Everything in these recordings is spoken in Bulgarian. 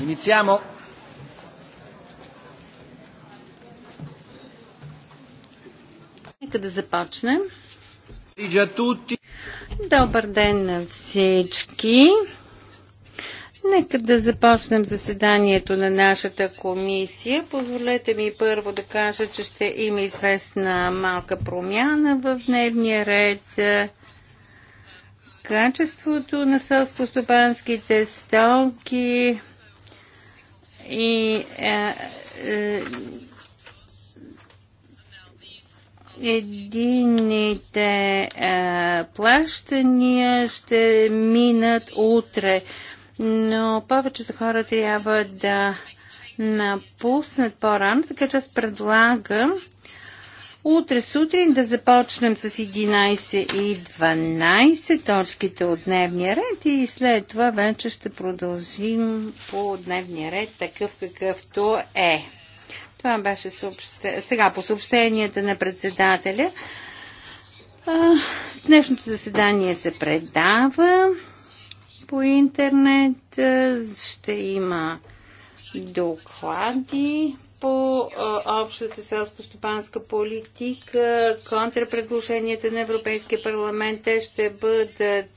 Iniziamo. Нека да започнем. Добър ден на всички. Нека да започнем заседанието на нашата комисия. Позволете ми първо да кажа, че ще има известна малка промяна в дневния ред качеството на селско-стопанските стоки и е, е, едините единните плащания ще минат утре, но повечето хора трябва да напуснат по-рано, така че аз предлагам утре сутрин да започнем с 11 и 12 точките от дневния ред и след това вече ще продължим по дневния ред такъв какъвто е. Това беше съобще... сега по съобщенията на председателя. днешното заседание се предава по интернет. Ще има доклади по общата селско-стопанска политика, контрапредложенията на Европейския парламент, те ще бъдат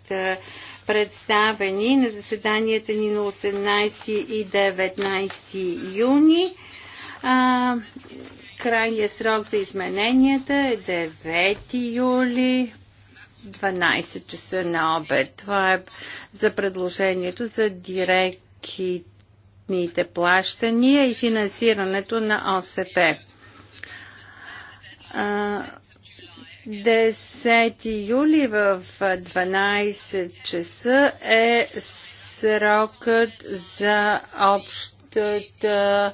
представени на заседанията ни на 18 и 19 юни. А, крайният срок за измененията е 9 юли 12 часа на обед. Това е за предложението за директ директните плащания и финансирането на ОСП. 10 юли в 12 часа е срокът за общата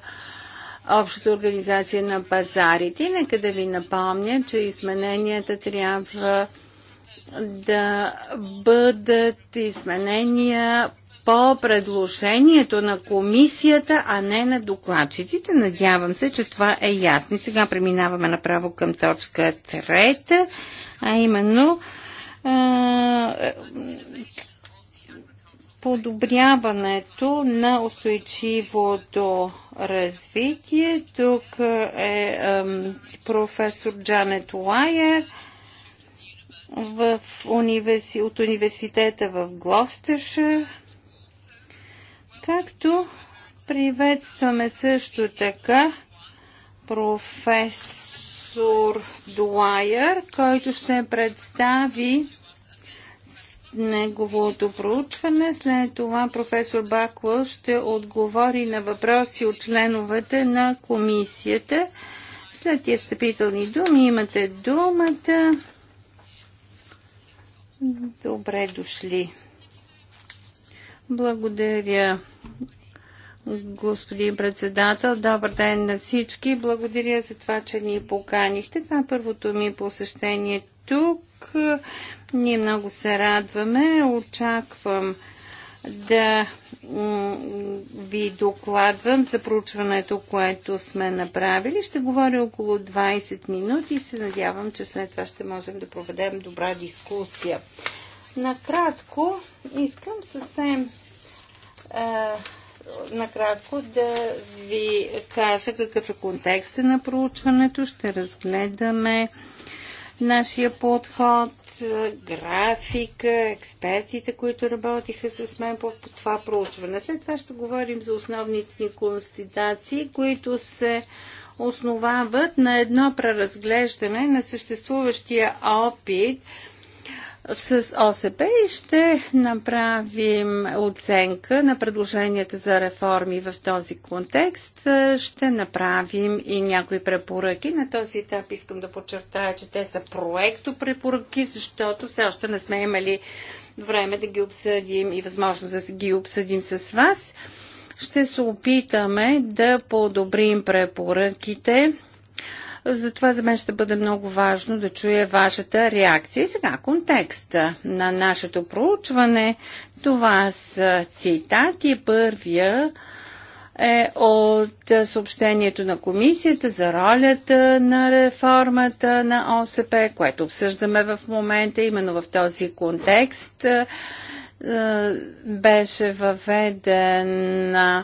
общата организация на пазарите. Нека да ви напомня, че измененията трябва да бъдат изменения по предложението на комисията, а не на докладчиците. Надявам се, че това е ясно. И сега преминаваме направо към точка трета, а именно а, подобряването на устойчивото развитие. Тук е ам, професор Джанет Уайер в универси... от университета в Глостеша. Както приветстваме също така професор Дуайер, който ще представи неговото проучване. След това професор Баквел ще отговори на въпроси от членовете на комисията. След тия встъпителни думи имате думата. Добре дошли. Благодаря господин председател. Добър ден на всички. Благодаря за това, че ни поканихте. Това е първото ми посещение тук. Ние много се радваме. Очаквам да ви докладвам за проучването, което сме направили. Ще говоря около 20 минути и се надявам, че след това ще можем да проведем добра дискусия. Накратко, искам съвсем накратко да ви кажа какъв е контекстът на проучването. Ще разгледаме нашия подход, графика, експертите, които работиха с мен по, по това проучване. След това ще говорим за основните ни констатации, които се основават на едно преразглеждане на съществуващия опит с ОСП и ще направим оценка на предложенията за реформи в този контекст. Ще направим и някои препоръки. На този етап искам да подчертая, че те са проекто препоръки, защото все още не сме имали време да ги обсъдим и възможност да ги обсъдим с вас. Ще се опитаме да подобрим препоръките затова за мен ще бъде много важно да чуя вашата реакция. И сега контекста на нашето проучване. Това са цитати. Първия е от съобщението на комисията за ролята на реформата на ОСП, което обсъждаме в момента, именно в този контекст беше въведена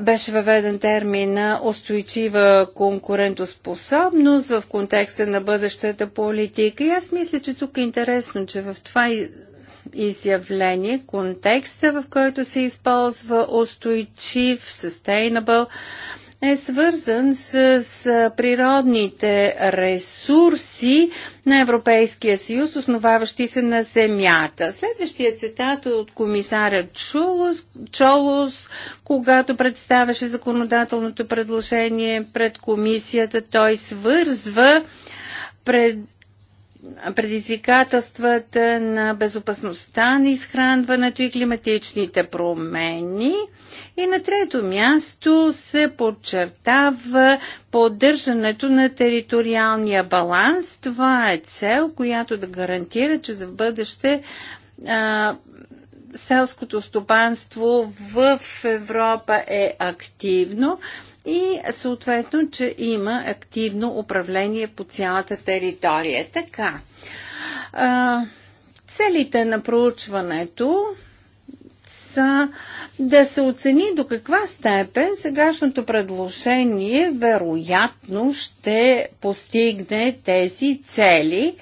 беше въведен термина устойчива конкурентоспособност в контекста на бъдещата политика. И аз мисля, че тук е интересно, че в това изявление, контекста, в който се използва устойчив, sustainable, е свързан с, с природните ресурси на Европейския съюз, основаващи се на земята. Следващия цитат е от комисаря Чулос, Чолос, когато представяше законодателното предложение пред комисията, той свързва пред предизвикателствата на безопасността на изхранването и климатичните промени. И на трето място се подчертава поддържането на териториалния баланс. Това е цел, която да гарантира, че за бъдеще а, селското стопанство в Европа е активно и съответно, че има активно управление по цялата територия. Така, целите на проучването са да се оцени до каква степен сегашното предложение вероятно ще постигне тези цели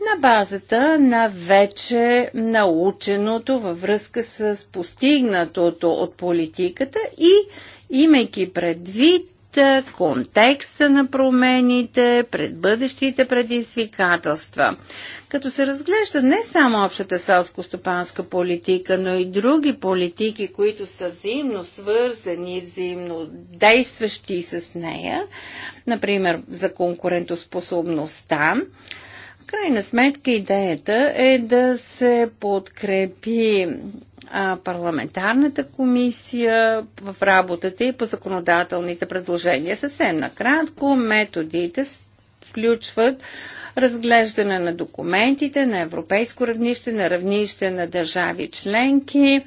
на базата на вече наученото във връзка с постигнатото от политиката и имайки предвид контекста на промените, пред бъдещите предизвикателства. Като се разглежда не само общата селско-стопанска политика, но и други политики, които са взаимно свързани, взаимно действащи с нея, например за конкурентоспособността, в крайна сметка идеята е да се подкрепи парламентарната комисия в работата и по законодателните предложения. Съвсем накратко, методите включват разглеждане на документите на европейско равнище, на равнище на държави членки,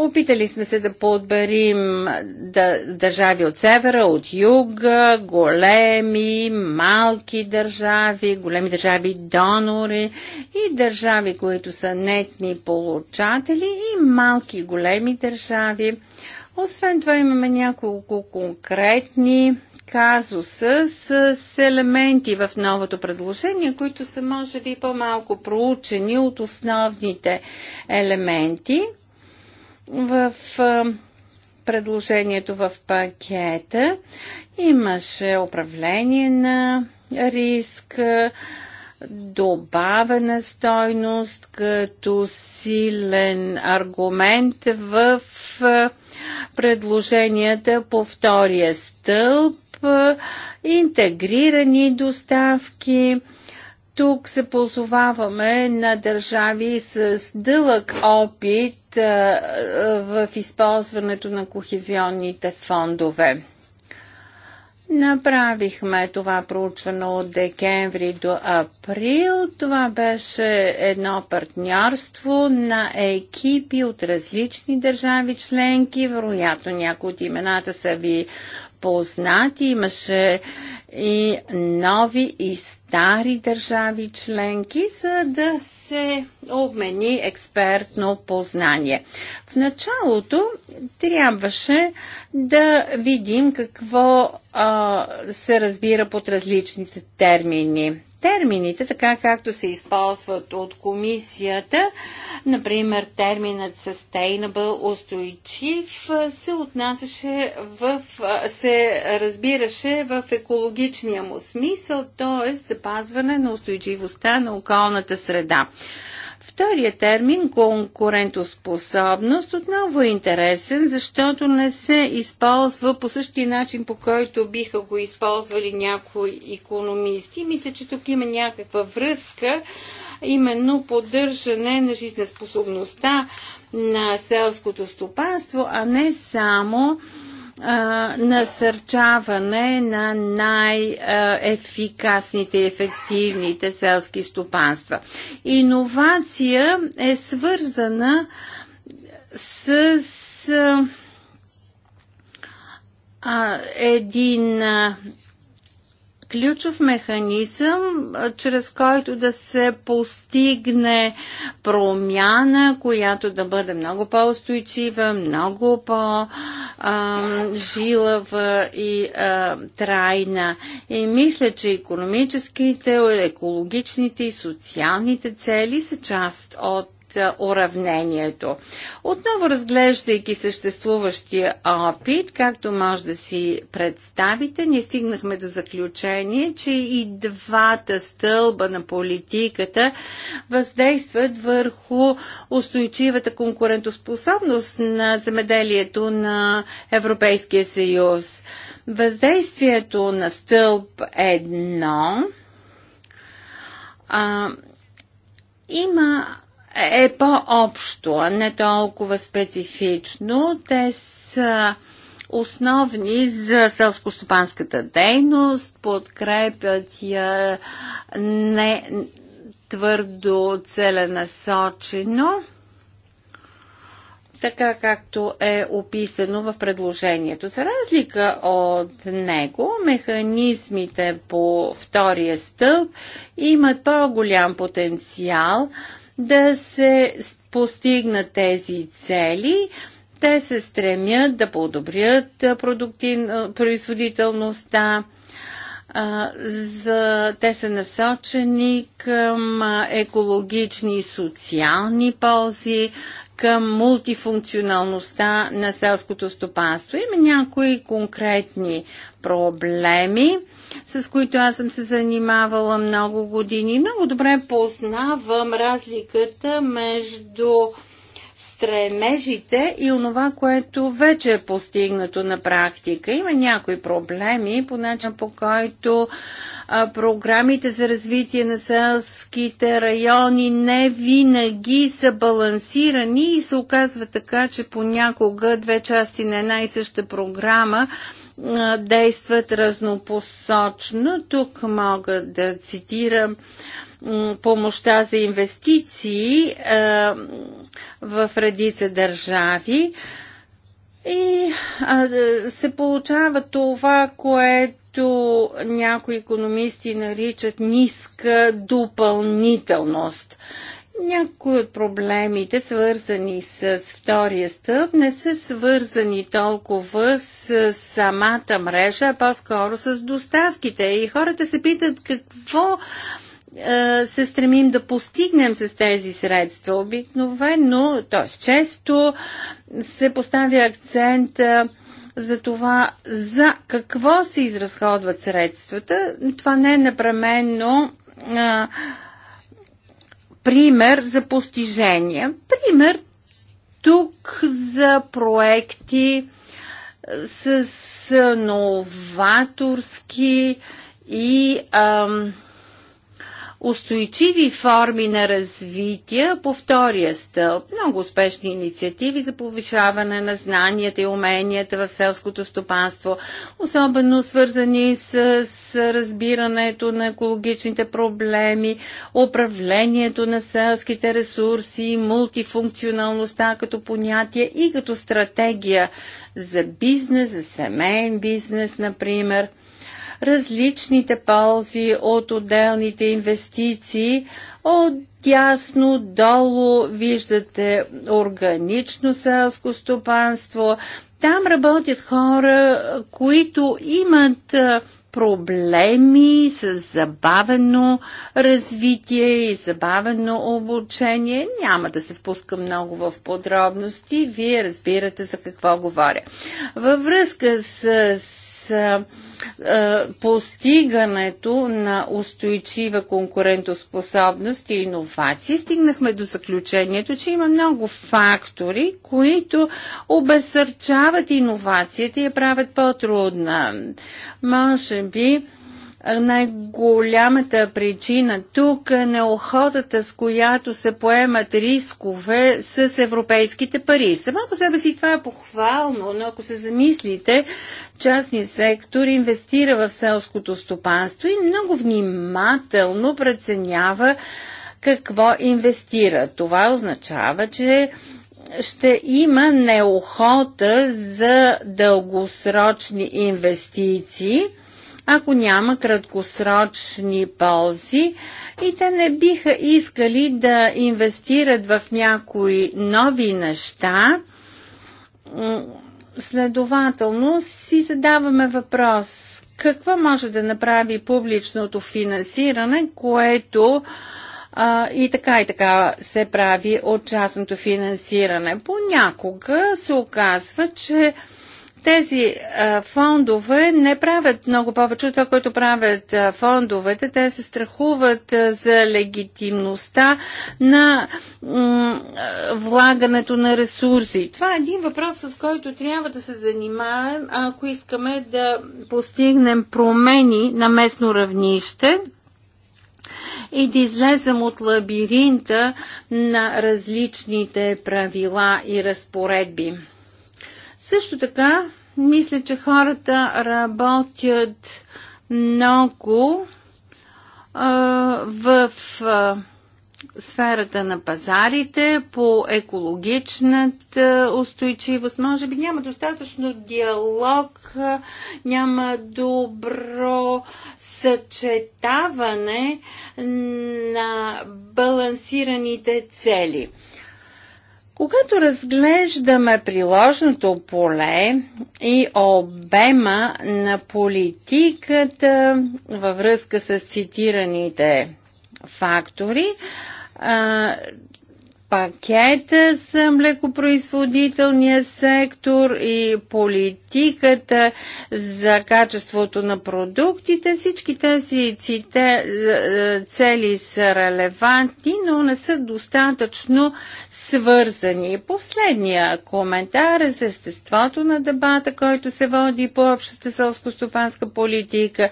Опитали сме се да подберим да, държави от севера, от юга, големи, малки държави, големи държави донори и държави, които са нетни получатели и малки, големи държави. Освен това имаме няколко конкретни казуса с, с елементи в новото предложение, които са може би по-малко проучени от основните елементи в предложението в пакета имаше управление на риска, добавена стойност като силен аргумент в предложенията по втория стълб, интегрирани доставки. Тук се позоваваме на държави с дълъг опит в използването на кохезионните фондове. Направихме това проучване от декември до април. Това беше едно партньорство на екипи от различни държави членки. Вероятно някои от имената са ви познати. Имаше и нови и стари държави членки, за да се обмени експертно познание. В началото трябваше да видим какво а, се разбира под различните термини термините, така както се използват от комисията. Например, терминът sustainable, устойчив, се отнасяше в, се разбираше в екологичния му смисъл, т.е. запазване на устойчивостта на околната среда. Вторият термин конкурентоспособност отново е интересен, защото не се използва по същия начин, по който биха го използвали някои економисти. Мисля, че тук има някаква връзка, именно поддържане на жизнеспособността на селското стопанство, а не само насърчаване на най-ефикасните и ефективните селски стопанства. Иновация е свързана с а, един а, ключов механизъм, чрез който да се постигне промяна, която да бъде много по-устойчива, много по-жилава и трайна. И мисля, че економическите, екологичните и социалните цели са част от уравнението. Отново разглеждайки съществуващия опит, както може да си представите, ние стигнахме до заключение, че и двата стълба на политиката въздействат върху устойчивата конкурентоспособност на земеделието на Европейския съюз. Въздействието на стълб едно а, има е по-общо, а не толкова специфично. Те са основни за селскостопанската дейност, подкрепят я не твърдо целенасочено, така както е описано в предложението. За разлика от него, механизмите по втория стълб имат по-голям потенциал да се постигнат тези цели. Те се стремят да подобрят продуктив... производителността. за... Те са насочени към екологични и социални ползи, към мултифункционалността на селското стопанство. Има някои конкретни проблеми с които аз съм се занимавала много години. Много добре познавам разликата между стремежите и онова, което вече е постигнато на практика. Има някои проблеми по начин по който а, програмите за развитие на селските райони не винаги са балансирани и се оказва така, че понякога две части на една и съща програма действат разнопосочно. Тук мога да цитирам помощта за инвестиции в редица държави. И се получава това, което някои економисти наричат ниска допълнителност. Някои от проблемите, свързани с втория стълб, не са свързани толкова с самата мрежа, а по-скоро с доставките. И хората се питат какво се стремим да постигнем с тези средства. Обикновено, т.е. често се поставя акцент за това за какво се изразходват средствата. Това не е непременно а, пример за постижения. Пример тук за проекти с новаторски и ам, устойчиви форми на развитие по втория стълб. Много успешни инициативи за повишаване на знанията и уменията в селското стопанство, особено свързани с, с разбирането на екологичните проблеми, управлението на селските ресурси, мултифункционалността като понятие и като стратегия за бизнес, за семейен бизнес, например различните ползи от отделните инвестиции. От дясно долу виждате органично селско стопанство. Там работят хора, които имат проблеми с забавено развитие и забавено обучение. Няма да се впуска много в подробности. Вие разбирате за какво говоря. Във връзка с, с е, постигането на устойчива конкурентоспособност и иновации, стигнахме до заключението, че има много фактори, които обесърчават иновацията и я правят по-трудна. Може би най-голямата причина тук е неохотата, с която се поемат рискове с европейските пари. Само по себе си това е похвално, но ако се замислите, частният сектор инвестира в селското стопанство и много внимателно преценява какво инвестира. Това означава, че ще има неохота за дългосрочни инвестиции – ако няма краткосрочни ползи и те не биха искали да инвестират в някои нови неща. Следователно си задаваме въпрос какво може да направи публичното финансиране, което а, и така и така се прави от частното финансиране. Понякога се оказва, че а, тези а, фондове не правят много повече от това, което правят а, фондовете. Те се страхуват а, за легитимността на влагането на ресурси. Това е един въпрос, с който трябва да се занимаем, ако искаме да постигнем промени на местно равнище и да излезем от лабиринта на различните правила и разпоредби. Също така мисля, че хората работят много в сферата на пазарите, по екологичната устойчивост. Може би няма достатъчно диалог, няма добро съчетаване на балансираните цели. Когато разглеждаме приложното поле и обема на политиката във връзка с цитираните фактори, пакета за млекопроизводителния сектор и политиката за качеството на продуктите. Всички тези ците, е, е, цели са релевантни, но не са достатъчно свързани. Последния коментар е за естеството на дебата, който се води по общата селско-стопанска политика.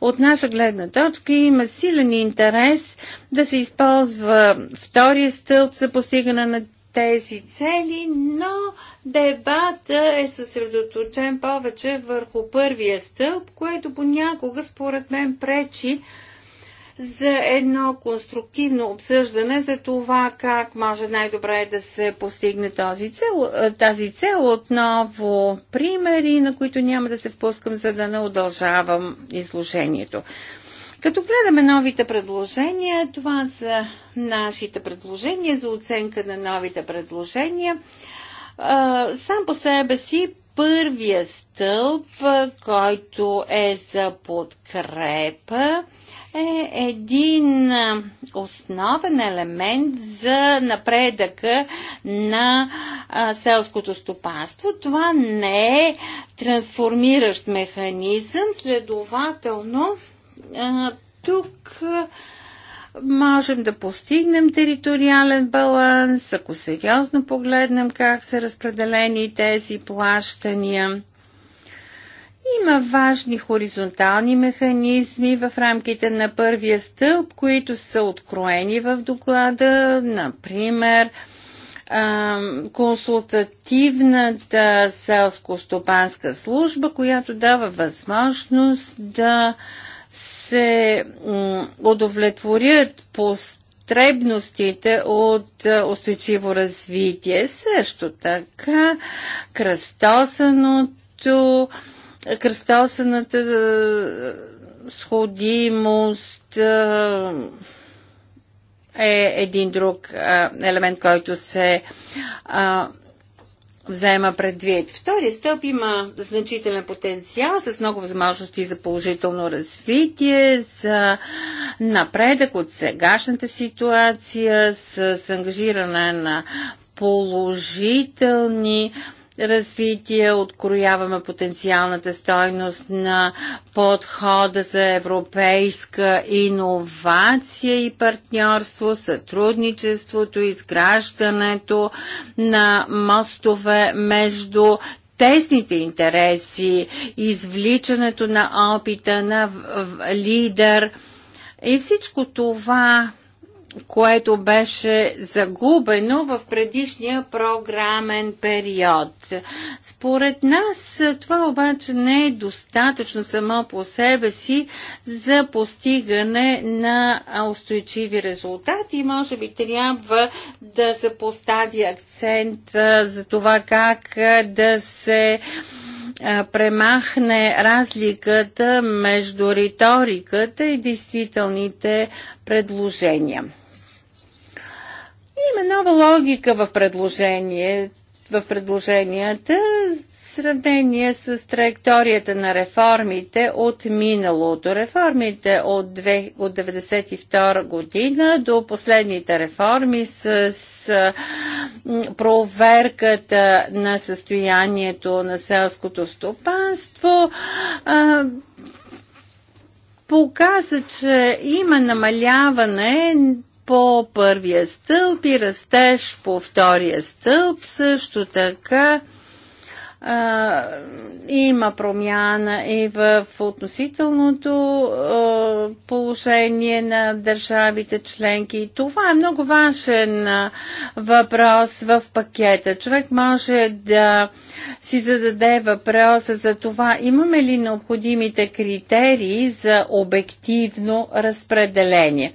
От наша гледна точка има силен интерес да се използва втория стълб за постигане на тези цели, но дебата е съсредоточен повече върху първия стълб, което понякога според мен пречи за едно конструктивно обсъждане за това как може най-добре да се постигне този цел, тази цел. Отново примери, на които няма да се впускам, за да не удължавам изложението. Като гледаме новите предложения, това са нашите предложения за оценка на новите предложения. Сам по себе си първия стълб, който е за подкрепа, е един основен елемент за напредъка на селското стопанство. Това не е трансформиращ механизъм, следователно тук можем да постигнем териториален баланс, ако сериозно погледнем как са разпределени тези плащания. Има важни хоризонтални механизми в рамките на първия стълб, които са откроени в доклада, например консултативната селско-стопанска служба, която дава възможност да а, се удовлетворят потребностите от е, устойчиво развитие. Също така кръстосаното, кръстосаната е, сходимост е, е един друг елемент, който се взема предвид. Втори стълб има значителен потенциал с много възможности за положително развитие, за напредък от сегашната ситуация, с ангажиране на положителни развитие, открояваме потенциалната стойност на подхода за европейска иновация и партньорство, сътрудничеството, изграждането на мостове между тесните интереси, извличането на опита на лидер и всичко това което беше загубено в предишния програмен период. Според нас това обаче не е достатъчно само по себе си за постигане на устойчиви резултати. Може би трябва да се постави акцент за това как да се премахне разликата между риториката и действителните предложения. Има нова логика в предложение, в предложенията в сравнение с траекторията на реформите от миналото. Реформите от, 2, от 92 година до последните реформи с, с проверката на състоянието на селското стопанство показа, че има намаляване по първия стълб и растеж по втория стълб. Също така а, има промяна и в относителното а, положение на държавите членки. И това е много важен а, въпрос в пакета. Човек може да си зададе въпроса за това, имаме ли необходимите критерии за обективно разпределение.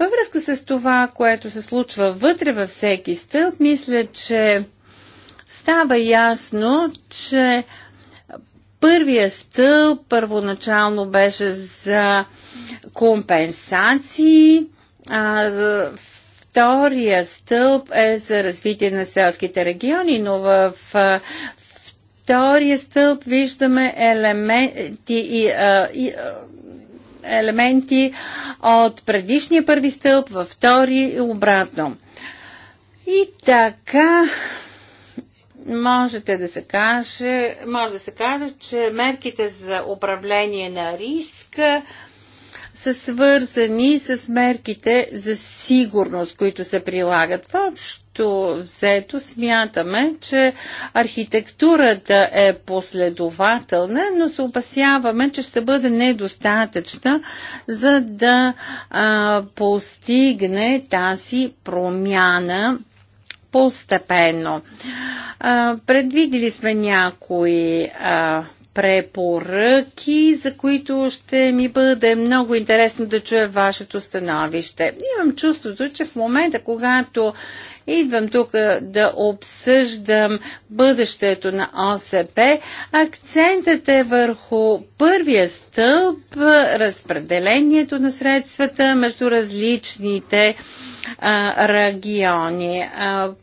Във връзка с това, което се случва вътре във всеки стълб, мисля, че става ясно, че първия стълб първоначално беше за компенсации, а втория стълб е за развитие на селските региони, но в втория стълб виждаме елементи и, и елементи от предишния първи стълб във втори и обратно. И така можете да се каже, може да се каже, че мерките за управление на риска са свързани с мерките за сигурност, които се прилагат. Въобщо взето смятаме, че архитектурата е последователна, но се опасяваме, че ще бъде недостатъчна, за да а, постигне тази промяна постепенно. А, предвидили сме някои а, препоръки, за които ще ми бъде много интересно да чуя вашето становище. Имам чувството, че в момента, когато идвам тук да обсъждам бъдещето на ОСП, акцентът е върху първия стълб, разпределението на средствата между различните региони.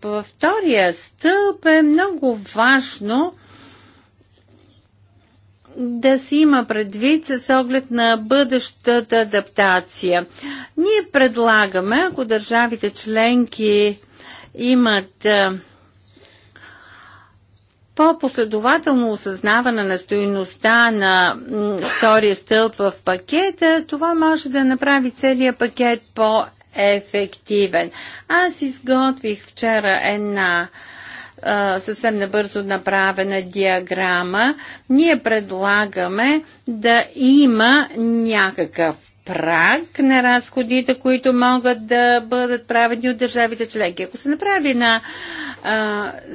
във втория стълб е много важно да се има предвид с оглед на бъдещата адаптация. Ние предлагаме, ако държавите членки имат по-последователно осъзнаване на стоиността на втория стълб в пакета, това може да направи целия пакет по ефективен. Аз изготвих вчера една съвсем набързо направена диаграма. Ние предлагаме да има някакъв праг на разходите, които могат да бъдат правени от държавите членки. Ако се направи на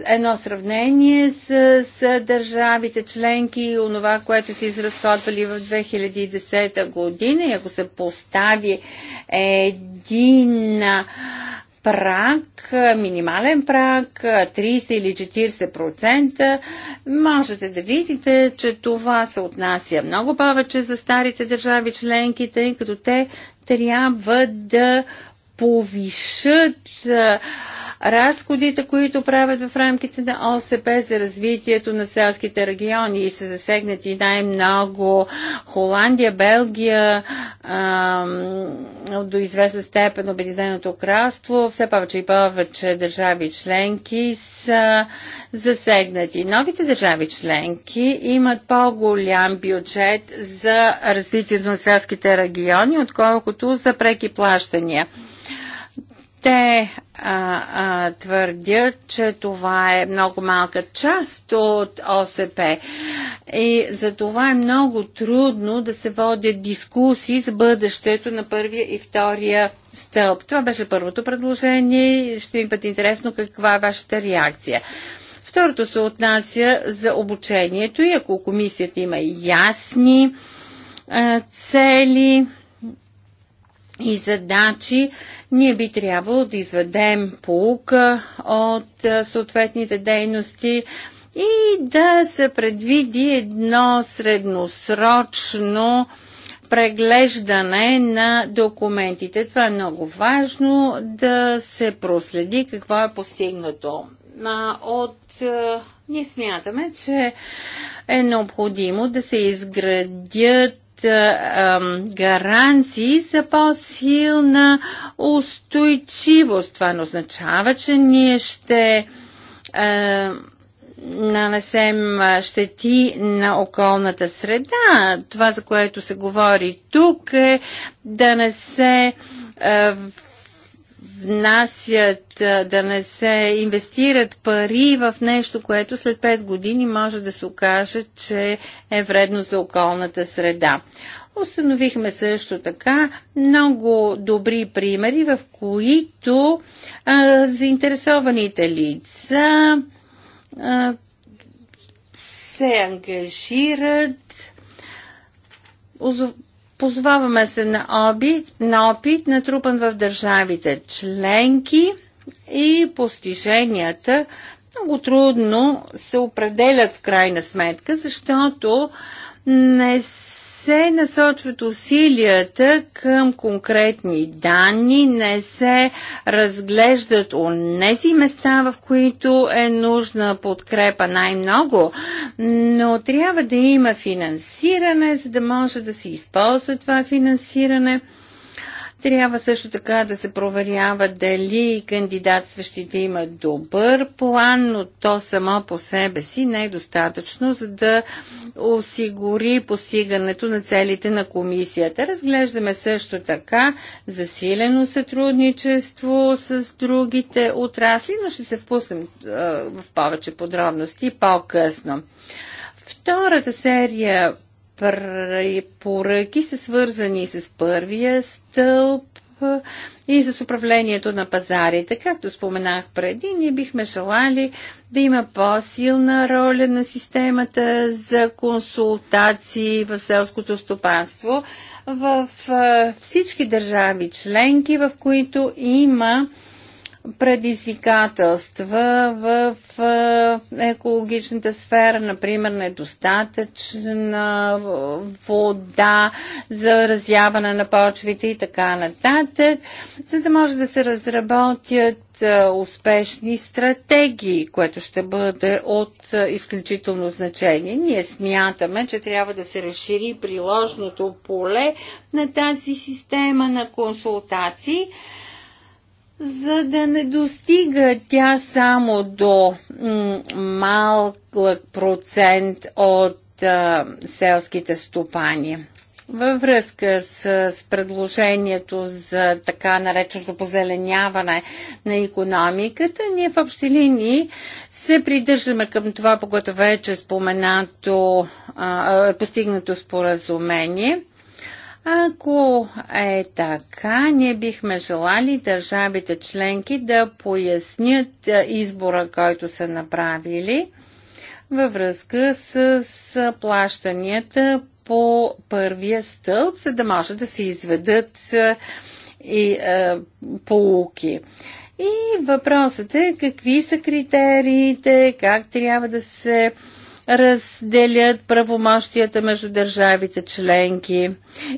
едно сравнение с, с държавите членки и онова, което са изразходвали в 2010 година. И ако се постави един прак, минимален прак, 30 или 40%, можете да видите, че това се отнася много повече за старите държави членки, тъй като те трябва да повишат разходите, които правят в рамките на ОСП за развитието на селските региони и са засегнати най-много Холандия, Белгия, до известна степен Обединеното кралство, все повече и повече държави членки са засегнати. Новите държави членки имат по-голям бюджет за развитието на селските региони, отколкото за преки плащания. Те а, а, твърдят, че това е много малка част от ОСП и за това е много трудно да се водят дискусии за бъдещето на първия и втория стълб. Това беше първото предложение. Ще ми бъде интересно каква е вашата реакция. Второто се отнася за обучението и ако комисията има ясни а, цели и задачи, ние би трябвало да изведем полука от съответните дейности и да се предвиди едно средносрочно преглеждане на документите. Това е много важно да се проследи какво е постигнато. От ние смятаме, че е необходимо да се изградят гаранции за по-силна устойчивост. Това не означава, че ние ще нанесем щети на околната среда. Това, за което се говори тук е да не се внасят, да не се инвестират пари в нещо, което след 5 години може да се окаже, че е вредно за околната среда. Установихме също така много добри примери, в които а, заинтересованите лица а, се ангажират Позваваме се на опит, на опит натрупан в държавите членки и постиженията много трудно се определят в крайна сметка, защото не се насочват усилията към конкретни данни, не се разглеждат от тези места, в които е нужна подкрепа най-много, но трябва да има финансиране, за да може да се използва това финансиране трябва също така да се проверява дали кандидатстващите имат добър план, но то само по себе си не е достатъчно, за да осигури постигането на целите на комисията. Разглеждаме също така засилено сътрудничество с другите отрасли, но ще се впуснем в повече подробности по-късно. Втората серия поръки са свързани с първия стълб и с управлението на пазарите. Както споменах преди, ние бихме желали да има по-силна роля на системата за консултации в селското стопанство в всички държави членки, в които има предизвикателства в екологичната сфера, например недостатъчна вода, заразяване на почвите и така нататък, за да може да се разработят успешни стратегии, което ще бъде от изключително значение. Ние смятаме, че трябва да се разшири приложното поле на тази система на консултации, за да не достига тя само до малък процент от а, селските стопани. Във връзка с, с предложението за така нареченото позеленяване на економиката, ние в общи линии се придържаме към това, по което вече е споменато, а, е постигнато споразумение. Ако е така, ние бихме желали държавите членки да пояснят е, избора, който са направили във връзка с плащанията по първия стълб, за да може да се изведат е, и е, полуки. И въпросът е какви са критериите, как трябва да се е, разделят правомощията между държавите членки.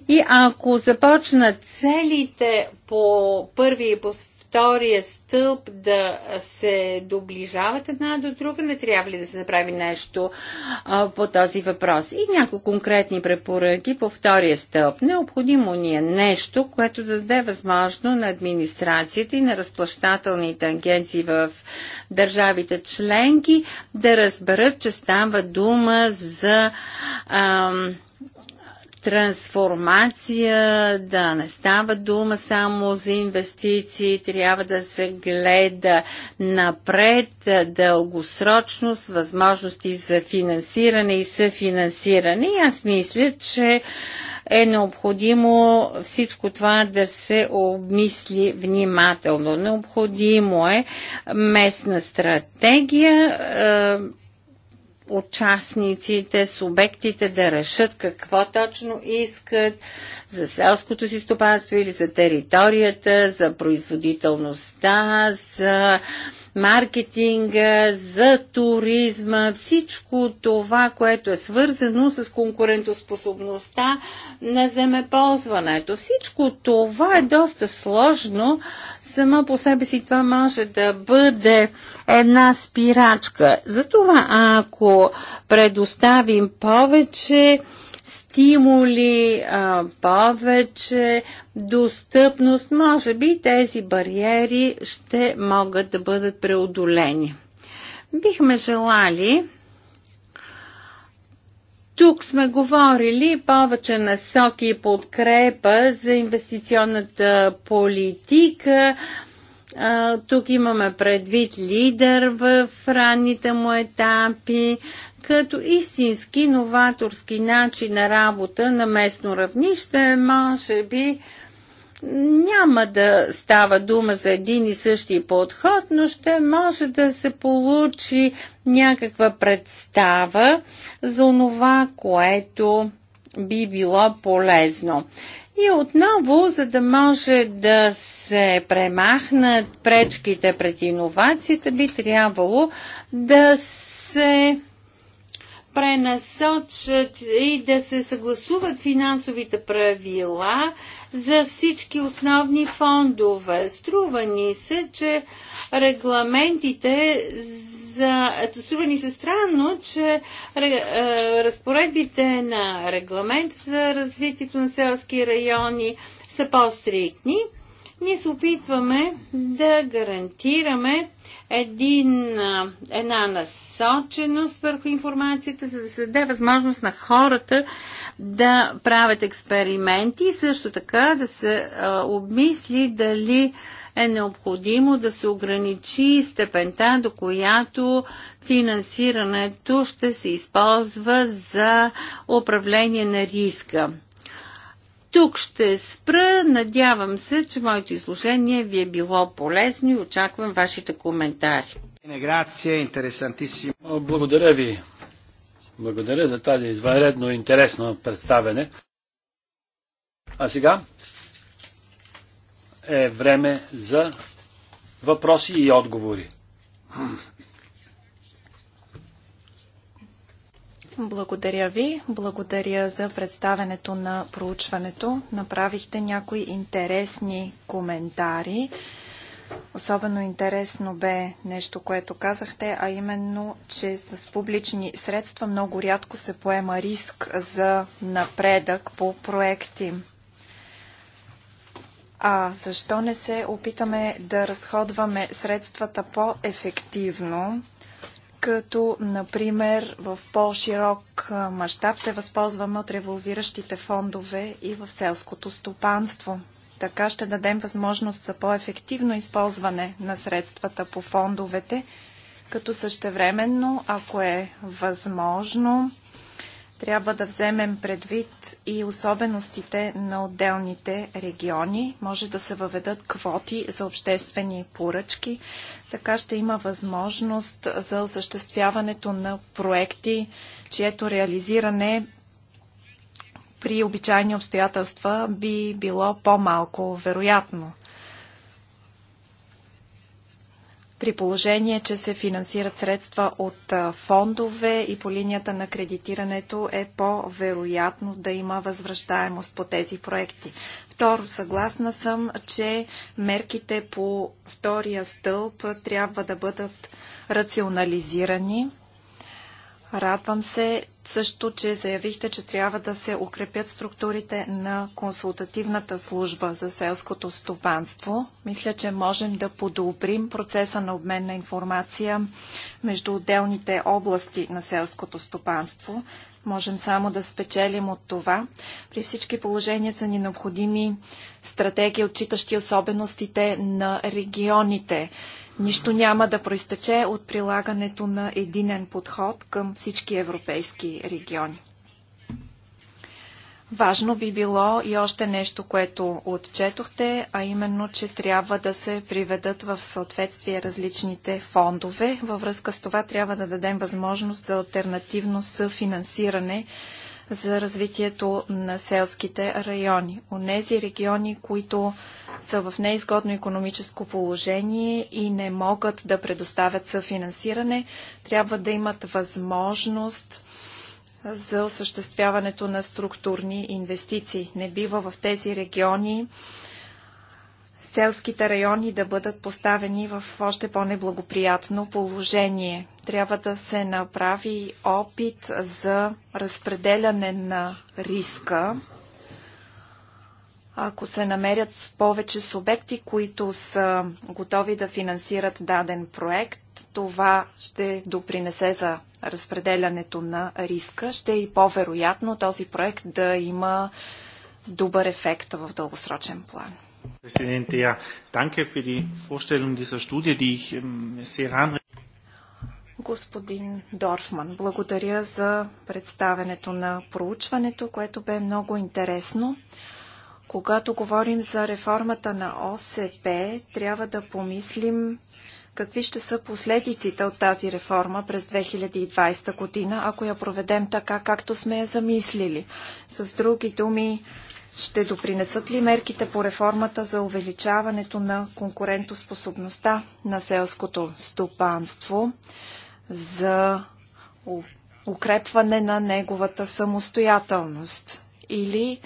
И ако започнат целите по първи и по втория стълб да се доближават една до друга? Не трябва ли да се направи нещо а, по този въпрос? И няколко конкретни препоръки по втория стълб. Необходимо ни е нещо, което да даде възможно на администрацията и на разплащателните агенции в държавите членки да разберат, че става дума за А, трансформация, да не става дума само за инвестиции, трябва да се гледа напред, дългосрочно с възможности за финансиране и съфинансиране. И аз мисля, че е необходимо всичко това да се обмисли внимателно. Необходимо е местна стратегия е, участниците, субектите да решат какво точно искат за селското си стопанство или за територията, за производителността, за маркетинга, за туризма, всичко това, което е свързано с конкурентоспособността на земеползването. Всичко това е доста сложно само по себе си това може да бъде една спирачка. Затова ако предоставим повече стимули, повече достъпност, може би тези бариери ще могат да бъдат преодолени. Бихме желали тук сме говорили повече насоки и подкрепа за инвестиционната политика. тук имаме предвид лидер в ранните му етапи, като истински новаторски начин на работа на местно равнище, може би няма да става дума за един и същи подход, но ще може да се получи някаква представа за онова, което би било полезно. И отново, за да може да се премахнат пречките пред иновацията, би трябвало да се пренасочат и да се съгласуват финансовите правила за всички основни фондове. Струва ни се, че регламентите за... Струва ни се странно, че е, е, разпоредбите на регламент за развитието на селски райони са по-стрикни. Ние се опитваме да гарантираме един, една насоченост върху информацията, за да се даде възможност на хората да правят експерименти и също така да се а, обмисли дали е необходимо да се ограничи степента, до която финансирането ще се използва за управление на риска. Тук ще спра. Надявам се, че моето изложение ви е било полезно и очаквам вашите коментари. Благодаря ви. Благодаря за тази извънредно интересно представене. А сега е време за въпроси и отговори. Благодаря ви. Благодаря за представенето на проучването. Направихте някои интересни коментари. Особено интересно бе нещо, което казахте, а именно, че с публични средства много рядко се поема риск за напредък по проекти. А защо не се опитаме да разходваме средствата по-ефективно? като, например, в по-широк мащаб се възползваме от револвиращите фондове и в селското стопанство. Така ще дадем възможност за по-ефективно използване на средствата по фондовете, като същевременно, ако е възможно, трябва да вземем предвид и особеностите на отделните региони. Може да се въведат квоти за обществени поръчки. Така ще има възможност за осъществяването на проекти, чието реализиране при обичайни обстоятелства би било по-малко вероятно при положение, че се финансират средства от фондове и по линията на кредитирането е по-вероятно да има възвръщаемост по тези проекти. Второ, съгласна съм, че мерките по втория стълб трябва да бъдат рационализирани. Радвам се също, че заявихте, че трябва да се укрепят структурите на консултативната служба за селското стопанство. Мисля, че можем да подобрим процеса на обмен на информация между отделните области на селското стопанство. Можем само да спечелим от това. При всички положения са ни необходими стратегии, отчитащи особеностите на регионите. Нищо няма да проистече от прилагането на единен подход към всички европейски региони. Важно би било и още нещо, което отчетохте, а именно, че трябва да се приведат в съответствие различните фондове. Във връзка с това трябва да дадем възможност за альтернативно съфинансиране за развитието на селските райони. Онези региони, които са в неизгодно економическо положение и не могат да предоставят съфинансиране, трябва да имат възможност за осъществяването на структурни инвестиции. Не бива в тези региони селските райони да бъдат поставени в още по-неблагоприятно положение. Трябва да се направи опит за разпределяне на риска. Ако се намерят повече субекти, които са готови да финансират даден проект, това ще допринесе за разпределянето на риска. Ще е и по-вероятно този проект да има добър ефект в дългосрочен план ja, danke für die Vorstellung dieser Studie, die ich ähm, sehr Господин Дорфман, благодаря за представенето на проучването, което бе много интересно. Когато говорим за реформата на ОСП, трябва да помислим какви ще са последиците от тази реформа през 2020 година, ако я проведем така, както сме я замислили. С други думи, ще допринесат ли мерките по реформата за увеличаването на конкурентоспособността на селското стопанство за укрепване на неговата самостоятелност? Или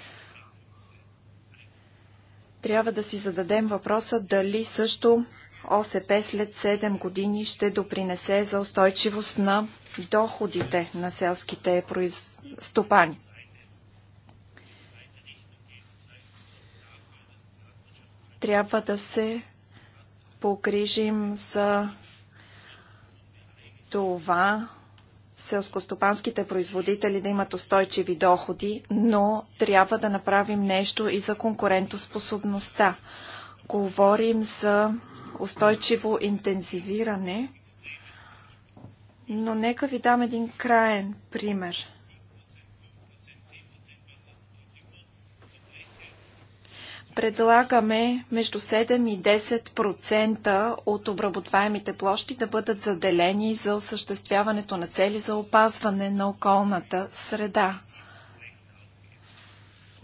трябва да си зададем въпроса дали също ОСП след 7 години ще допринесе за устойчивост на доходите на селските стопани. трябва да се погрижим за това селскостопанските производители да имат устойчиви доходи, но трябва да направим нещо и за конкурентоспособността. Говорим за устойчиво интензивиране, но нека ви дам един краен пример. предлагаме между 7 и 10% от обработваемите площи да бъдат заделени за осъществяването на цели за опазване на околната среда.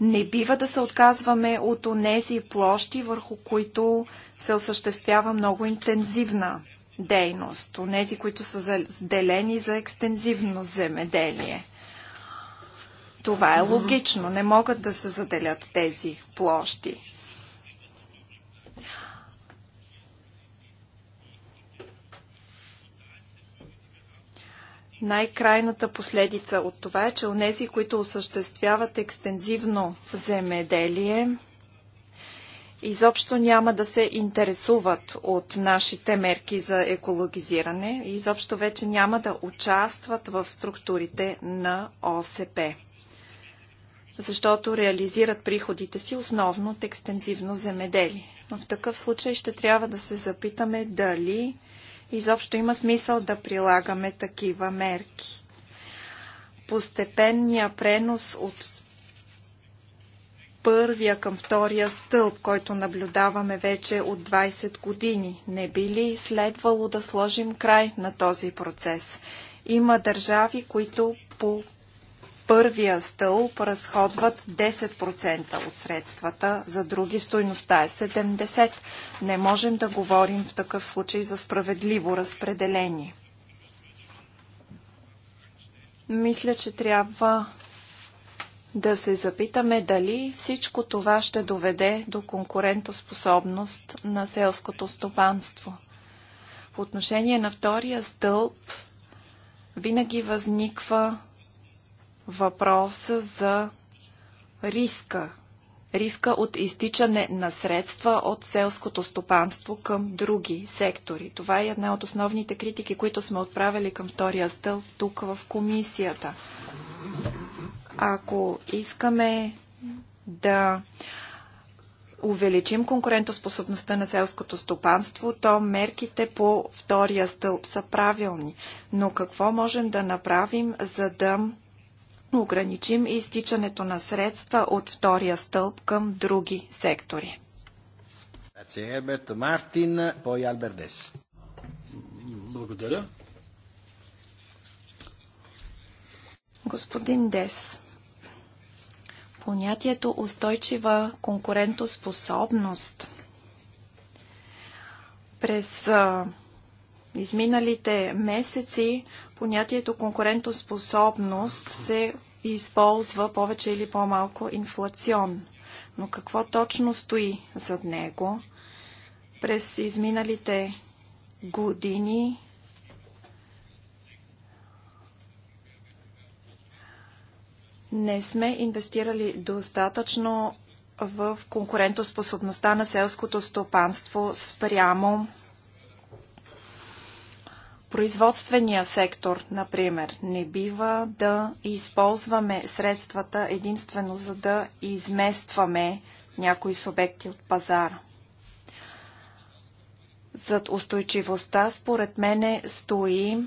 Не бива да се отказваме от онези площи, върху които се осъществява много интензивна дейност, онези, които са заделени за екстензивно земеделие. Това е логично. Не могат да се заделят тези площи. Най-крайната последица от това е, че унези, които осъществяват екстензивно земеделие, изобщо няма да се интересуват от нашите мерки за екологизиране и изобщо вече няма да участват в структурите на ОСП защото реализират приходите си основно от екстензивно земеделие. Но в такъв случай ще трябва да се запитаме дали изобщо има смисъл да прилагаме такива мерки. Постепенния пренос от първия към втория стълб, който наблюдаваме вече от 20 години. Не би ли следвало да сложим край на този процес? Има държави, които по първия стълб разходват 10% от средствата, за други стойността е 70%. Не можем да говорим в такъв случай за справедливо разпределение. Мисля, че трябва да се запитаме дали всичко това ще доведе до конкурентоспособност на селското стопанство. По отношение на втория стълб, винаги възниква въпроса за риска. Риска от изтичане на средства от селското стопанство към други сектори. Това е една от основните критики, които сме отправили към втория стълб тук в комисията. Ако искаме да увеличим конкурентоспособността на селското стопанство, то мерките по втория стълб са правилни. Но какво можем да направим, за да ограничим изтичането на средства от втория стълб към други сектори. Благодаря. Господин Дес, понятието устойчива конкурентоспособност през изминалите месеци понятието конкурентоспособност се използва повече или по-малко инфлационно. Но какво точно стои зад него? През изминалите години не сме инвестирали достатъчно в конкурентоспособността на селското стопанство спрямо производствения сектор, например. Не бива да използваме средствата единствено за да изместваме някои субекти от пазара. Зад устойчивостта, според мене, стои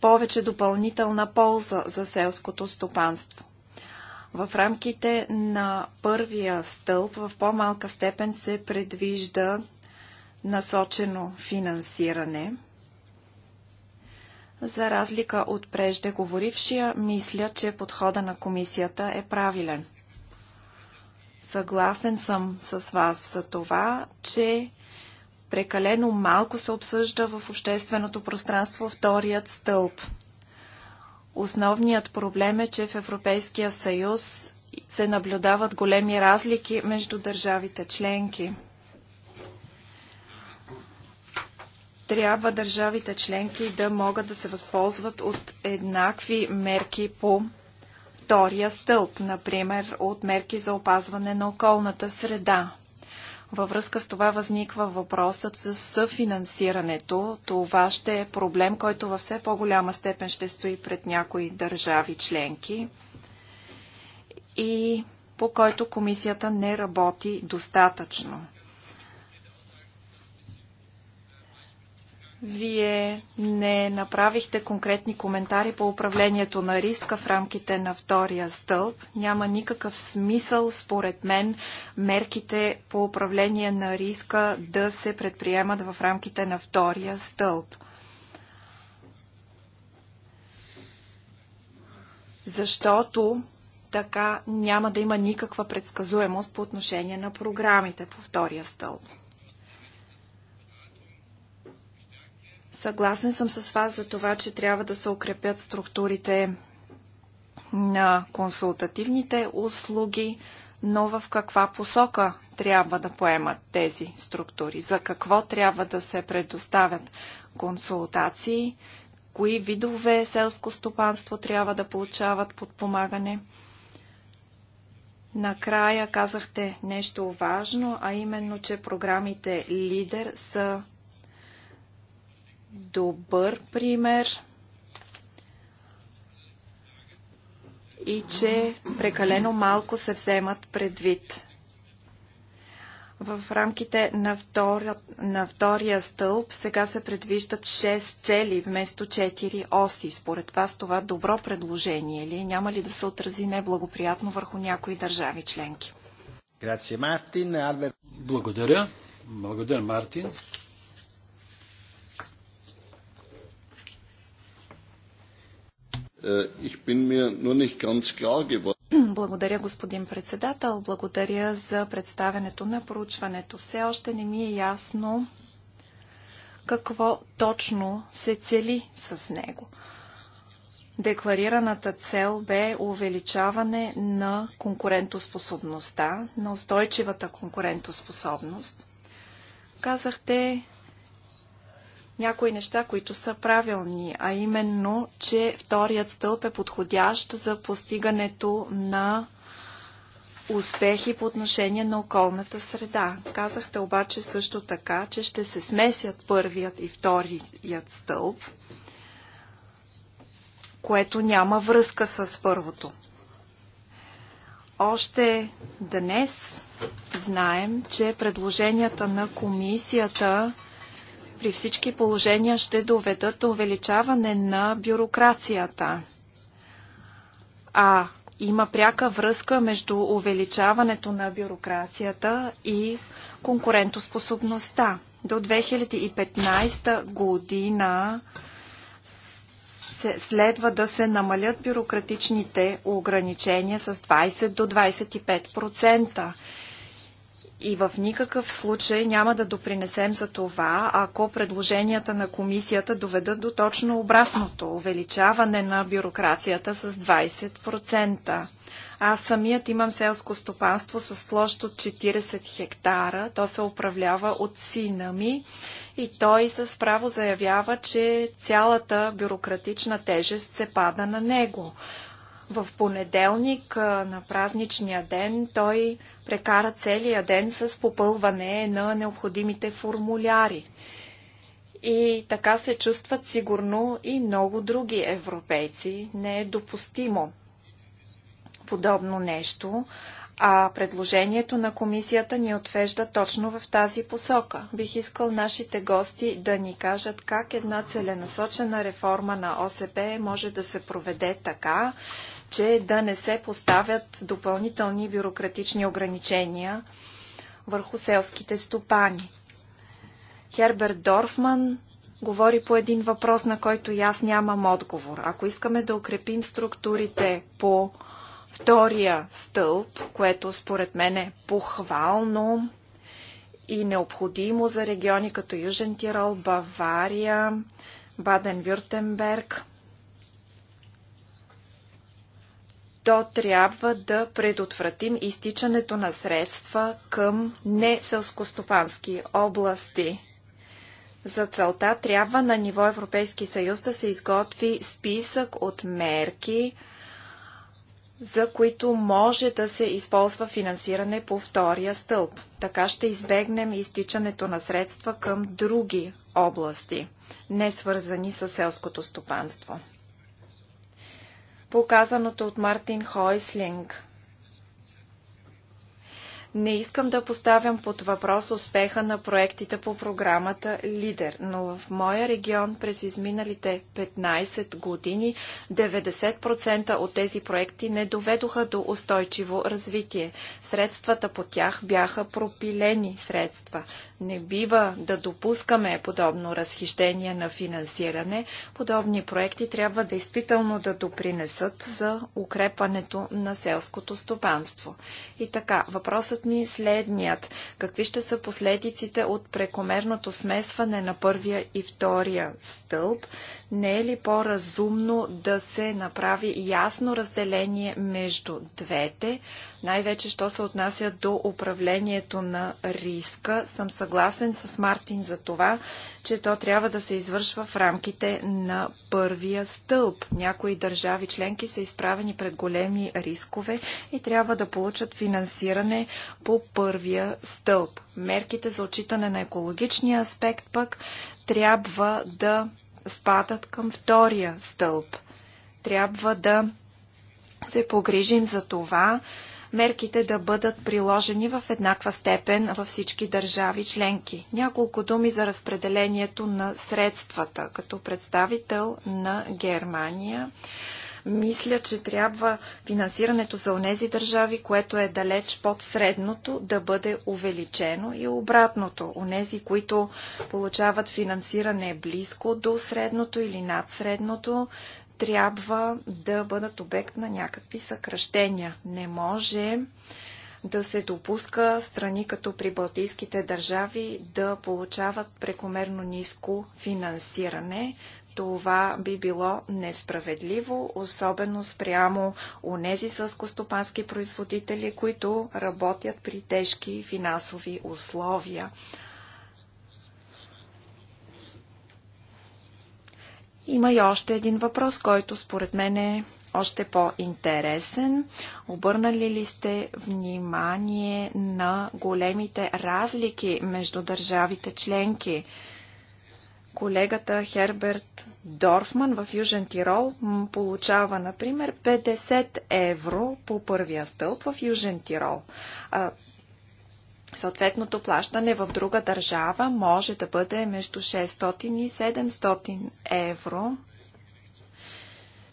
повече допълнителна полза за селското стопанство. В рамките на първия стълб в по-малка степен се предвижда насочено финансиране. За разлика от преждеговорившия, мисля, че подхода на комисията е правилен. Съгласен съм с вас за това, че прекалено малко се обсъжда в общественото пространство вторият стълб. Основният проблем е, че в Европейския съюз се наблюдават големи разлики между държавите членки – трябва държавите членки да могат да се възползват от еднакви мерки по втория стълб, например от мерки за опазване на околната среда. Във връзка с това възниква въпросът за съфинансирането. Това ще е проблем, който във все по-голяма степен ще стои пред някои държави членки и по който комисията не работи достатъчно. Вие не направихте конкретни коментари по управлението на риска в рамките на втория стълб. Няма никакъв смисъл, според мен, мерките по управление на риска да се предприемат в рамките на втория стълб. Защото така няма да има никаква предсказуемост по отношение на програмите по втория стълб. Съгласен съм с вас за това, че трябва да се укрепят структурите на консултативните услуги, но в каква посока трябва да поемат тези структури? За какво трябва да се предоставят консултации? Кои видове селско стопанство трябва да получават подпомагане? Накрая казахте нещо важно, а именно, че програмите Лидер са добър пример и че прекалено малко се вземат предвид. В рамките на, втора, на втория стълб сега се предвиждат 6 цели вместо 4 оси. Според вас това добро предложение ли е? няма ли да се отрази неблагоприятно върху някои държави членки? Благодаря. Благодаря, Мартин. Е, Благодаря, господин председател. Благодаря за представенето на проучването. Все още не ми е ясно какво точно се цели с него. Декларираната цел бе увеличаване на конкурентоспособността, на устойчивата конкурентоспособност. Казахте, някои неща, които са правилни, а именно, че вторият стълб е подходящ за постигането на успехи по отношение на околната среда. Казахте обаче също така, че ще се смесят първият и вторият стълб, което няма връзка с първото. Още днес знаем, че предложенията на комисията при всички положения ще доведат до увеличаване на бюрокрацията. А има пряка връзка между увеличаването на бюрокрацията и конкурентоспособността. До 2015 година следва да се намалят бюрократичните ограничения с 20 до 25%. И в никакъв случай няма да допринесем за това, ако предложенията на комисията доведат до точно обратното увеличаване на бюрокрацията с 20%. Аз самият имам селско стопанство с площ от 40 хектара. То се управлява от сина ми и той с право заявява, че цялата бюрократична тежест се пада на него. В понеделник, на празничния ден, той прекара целия ден с попълване на необходимите формуляри. И така се чувстват сигурно и много други европейци. Не е допустимо подобно нещо, а предложението на комисията ни отвежда точно в тази посока. Бих искал нашите гости да ни кажат как една целенасочена реформа на ОСП може да се проведе така, че да не се поставят допълнителни бюрократични ограничения върху селските стопани. Херберт Дорфман говори по един въпрос, на който и аз нямам отговор. Ако искаме да укрепим структурите по втория стълб, което според мен е похвално и необходимо за региони като Южен Тирол, Бавария, Баден-Вюртенберг, то трябва да предотвратим изтичането на средства към неселскостопански области. За целта трябва на ниво Европейски съюз да се изготви списък от мерки, за които може да се използва финансиране по втория стълб. Така ще избегнем изтичането на средства към други области, не свързани с селското стопанство показаното от Мартин Хойслинг. Не искам да поставям под въпрос успеха на проектите по програмата Лидер, но в моя регион през изминалите 15 години 90% от тези проекти не доведоха до устойчиво развитие. Средствата по тях бяха пропилени средства. Не бива да допускаме подобно разхищение на финансиране. Подобни проекти трябва действително да допринесат за укрепването на селското стопанство. И така, въпросът ми е следният. Какви ще са последиците от прекомерното смесване на първия и втория стълб? Не е ли по-разумно да се направи ясно разделение между двете? Най-вече, що се отнася до управлението на риска, съм съгласна съгласен с Мартин за това, че то трябва да се извършва в рамките на първия стълб. Някои държави членки са изправени пред големи рискове и трябва да получат финансиране по първия стълб. Мерките за отчитане на екологичния аспект пък трябва да спадат към втория стълб. Трябва да се погрижим за това, мерките да бъдат приложени в еднаква степен във всички държави членки. Няколко думи за разпределението на средствата. Като представител на Германия, мисля, че трябва финансирането за онези държави, което е далеч под средното, да бъде увеличено и обратното. Онези, които получават финансиране близко до средното или над средното, трябва да бъдат обект на някакви съкръщения. Не може да се допуска страни като при балтийските държави да получават прекомерно ниско финансиране. Това би било несправедливо, особено спрямо нези сълскостопански производители, които работят при тежки финансови условия. Има и още един въпрос, който според мен е още по-интересен. Обърнали ли сте внимание на големите разлики между държавите членки? Колегата Херберт Дорфман в Южен Тирол получава, например, 50 евро по първия стълб в Южен Тирол. А Съответното плащане в друга държава може да бъде между 600 и 700 евро.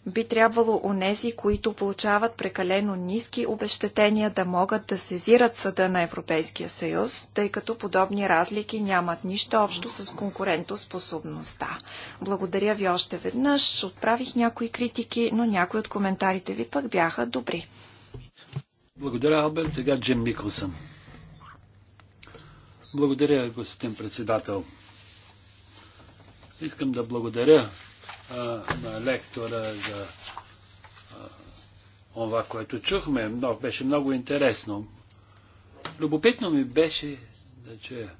Би трябвало нези, които получават прекалено ниски обещетения, да могат да сезират съда на Европейския съюз, тъй като подобни разлики нямат нищо общо с конкурентоспособността. Благодаря ви още веднъж. Отправих някои критики, но някои от коментарите ви пък бяха добри. Благодаря, Алберт. Сега Джим Микълсън. Благодаря, господин председател. Искам да благодаря а, на лектора за а, това, което чухме. Много, беше много интересно. Любопитно ми беше да чуя.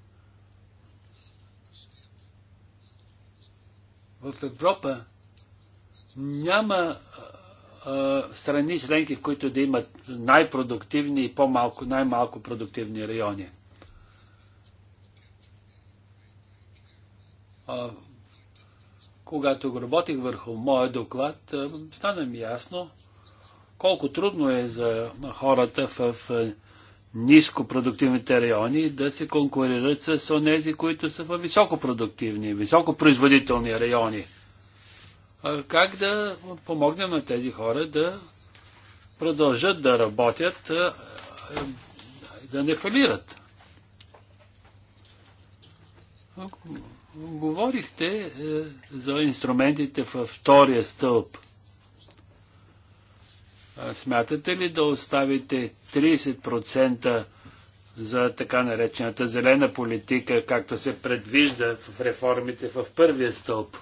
В Европа няма а, страни членки, в които да имат най-продуктивни и по-малко, най-малко продуктивни райони. когато работих върху моя доклад, стана ми ясно колко трудно е за хората в нископродуктивните райони да се конкурират с онези, които са в високопродуктивни, високопроизводителни райони. Как да помогнем на тези хора да продължат да работят, да не фалират? Говорихте е, за инструментите във втория стълб. Смятате ли да оставите 30% за така наречената зелена политика, както се предвижда в реформите в първия стълб?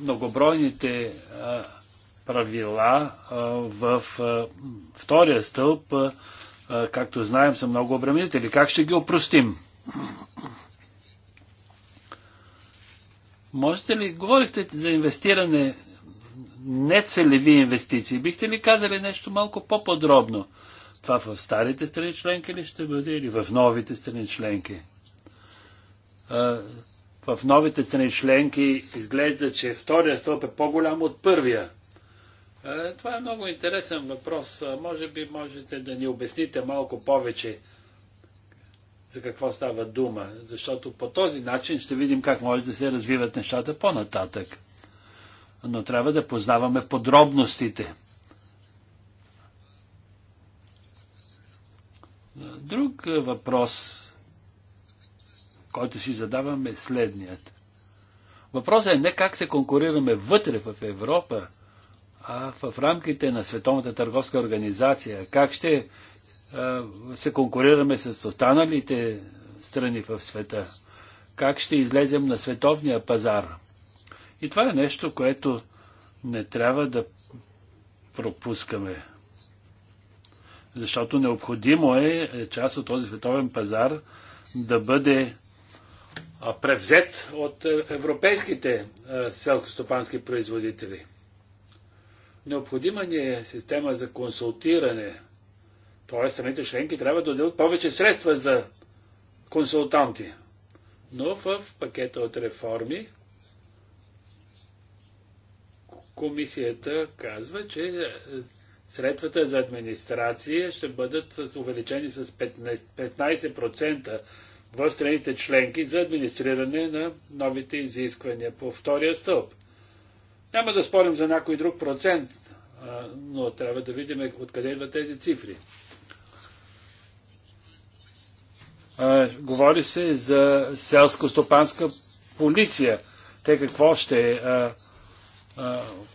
Многобройните правила в втория стълб както знаем, са много обременители. Как ще ги опростим? Можете ли, говорихте за инвестиране, нецелеви инвестиции. Бихте ли казали нещо малко по-подробно? Това в старите страни членки ли ще бъде или в новите страни членки? в новите страни членки изглежда, че втория стоп е по-голям от първия. Е, това е много интересен въпрос. Е, може би можете да ни обясните малко повече за какво става дума, защото по този начин ще видим как може да се развиват нещата по-нататък. Но трябва да познаваме подробностите. Друг въпрос, който си задаваме е следният. Въпросът е не как се конкурираме вътре в Европа, а в рамките на Световната търговска организация, как ще е, се конкурираме с останалите страни в света? Как ще излезем на световния пазар? И това е нещо, което не трябва да пропускаме. Защото необходимо е, е част от този световен пазар да бъде превзет от е, европейските селкостопански производители. Необходима ни е система за консултиране. Тоест, страните членки трябва да отделят повече средства за консултанти. Но в пакета от реформи комисията казва, че е, средствата за администрация ще бъдат увеличени с 15%, 15% в страните членки за администриране на новите изисквания по втория стълб. Няма да спорим за някой друг процент, но трябва да видим откъде идват тези цифри. Говори се за селско-стопанска полиция. Те какво ще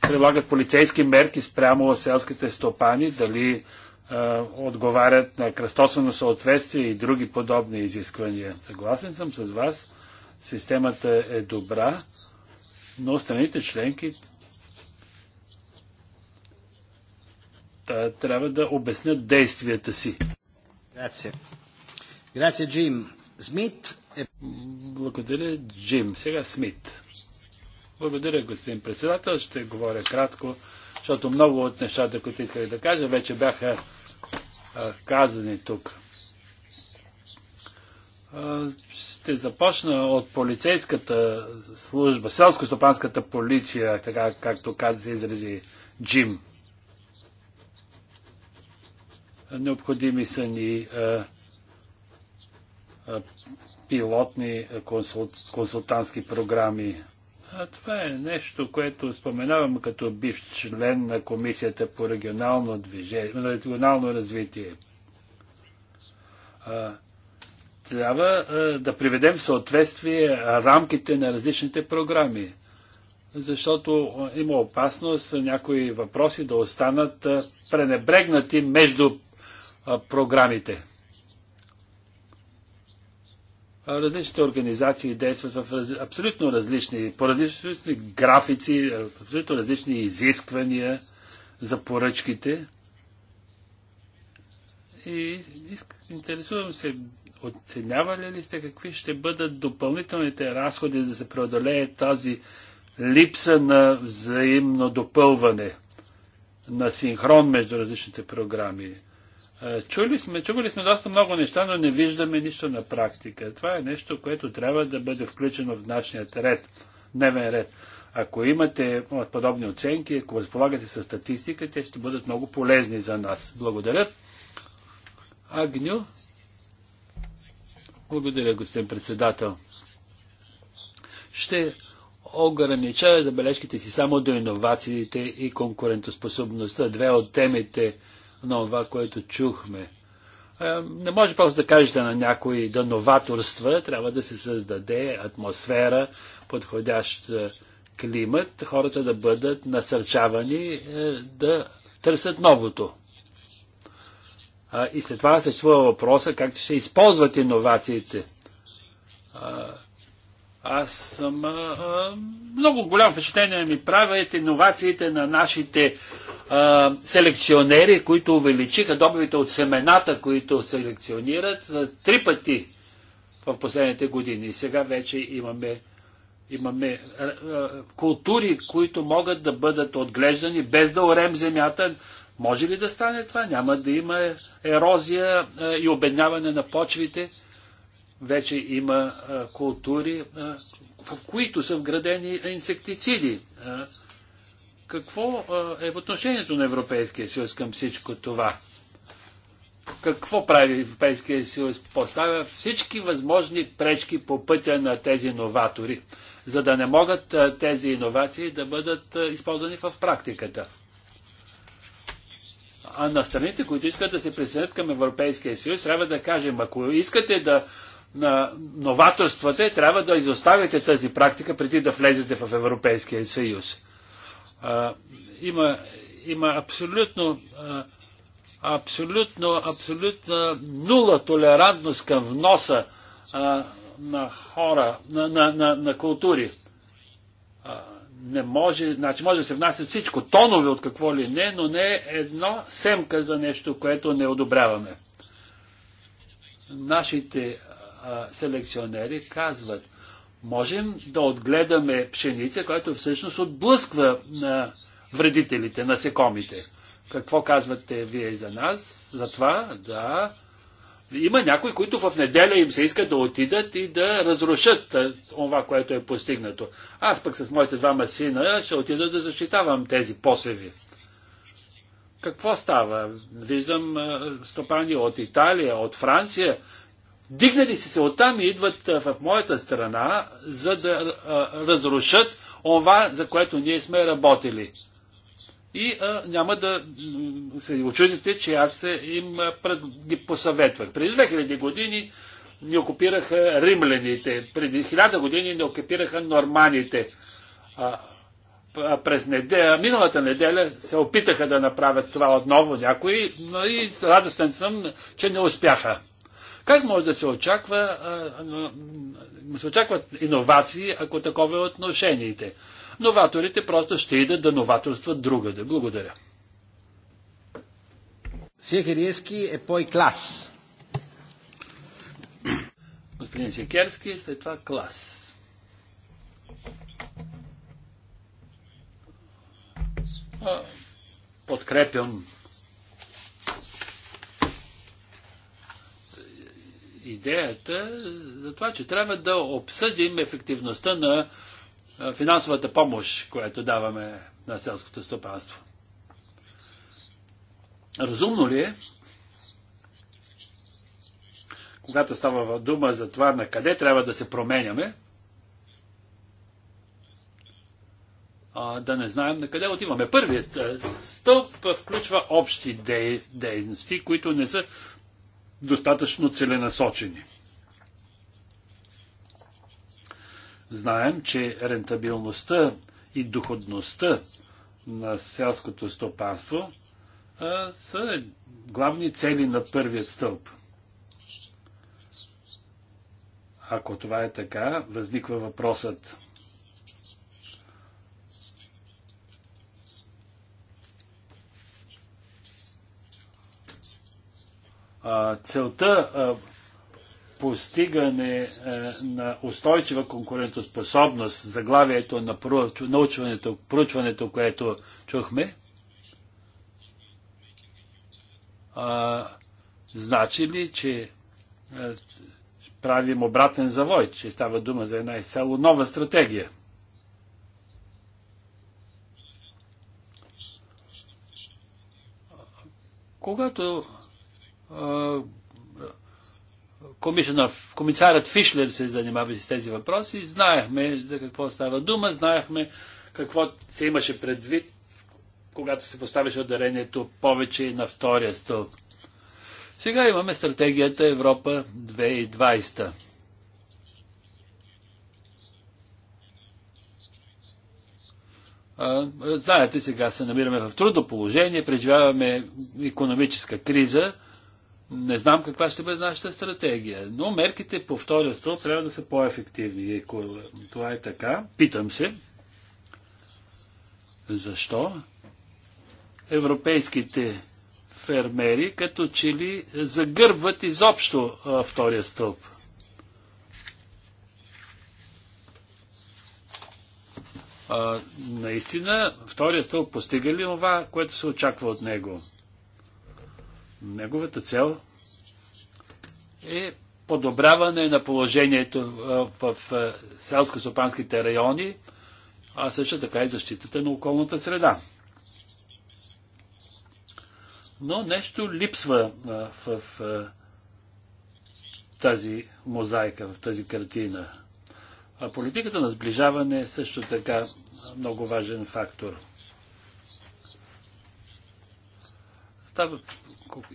прилагат полицейски мерки спрямо селските стопани, дали отговарят на кръстосано съответствие и други подобни изисквания. Съгласен съм с вас, системата е добра, но страните членки трябва да обяснят действията си. Грация. Грация, Джим. Смит е... Благодаря, Джим. Сега Смит. Благодаря, господин председател. Ще говоря кратко, защото много от нещата, които исках да кажа, вече бяха а, казани тук. А, ще започна от полицейската служба, селско-стопанската полиция, така както каза, се изрази Джим. Необходими са ни е, е, пилотни е, консултантски програми. А това е нещо, което споменавам като бив член на Комисията по регионално, движение, регионално развитие. А, трябва а, да приведем в съответствие рамките на различните програми, защото има опасност някои въпроси да останат пренебрегнати между програмите. Различните организации действат в раз... абсолютно различни, по различни графици, абсолютно различни изисквания за поръчките. И интересувам се, оценявали ли сте какви ще бъдат допълнителните разходи за да се преодолее тази липса на взаимно допълване, на синхрон между различните програми? Чули сме, чували сме доста много неща, но не виждаме нищо на практика. Това е нещо, което трябва да бъде включено в нашия ред, дневен ред. Ако имате подобни оценки, ако разполагате с статистика, те ще бъдат много полезни за нас. Благодаря. Агню. Благодаря, господин председател. Ще огранича забележките си само до иновациите и конкурентоспособността. Две от темите, на това, което чухме. Не може просто да кажете на някой да новаторства, трябва да се създаде атмосфера, подходящ е, климат, хората да бъдат насърчавани е, да търсят новото. И след това се чува въпроса как ще използват иновациите. Аз съм много голям впечатление ми правят иновациите на нашите а, селекционери, които увеличиха добивите от семената, които селекционират за три пъти в последните години. Сега вече имаме, имаме а, а, култури, които могат да бъдат отглеждани без да орем земята. Може ли да стане това? Няма да има ерозия а, и обедняване на почвите. Вече има а, култури, а, в които са вградени инсектициди. А, какво е отношението на Европейския съюз към всичко това? Какво прави Европейския съюз? Поставя всички възможни пречки по пътя на тези новатори, за да не могат тези иновации да бъдат използвани в практиката. А на страните, които искат да се присъединят към Европейския съюз, трябва да кажем, ако искате да на новаторствате, трябва да изоставите тази практика преди да влезете в Европейския съюз. А, има, има абсолютно, а, абсолютно, нула толерантност към вноса а, на хора, на, на, на, на култури. А, не може, значи може да се внася всичко, тонове от какво ли не, но не едно семка за нещо, което не одобряваме. Нашите а, селекционери казват, можем да отгледаме пшеница, която всъщност отблъсква на вредителите, насекомите. Какво казвате вие за нас? За това, да. Има някои, които в неделя им се иска да отидат и да разрушат това, което е постигнато. Аз пък с моите двама сина ще отида да защитавам тези посеви. Какво става? Виждам стопани от Италия, от Франция, Дигнали си се оттам и идват в моята страна, за да разрушат това, за което ние сме работили. И а, няма да се очудите, че аз им пред, ги посъветвах. Преди 2000 години ни окупираха римляните, преди 1000 години ни окупираха норманите. А, през неделя, миналата неделя се опитаха да направят това отново някои, но и радостен съм, че не успяха. Как може да се очаква, се очакват иновации, ако такова е отношениите? Новаторите просто ще идат да новаторстват другаде. Благодаря. Секериески е пой клас. Господин Секерски, след това клас. Подкрепям идеята за това, че трябва да обсъдим ефективността на финансовата помощ, която даваме на селското стопанство. Разумно ли е, когато става дума за това на къде трябва да се променяме, да не знаем на къде отиваме. Първият стълб включва общи дейности, които не са достатъчно целенасочени. Знаем, че рентабилността и доходността на селското стопанство са главни цели на първият стълб. Ако това е така, възниква въпросът – Целта постигане е, на устойчива конкурентоспособност, заглавието на научването, проучването, което чухме, значи ли, че е, правим обратен завой, че става дума за една изцяло нова стратегия. Когато комисарът Фишлер се занимава с тези въпроси. Знаехме за какво става дума, знаехме какво се имаше предвид, когато се поставяше ударението повече на втория стълб. Сега имаме стратегията Европа 2020. Знаете, сега се намираме в трудно положение, преживяваме економическа криза – не знам каква ще бъде нашата стратегия, но мерките по втория стълб трябва да са по-ефективни. ако това е така, питам се, защо европейските фермери като че ли загърбват изобщо а, втория стълб. А, наистина, втория стълб постига ли това, което се очаква от него? Неговата цел е подобряване на положението в селско-стопанските райони, а също така и защитата на околната среда. Но нещо липсва в тази мозайка, в тази картина. А политиката на сближаване е също така много важен фактор. Става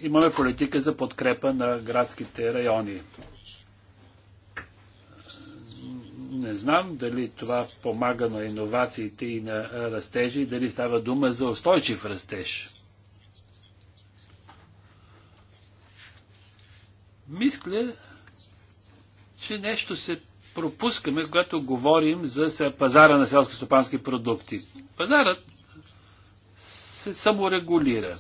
имаме политика за подкрепа на градските райони. Не знам дали това помага на иновациите и на растежи, дали става дума за устойчив растеж. Мисля, че нещо се пропускаме, когато говорим за пазара на селско-стопански продукти. Пазарът се саморегулира.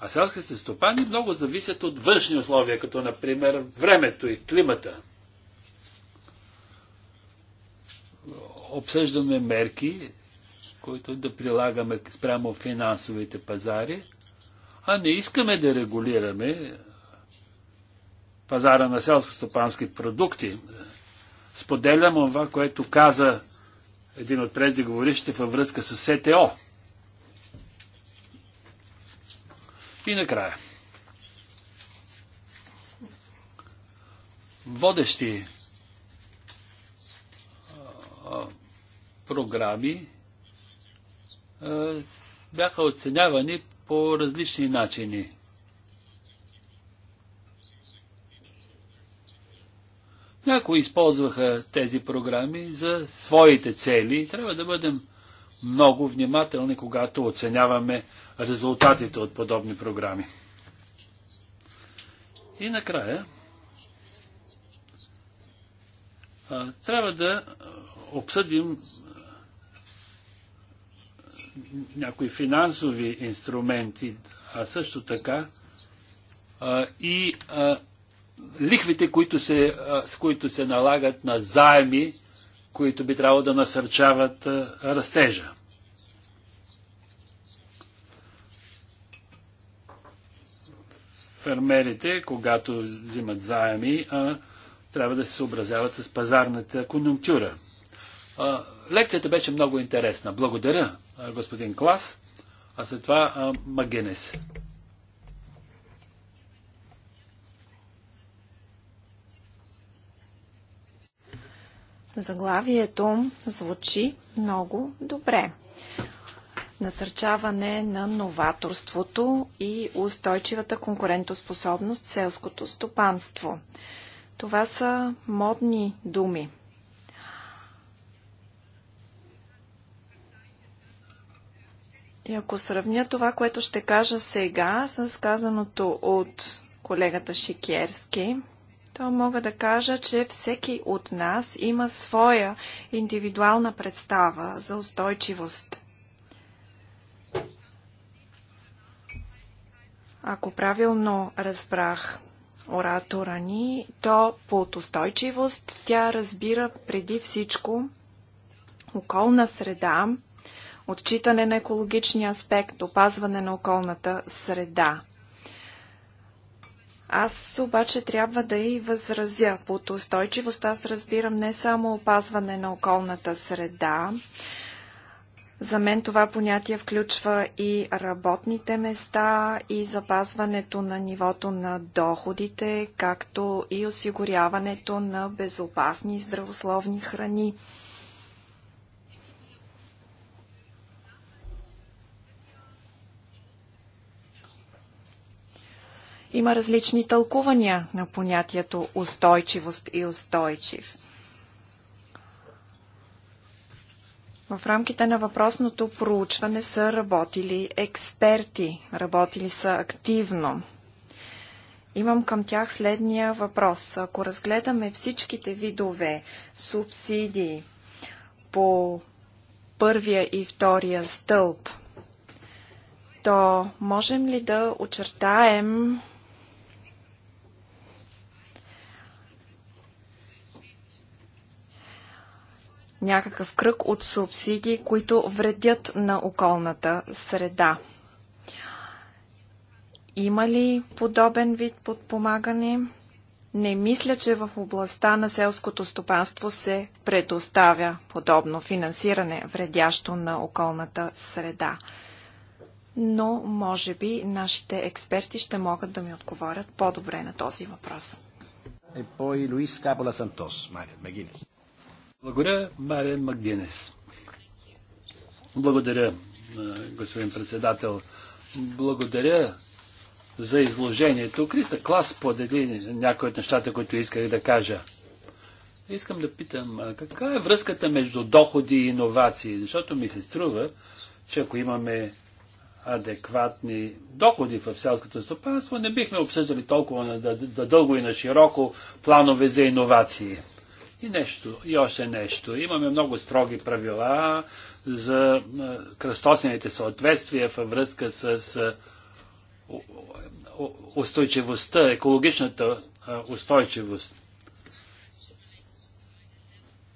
А селските стопани много зависят от външни условия, като например времето и климата. Обсъждаме мерки, които да прилагаме спрямо финансовите пазари, а не искаме да регулираме пазара на селско-стопански продукти. Споделям това, което каза един от преждеговорившите във връзка с СТО – И накрая. Водещи програми бяха оценявани по различни начини. Някои използваха тези програми за своите цели. Трябва да бъдем много внимателни, когато оценяваме резултатите от подобни програми. И накрая трябва да обсъдим някои финансови инструменти, а също така и лихвите, които се, с които се налагат на заеми, които би трябвало да насърчават растежа. фермерите, когато взимат заеми, а, трябва да се съобразяват с пазарната конюнктура. А, лекцията беше много интересна. Благодаря, господин Клас, а след това а, Магенес. Заглавието звучи много добре насърчаване на новаторството и устойчивата конкурентоспособност в селското стопанство. Това са модни думи. И ако сравня това, което ще кажа сега с казаното от колегата Шикерски, то мога да кажа, че всеки от нас има своя индивидуална представа за устойчивост Ако правилно разбрах оратора ни, то под устойчивост тя разбира преди всичко околна среда, отчитане на екологичния аспект, опазване на околната среда. Аз обаче трябва да и възразя. Под устойчивост аз разбирам не само опазване на околната среда, за мен това понятие включва и работните места, и запазването на нивото на доходите, както и осигуряването на безопасни и здравословни храни. Има различни тълкувания на понятието устойчивост и устойчив. В рамките на въпросното проучване са работили експерти, работили са активно. Имам към тях следния въпрос. Ако разгледаме всичките видове субсидии по първия и втория стълб, то можем ли да очертаем някакъв кръг от субсидии, които вредят на околната среда. Има ли подобен вид подпомагане? Не мисля, че в областта на селското стопанство се предоставя подобно финансиране, вредящо на околната среда. Но, може би, нашите експерти ще могат да ми отговорят по-добре на този въпрос. Е, пой Луис Кабола Сантос, Мегинес. Благодаря, Мариан Магдинес. Благодаря, господин председател. Благодаря за изложението. Криста Клас подели някои от нещата, които исках да кажа. Искам да питам, каква е връзката между доходи и иновации? Защото ми се струва, че ако имаме адекватни доходи в селското стопанство, не бихме обсъждали толкова дълго и на широко планове за иновации. И нещо, и още нещо. Имаме много строги правила за кръстосените съответствия във връзка с устойчивостта, екологичната устойчивост.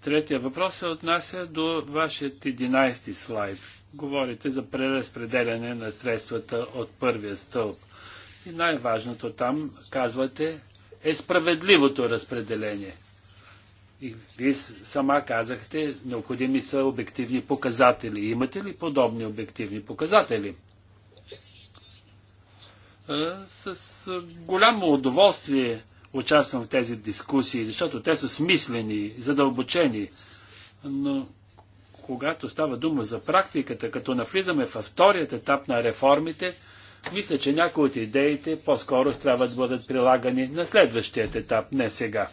Третия въпрос се отнася до вашият 11 слайд. Говорите за преразпределяне на средствата от първия стълб. И най-важното там, казвате, е справедливото разпределение. И вие сама казахте, необходими са обективни показатели. Имате ли подобни обективни показатели? С голямо удоволствие участвам в тези дискусии, защото те са смислени, задълбочени. Но когато става дума за практиката, като навлизаме във вторият етап на реформите, мисля, че някои от идеите по-скоро трябва да бъдат прилагани на следващият етап, не сега.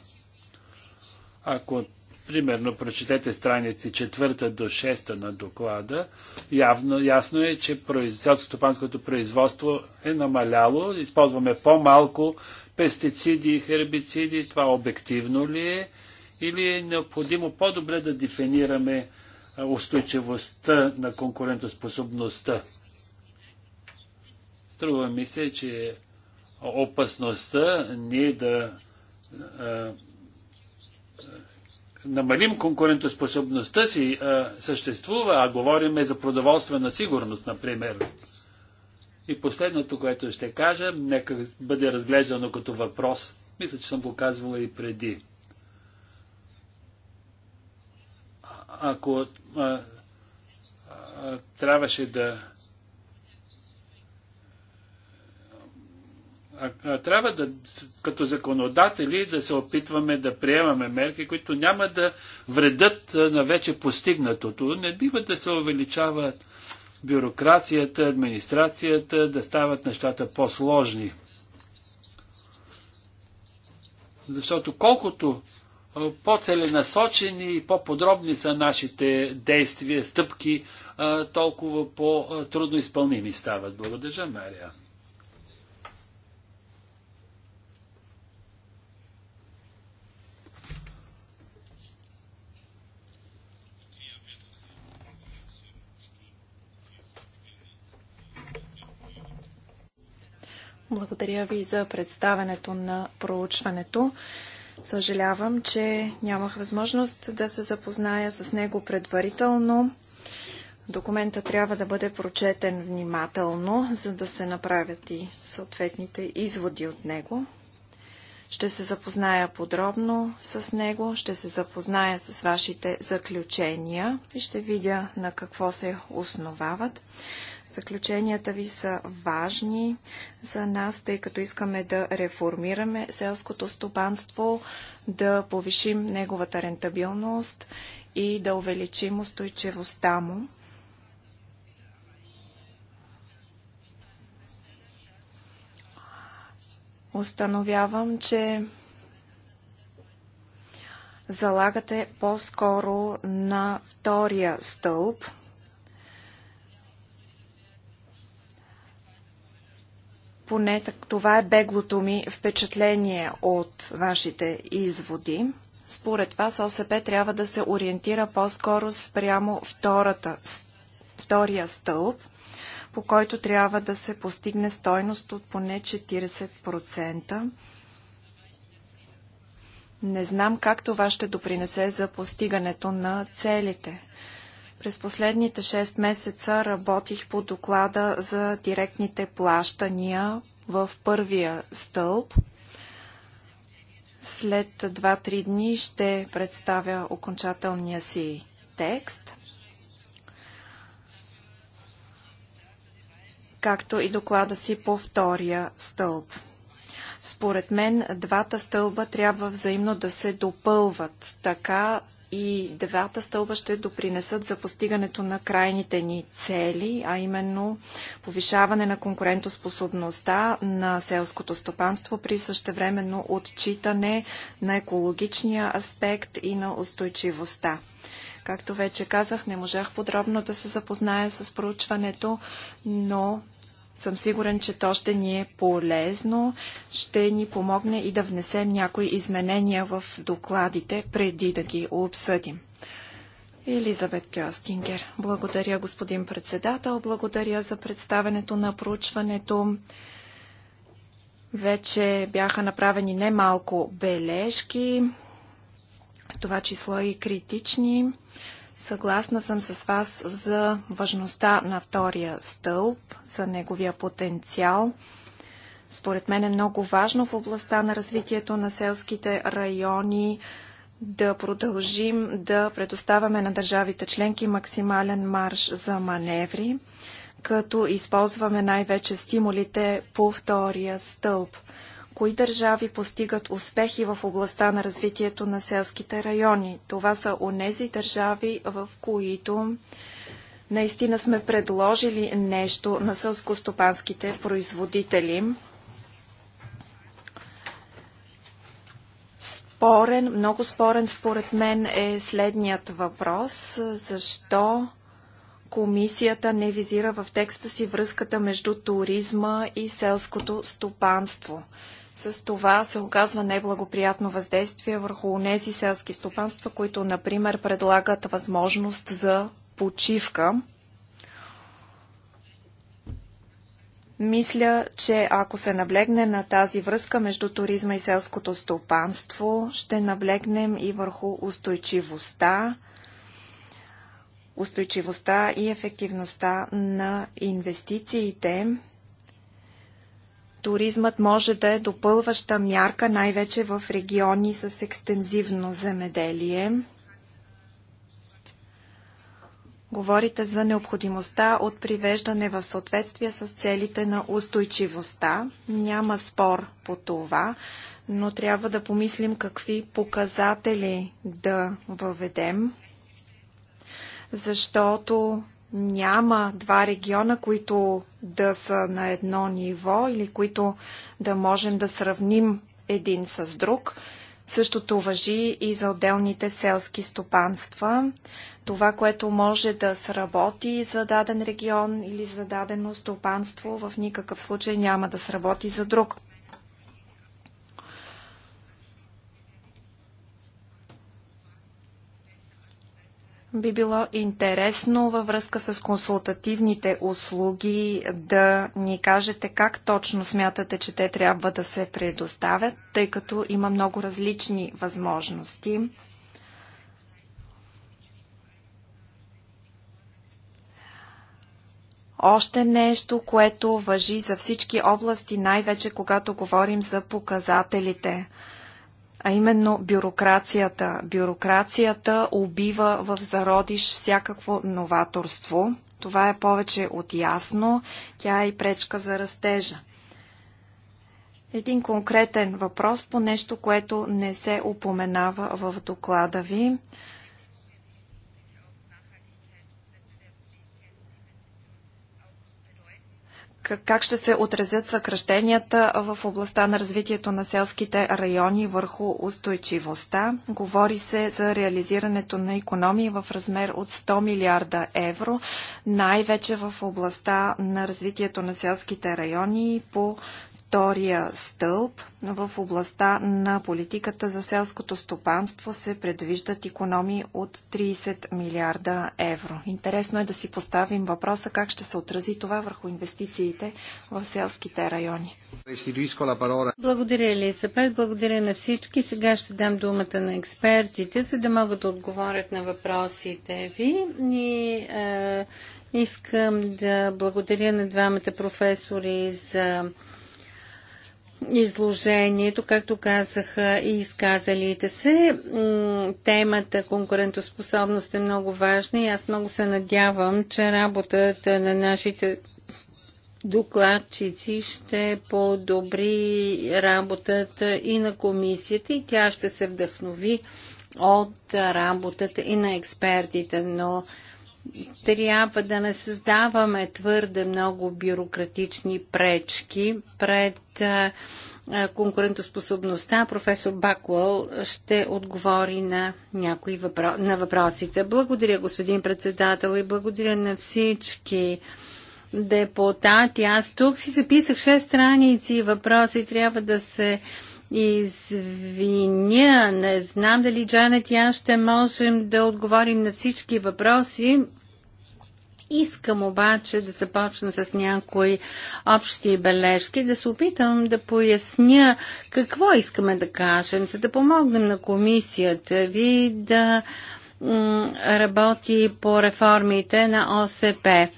Ако, примерно, прочетете страници четвърта до шеста на доклада, явно, ясно е, че селско-стопанското производство е намаляло, използваме по-малко пестициди и хербициди, това обективно ли е, или е необходимо по-добре да дефинираме устойчивостта на конкурентоспособността. Струва ми се, че опасността ние да намалим конкурентоспособността си а, съществува, а говорим за продоволствена сигурност, например. И последното, което ще кажа, нека бъде разглеждано като въпрос. Мисля, че съм го казвала и преди. А, ако а, а, трябваше да трябва да, като законодатели да се опитваме да приемаме мерки, които няма да вредят на вече постигнатото. Не бива да се увеличава бюрокрацията, администрацията, да стават нещата по-сложни. Защото колкото по-целенасочени и по-подробни са нашите действия, стъпки, толкова по-трудно изпълними стават. Благодаря, Мария. Благодаря ви за представенето на проучването. Съжалявам, че нямах възможност да се запозная с него предварително. Документа трябва да бъде прочетен внимателно, за да се направят и съответните изводи от него. Ще се запозная подробно с него, ще се запозная с вашите заключения и ще видя на какво се основават. Заключенията ви са важни за нас, тъй като искаме да реформираме селското стопанство, да повишим неговата рентабилност и да увеличим устойчивостта му. Установявам, че залагате по-скоро на втория стълб – Поне това е беглото ми впечатление от вашите изводи. Според вас ОСП трябва да се ориентира по-скоро спрямо втората, втория стълб, по който трябва да се постигне стойност от поне 40%. Не знам как това ще допринесе за постигането на целите. През последните 6 месеца работих по доклада за директните плащания в първия стълб. След 2-3 дни ще представя окончателния си текст, както и доклада си по втория стълб. Според мен двата стълба трябва взаимно да се допълват. Така и девата стълба ще допринесат за постигането на крайните ни цели, а именно повишаване на конкурентоспособността на селското стопанство при същевременно отчитане на екологичния аспект и на устойчивостта. Както вече казах, не можах подробно да се запозная с проучването, но съм сигурен, че то ще ни е полезно, ще ни помогне и да внесем някои изменения в докладите, преди да ги обсъдим. Елизабет Кьостингер. Благодаря, господин председател. Благодаря за представенето на проучването. Вече бяха направени немалко бележки, това число и критични. Съгласна съм с вас за важността на втория стълб, за неговия потенциал. Според мен е много важно в областта на развитието на селските райони да продължим да предоставяме на държавите членки максимален марш за маневри, като използваме най-вече стимулите по втория стълб – кои държави постигат успехи в областта на развитието на селските райони. Това са онези държави, в които наистина сме предложили нещо на селскостопанските производители. Спорен, много спорен според мен е следният въпрос. Защо комисията не визира в текста си връзката между туризма и селското стопанство. С това се оказва неблагоприятно въздействие върху тези селски стопанства, които, например, предлагат възможност за почивка. Мисля, че ако се наблегне на тази връзка между туризма и селското стопанство, ще наблегнем и върху устойчивостта, устойчивостта и ефективността на инвестициите туризмът може да е допълваща мярка, най-вече в региони с екстензивно земеделие. Говорите за необходимостта от привеждане в съответствие с целите на устойчивостта. Няма спор по това, но трябва да помислим какви показатели да въведем, защото няма два региона, които да са на едно ниво или които да можем да сравним един с друг. Същото въжи и за отделните селски стопанства. Това, което може да сработи за даден регион или за дадено стопанство, в никакъв случай няма да сработи за друг. Би било интересно във връзка с консултативните услуги да ни кажете как точно смятате, че те трябва да се предоставят, тъй като има много различни възможности. Още нещо, което въжи за всички области, най-вече когато говорим за показателите – а именно бюрокрацията. Бюрокрацията убива в зародиш всякакво новаторство. Това е повече от ясно. Тя е и пречка за растежа. Един конкретен въпрос по нещо, което не се упоменава в доклада ви. как ще се отразят съкръщенията в областта на развитието на селските райони върху устойчивостта. Говори се за реализирането на економии в размер от 100 милиарда евро, най-вече в областта на развитието на селските райони по втория стълб в областта на политиката за селското стопанство се предвиждат економии от 30 милиарда евро. Интересно е да си поставим въпроса как ще се отрази това върху инвестициите в селските райони. Благодаря, Елизабет. Благодаря на всички. Сега ще дам думата на експертите, за да могат да отговорят на въпросите ви. И, е, искам да благодаря на двамата професори за изложението, както казаха и изказалите се. Темата конкурентоспособност е много важна и аз много се надявам, че работата на нашите докладчици ще подобри работата и на комисията и тя ще се вдъхнови от работата и на експертите, но трябва да не създаваме твърде много бюрократични пречки пред конкурентоспособността. Професор Бакуел ще отговори на някои въпро... на въпросите. Благодаря, господин председател, и благодаря на всички депутати. Аз тук си записах 6 страници въпроси. Трябва да се извиня. Не знам дали Джанет и аз ще можем да отговорим на всички въпроси. Искам обаче да започна с някои общи бележки, да се опитам да поясня какво искаме да кажем, за да помогнем на комисията ви да работи по реформите на ОСП.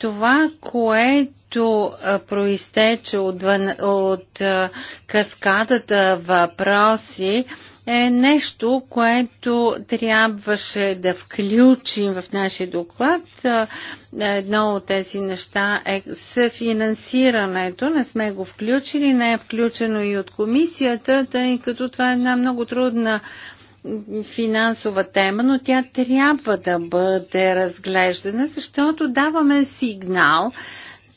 Това, което проистече от, от каскадата въпроси, е нещо, което трябваше да включим в нашия доклад. Едно от тези неща е съфинансирането. Не сме го включили, не е включено и от комисията, тъй като това е една много трудна финансова тема, но тя трябва да бъде разглеждана, защото даваме сигнал,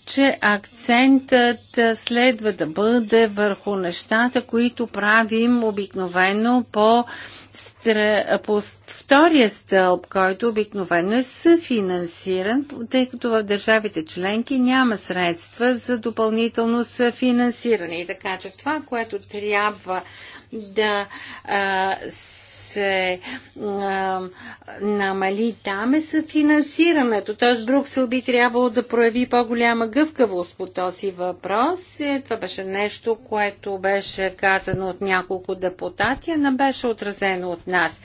че акцентът следва да бъде върху нещата, които правим обикновено по, стра... по втория стълб, който обикновено е съфинансиран, тъй като в държавите членки няма средства за допълнително съфинансиране. И така че това, което трябва да а, се а, намали там е съфинансирането. Т.е. Бруксел би трябвало да прояви по-голяма гъвкавост по този въпрос. И е, това беше нещо, което беше казано от няколко депутати, а не беше отразено от нас.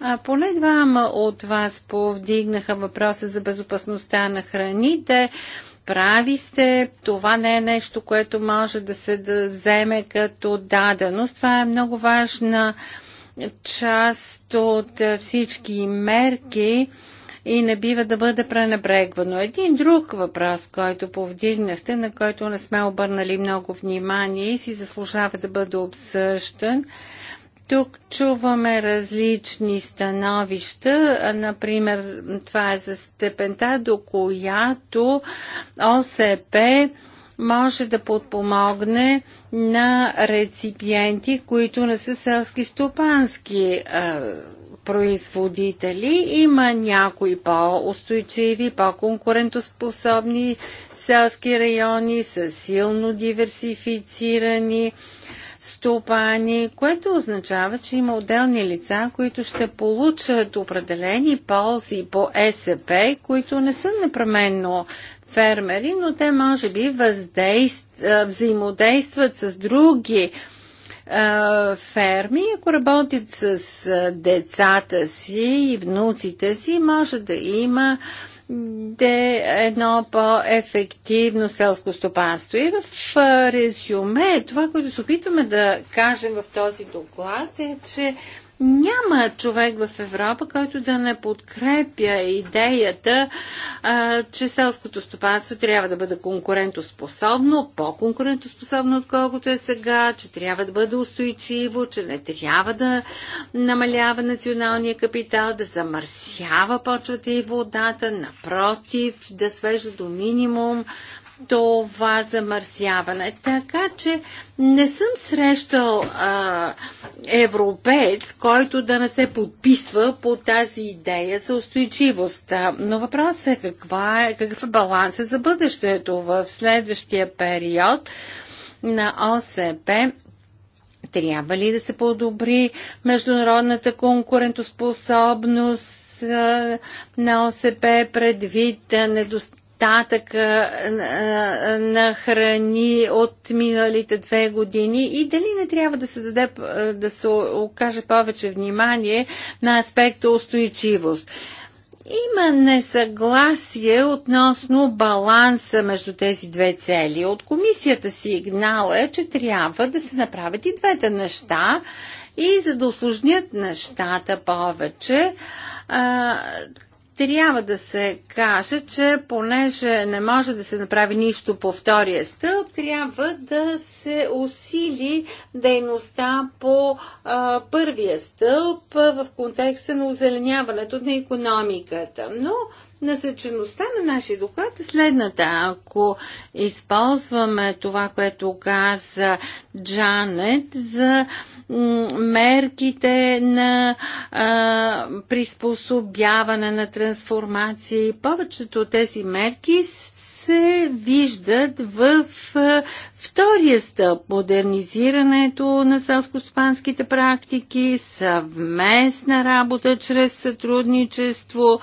А, поне двама от вас повдигнаха въпроса за безопасността на храните прави сте, това не е нещо, което може да се да вземе като даденост. Това е много важна част от всички мерки и не бива да бъде пренебрегвано. Един друг въпрос, който повдигнахте, на който не сме обърнали много внимание и си заслужава да бъде обсъждан, тук чуваме различни становища. Например, това е за степента, до която ОСП може да подпомогне на реципиенти, които не са селски стопански е, производители. Има някои по-устойчиви, по-конкурентоспособни селски райони с силно диверсифицирани стопани, което означава, че има отделни лица, които ще получат определени ползи по СП, които не са непременно фермери, но те може би взаимодействат с други ферми, ако работят с децата си и внуците си, може да има де едно по-ефективно селско стопанство. И в резюме, това, което се опитваме да кажем в този доклад е, че няма човек в Европа, който да не подкрепя идеята, а, че селското стопанство трябва да бъде конкурентоспособно, по-конкурентоспособно отколкото е сега, че трябва да бъде устойчиво, че не трябва да намалява националния капитал, да замърсява почвата и водата, напротив, да свежда до минимум това замърсяване. Така че не съм срещал а, европеец, който да не се подписва по тази идея за устойчивост. Но въпросът е, каква е какъв е балансът за бъдещето в следващия период на ОСП трябва ли да се подобри международната конкурентоспособност на ОСП предвид недостатък? остатъка на храни от миналите две години и дали не трябва да се даде, да се окаже повече внимание на аспекта устойчивост. Има несъгласие относно баланса между тези две цели. От комисията сигнал е, че трябва да се направят и двете неща и за да осложнят нещата повече, трябва да се каже, че понеже не може да се направи нищо по втория стълб, трябва да се усили дейността по а, първия стълб а, в контекста на озеленяването на економиката. Но Насъчеността на нашия доклад е следната. Ако използваме това, което каза Джанет за мерките на а, приспособяване на трансформации, повечето от тези мерки се виждат в втория стъп модернизирането на селскостопанските практики, съвместна работа чрез сътрудничество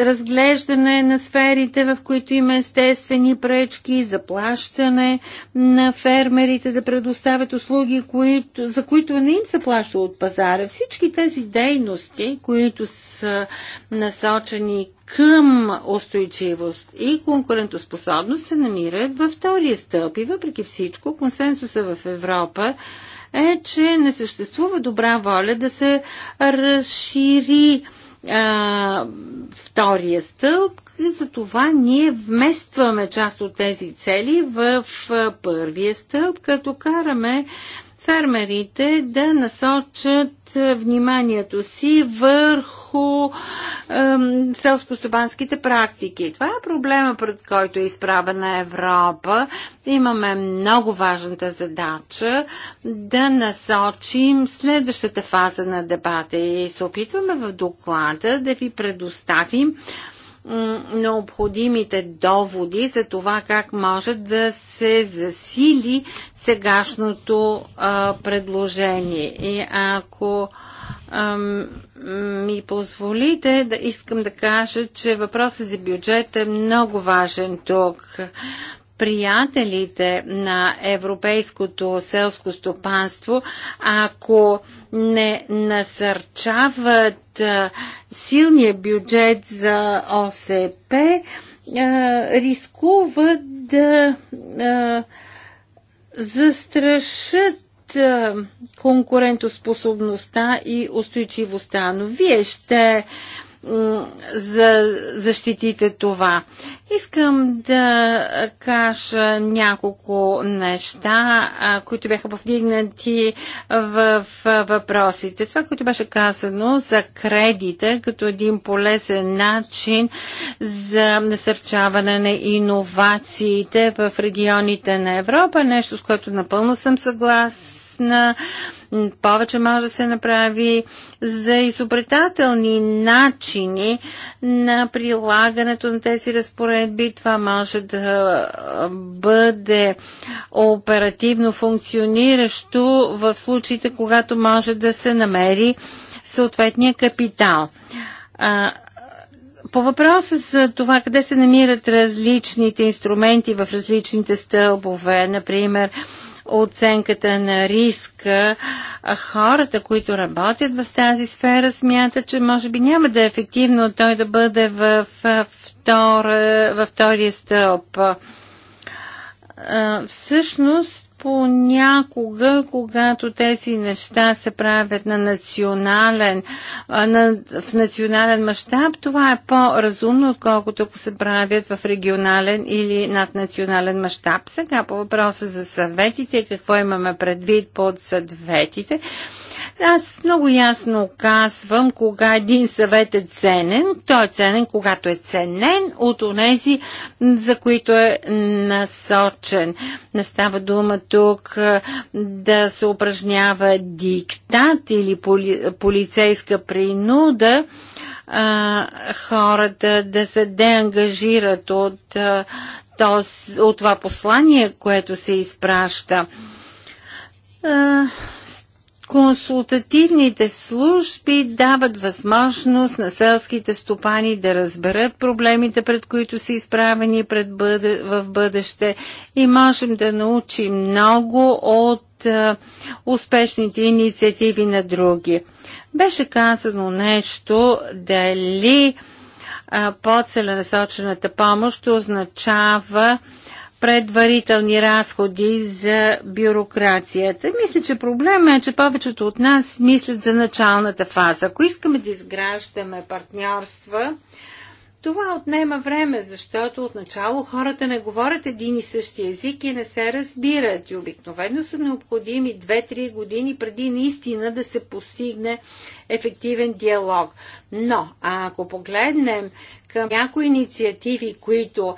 разглеждане на сферите, в които има естествени пречки, заплащане на фермерите да предоставят услуги, които, за които не им се плаща от пазара. Всички тези дейности, които са насочени към устойчивост и конкурентоспособност, се намират във втория стълб. И въпреки всичко, консенсуса в Европа е, че не съществува добра воля да се разшири а, втория стълб. Затова ние вместваме част от тези цели в първия стълб, като караме фермерите да насочат вниманието си върху селскостопанските практики. Това е проблема, пред който е изправена Европа. Имаме много важната задача да насочим следващата фаза на дебата и се опитваме в доклада да ви предоставим необходимите доводи за това как може да се засили сегашното а, предложение. И ако ми позволите да искам да кажа, че въпросът за бюджет е много важен тук. Приятелите на европейското селско стопанство, ако не насърчават силния бюджет за ОСП, рискуват да застрашат конкурентоспособността и устойчивостта. Но вие ще защитите това. Искам да кажа няколко неща, които бяха повдигнати в въпросите. Това, което беше казано за кредита като един полезен начин за насърчаване на иновациите в регионите на Европа, нещо с което напълно съм съгласна повече може да се направи за изобретателни начини на прилагането на тези разпоредби разпоредби. Това може да бъде оперативно функциониращо в случаите, когато може да се намери съответния капитал. По въпроса за това къде се намират различните инструменти в различните стълбове, например оценката на риска, хората, които работят в тази сфера, смятат, че може би няма да е ефективно той да бъде в втора, във втория стълб. Всъщност, понякога, когато тези неща се правят на национален, на, в национален мащаб, това е по-разумно, отколкото ако се правят в регионален или наднационален мащаб. Сега по въпроса за съветите, какво имаме предвид под съветите. Аз много ясно казвам, кога един съвет е ценен. Той е ценен, когато е ценен от онези, за които е насочен. Не става дума тук да се упражнява диктат или поли, полицейска принуда а, хората да се деангажират от, а, от това послание, което се изпраща. А, Консултативните служби дават възможност на селските стопани да разберат проблемите, пред които са изправени пред бъде, в бъдеще и можем да научим много от а, успешните инициативи на други. Беше казано нещо дали по-целенасочената помощ означава предварителни разходи за бюрокрацията. Мисля, че проблема е, че повечето от нас мислят за началната фаза. Ако искаме да изграждаме партньорства, това отнема време, защото отначало хората не говорят един и същи език и не се разбират. И обикновено са необходими 2-3 години преди наистина да се постигне ефективен диалог. Но, ако погледнем към някои инициативи, които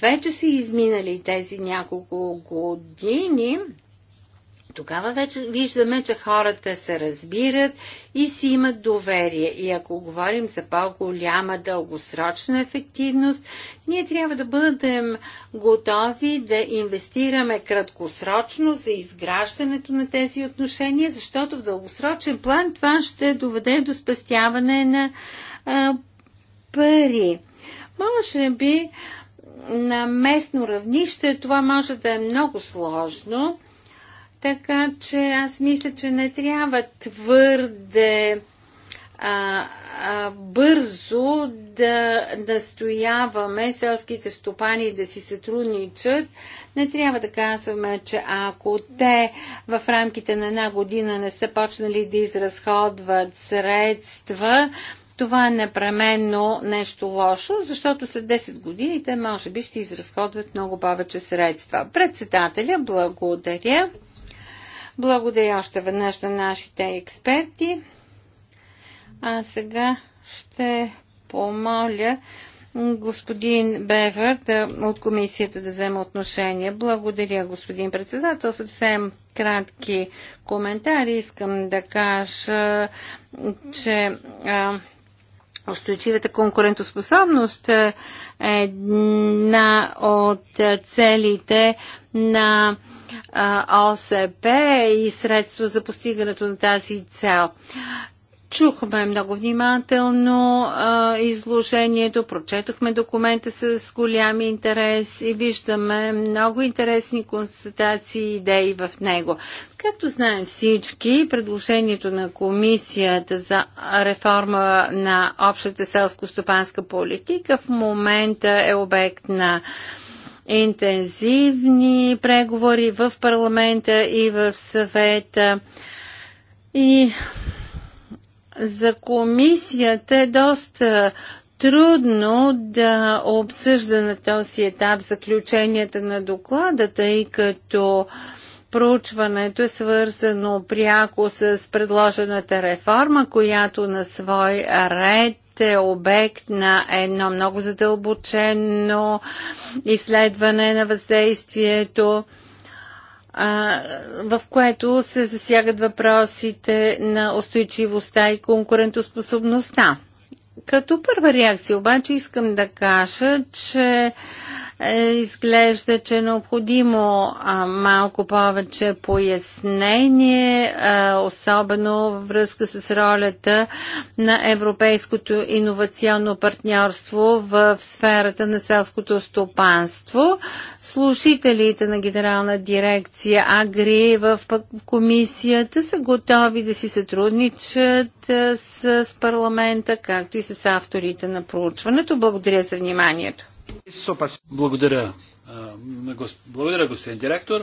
вече са изминали тези няколко години, тогава вече виждаме, че хората се разбират и си имат доверие. И ако говорим за по-голяма дългосрочна ефективност, ние трябва да бъдем готови да инвестираме краткосрочно за изграждането на тези отношения, защото в дългосрочен план това ще доведе до спастяване на а, пари. Може би на местно равнище това може да е много сложно, така че аз мисля, че не трябва твърде а, а, бързо да настояваме да селските стопани да си сътрудничат. Не трябва да казваме, че ако те в рамките на една година не са почнали да изразходват средства, това е непременно нещо лошо, защото след 10 години те може би ще изразходват много повече средства. Председателя, благодаря. Благодаря още веднъж на нашите експерти. А сега ще помоля господин Бевер да, от комисията да взема отношение. Благодаря, господин председател. Съвсем кратки коментари. Искам да кажа, че а, Устойчивата конкурентоспособност е една от целите на ОСП и средства за постигането на тази цел. Чухме много внимателно а, изложението, прочетохме документа с голям интерес и виждаме много интересни констатации и идеи в него. Както знаем всички, предложението на комисията за реформа на общата селско-стопанска политика в момента е обект на а, интензивни преговори в парламента и в съвета. И за комисията е доста трудно да обсъжда на този етап заключенията на доклада, тъй като проучването е свързано пряко с предложената реформа, която на свой ред е обект на едно много задълбочено изследване на въздействието в което се засягат въпросите на устойчивостта и конкурентоспособността. Като първа реакция обаче искам да кажа, че е, изглежда, че е необходимо малко повече пояснение, е, особено във връзка с ролята на Европейското иновационно партньорство в сферата на селското стопанство. Слушителите на Генерална дирекция Агри в комисията са готови да си сътрудничат е, с парламента, както и с авторите на проучването. Благодаря за вниманието. Благодаря. Благодаря, господин директор.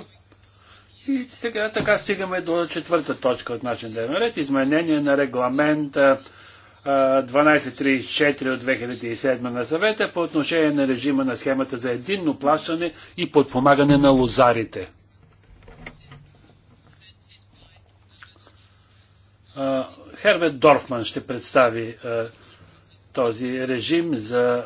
И сега така стигаме до четвърта точка от нашия дневен ред. Изменение на регламент 1234 от 2007 на съвета по отношение на режима на схемата за единно плащане и подпомагане на лозарите. Херберт Дорфман ще представи този режим за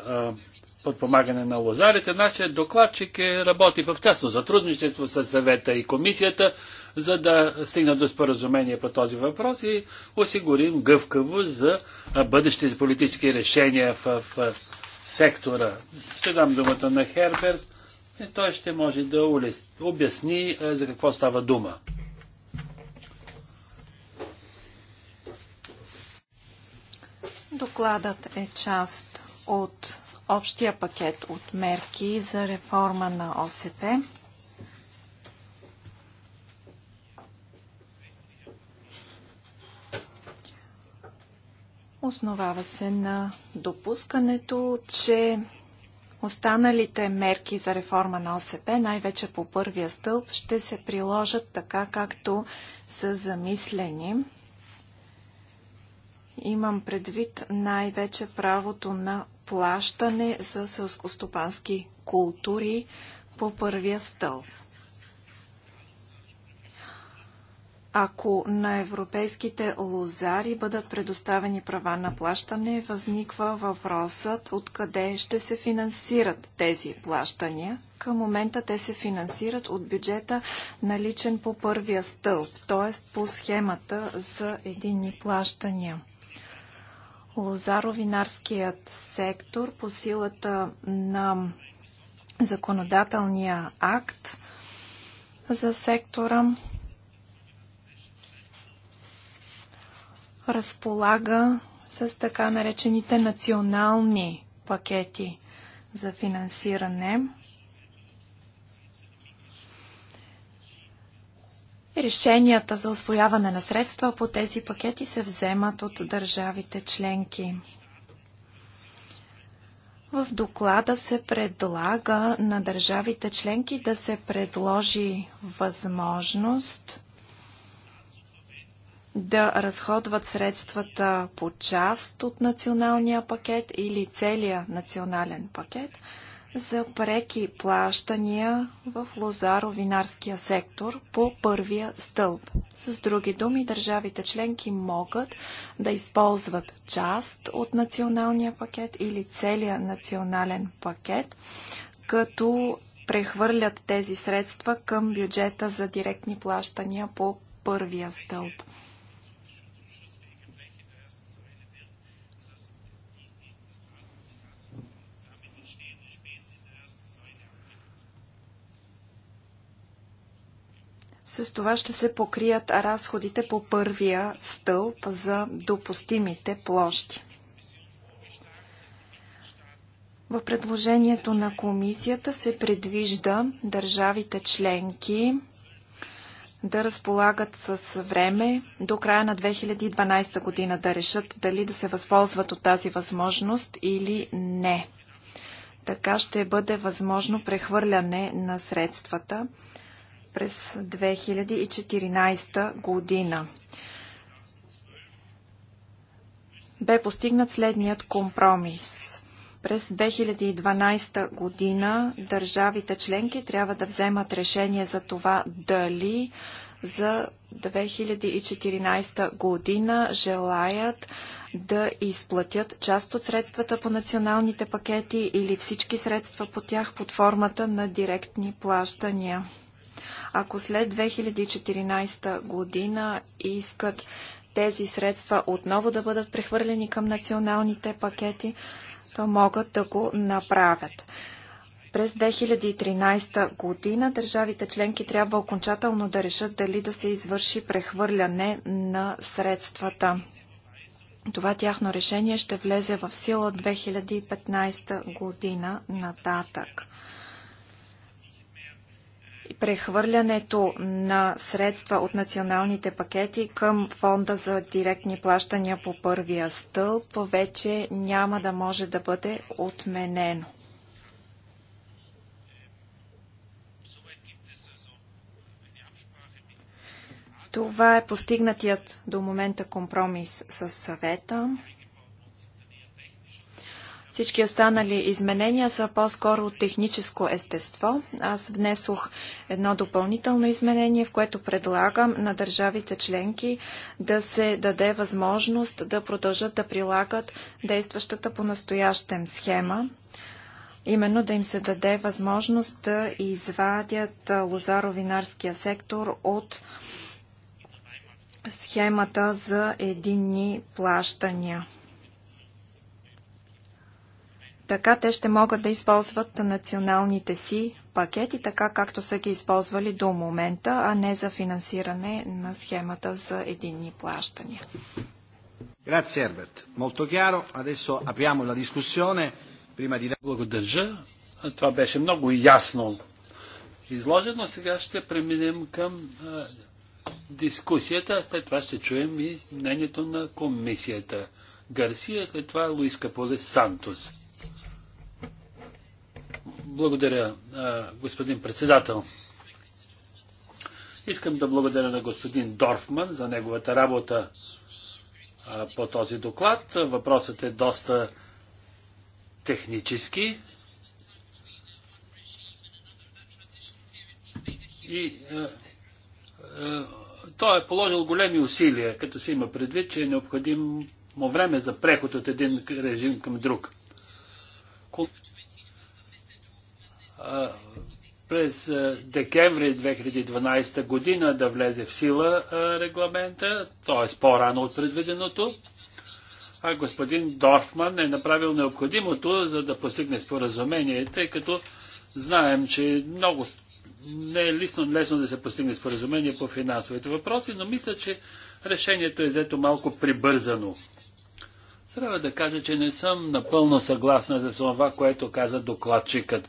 подпомагане на лозарите. нашия докладчик е, работи в тясно сътрудничество с съвета и комисията, за да стигна до споразумение по този въпрос и осигурим гъвкаво за бъдещите политически решения в, в сектора. Ще дам думата на Херберт и той ще може да улес... обясни за какво става дума. Докладът е част от общия пакет от мерки за реформа на ОСП. Основава се на допускането, че останалите мерки за реформа на ОСП, най-вече по първия стълб, ще се приложат така, както са замислени. Имам предвид най-вече правото на плащане за селскостопански култури по първия стълб. Ако на европейските лозари бъдат предоставени права на плащане, възниква въпросът откъде ще се финансират тези плащания. Към момента те се финансират от бюджета наличен по първия стълб, т.е. по схемата за единни плащания лозаровинарският сектор по силата на законодателния акт за сектора разполага с така наречените национални пакети за финансиране – Решенията за освояване на средства по тези пакети се вземат от държавите членки. В доклада се предлага на държавите членки да се предложи възможност да разходват средствата по част от националния пакет или целия национален пакет – за преки плащания в лозаро-винарския сектор по първия стълб. С други думи, държавите членки могат да използват част от националния пакет или целия национален пакет, като прехвърлят тези средства към бюджета за директни плащания по първия стълб. С това ще се покрият разходите по първия стълб за допустимите площи. В предложението на комисията се предвижда държавите членки да разполагат с време до края на 2012 година да решат дали да се възползват от тази възможност или не. Така ще бъде възможно прехвърляне на средствата през 2014 година. Бе постигнат следният компромис. През 2012 година държавите членки трябва да вземат решение за това дали за 2014 година желаят да изплатят част от средствата по националните пакети или всички средства по тях под формата на директни плащания. Ако след 2014 година искат тези средства отново да бъдат прехвърлени към националните пакети, то могат да го направят. През 2013 година държавите членки трябва окончателно да решат дали да се извърши прехвърляне на средствата. Това тяхно решение ще влезе в сила от 2015 година нататък прехвърлянето на средства от националните пакети към фонда за директни плащания по първия стълб вече няма да може да бъде отменено. Това е постигнатият до момента компромис с съвета. Всички останали изменения са по-скоро техническо естество. Аз внесох едно допълнително изменение, в което предлагам на държавите членки да се даде възможност да продължат да прилагат действащата по настоящем схема именно да им се даде възможност да извадят лозаровинарския сектор от схемата за единни плащания. Така те ще могат да използват националните си пакети, така както са ги използвали до момента, а не за финансиране на схемата за единни плащания. Grazie Herbert, molto chiaro. Adesso apriamo la discussione. Prima di... Благодаря. Това беше много ясно изложено. Сега ще преминем към а, дискусията, а след това ще чуем и мнението на комисията. Гарсия, след това Луиска Поле Сантос. Благодаря, господин председател. Искам да благодаря на господин Дорфман за неговата работа по този доклад. Въпросът е доста технически и той е положил големи усилия, като се има предвид, че е необходимо време за преход от един режим към друг. през декември 2012 година да влезе в сила регламента, т.е. по-рано от предвиденото. А господин Дорфман е направил необходимото, за да постигне споразумение, тъй като знаем, че много не е лесно, лесно да се постигне споразумение по финансовите въпроси, но мисля, че решението е взето малко прибързано. Трябва да кажа, че не съм напълно съгласна за това, което каза докладчикът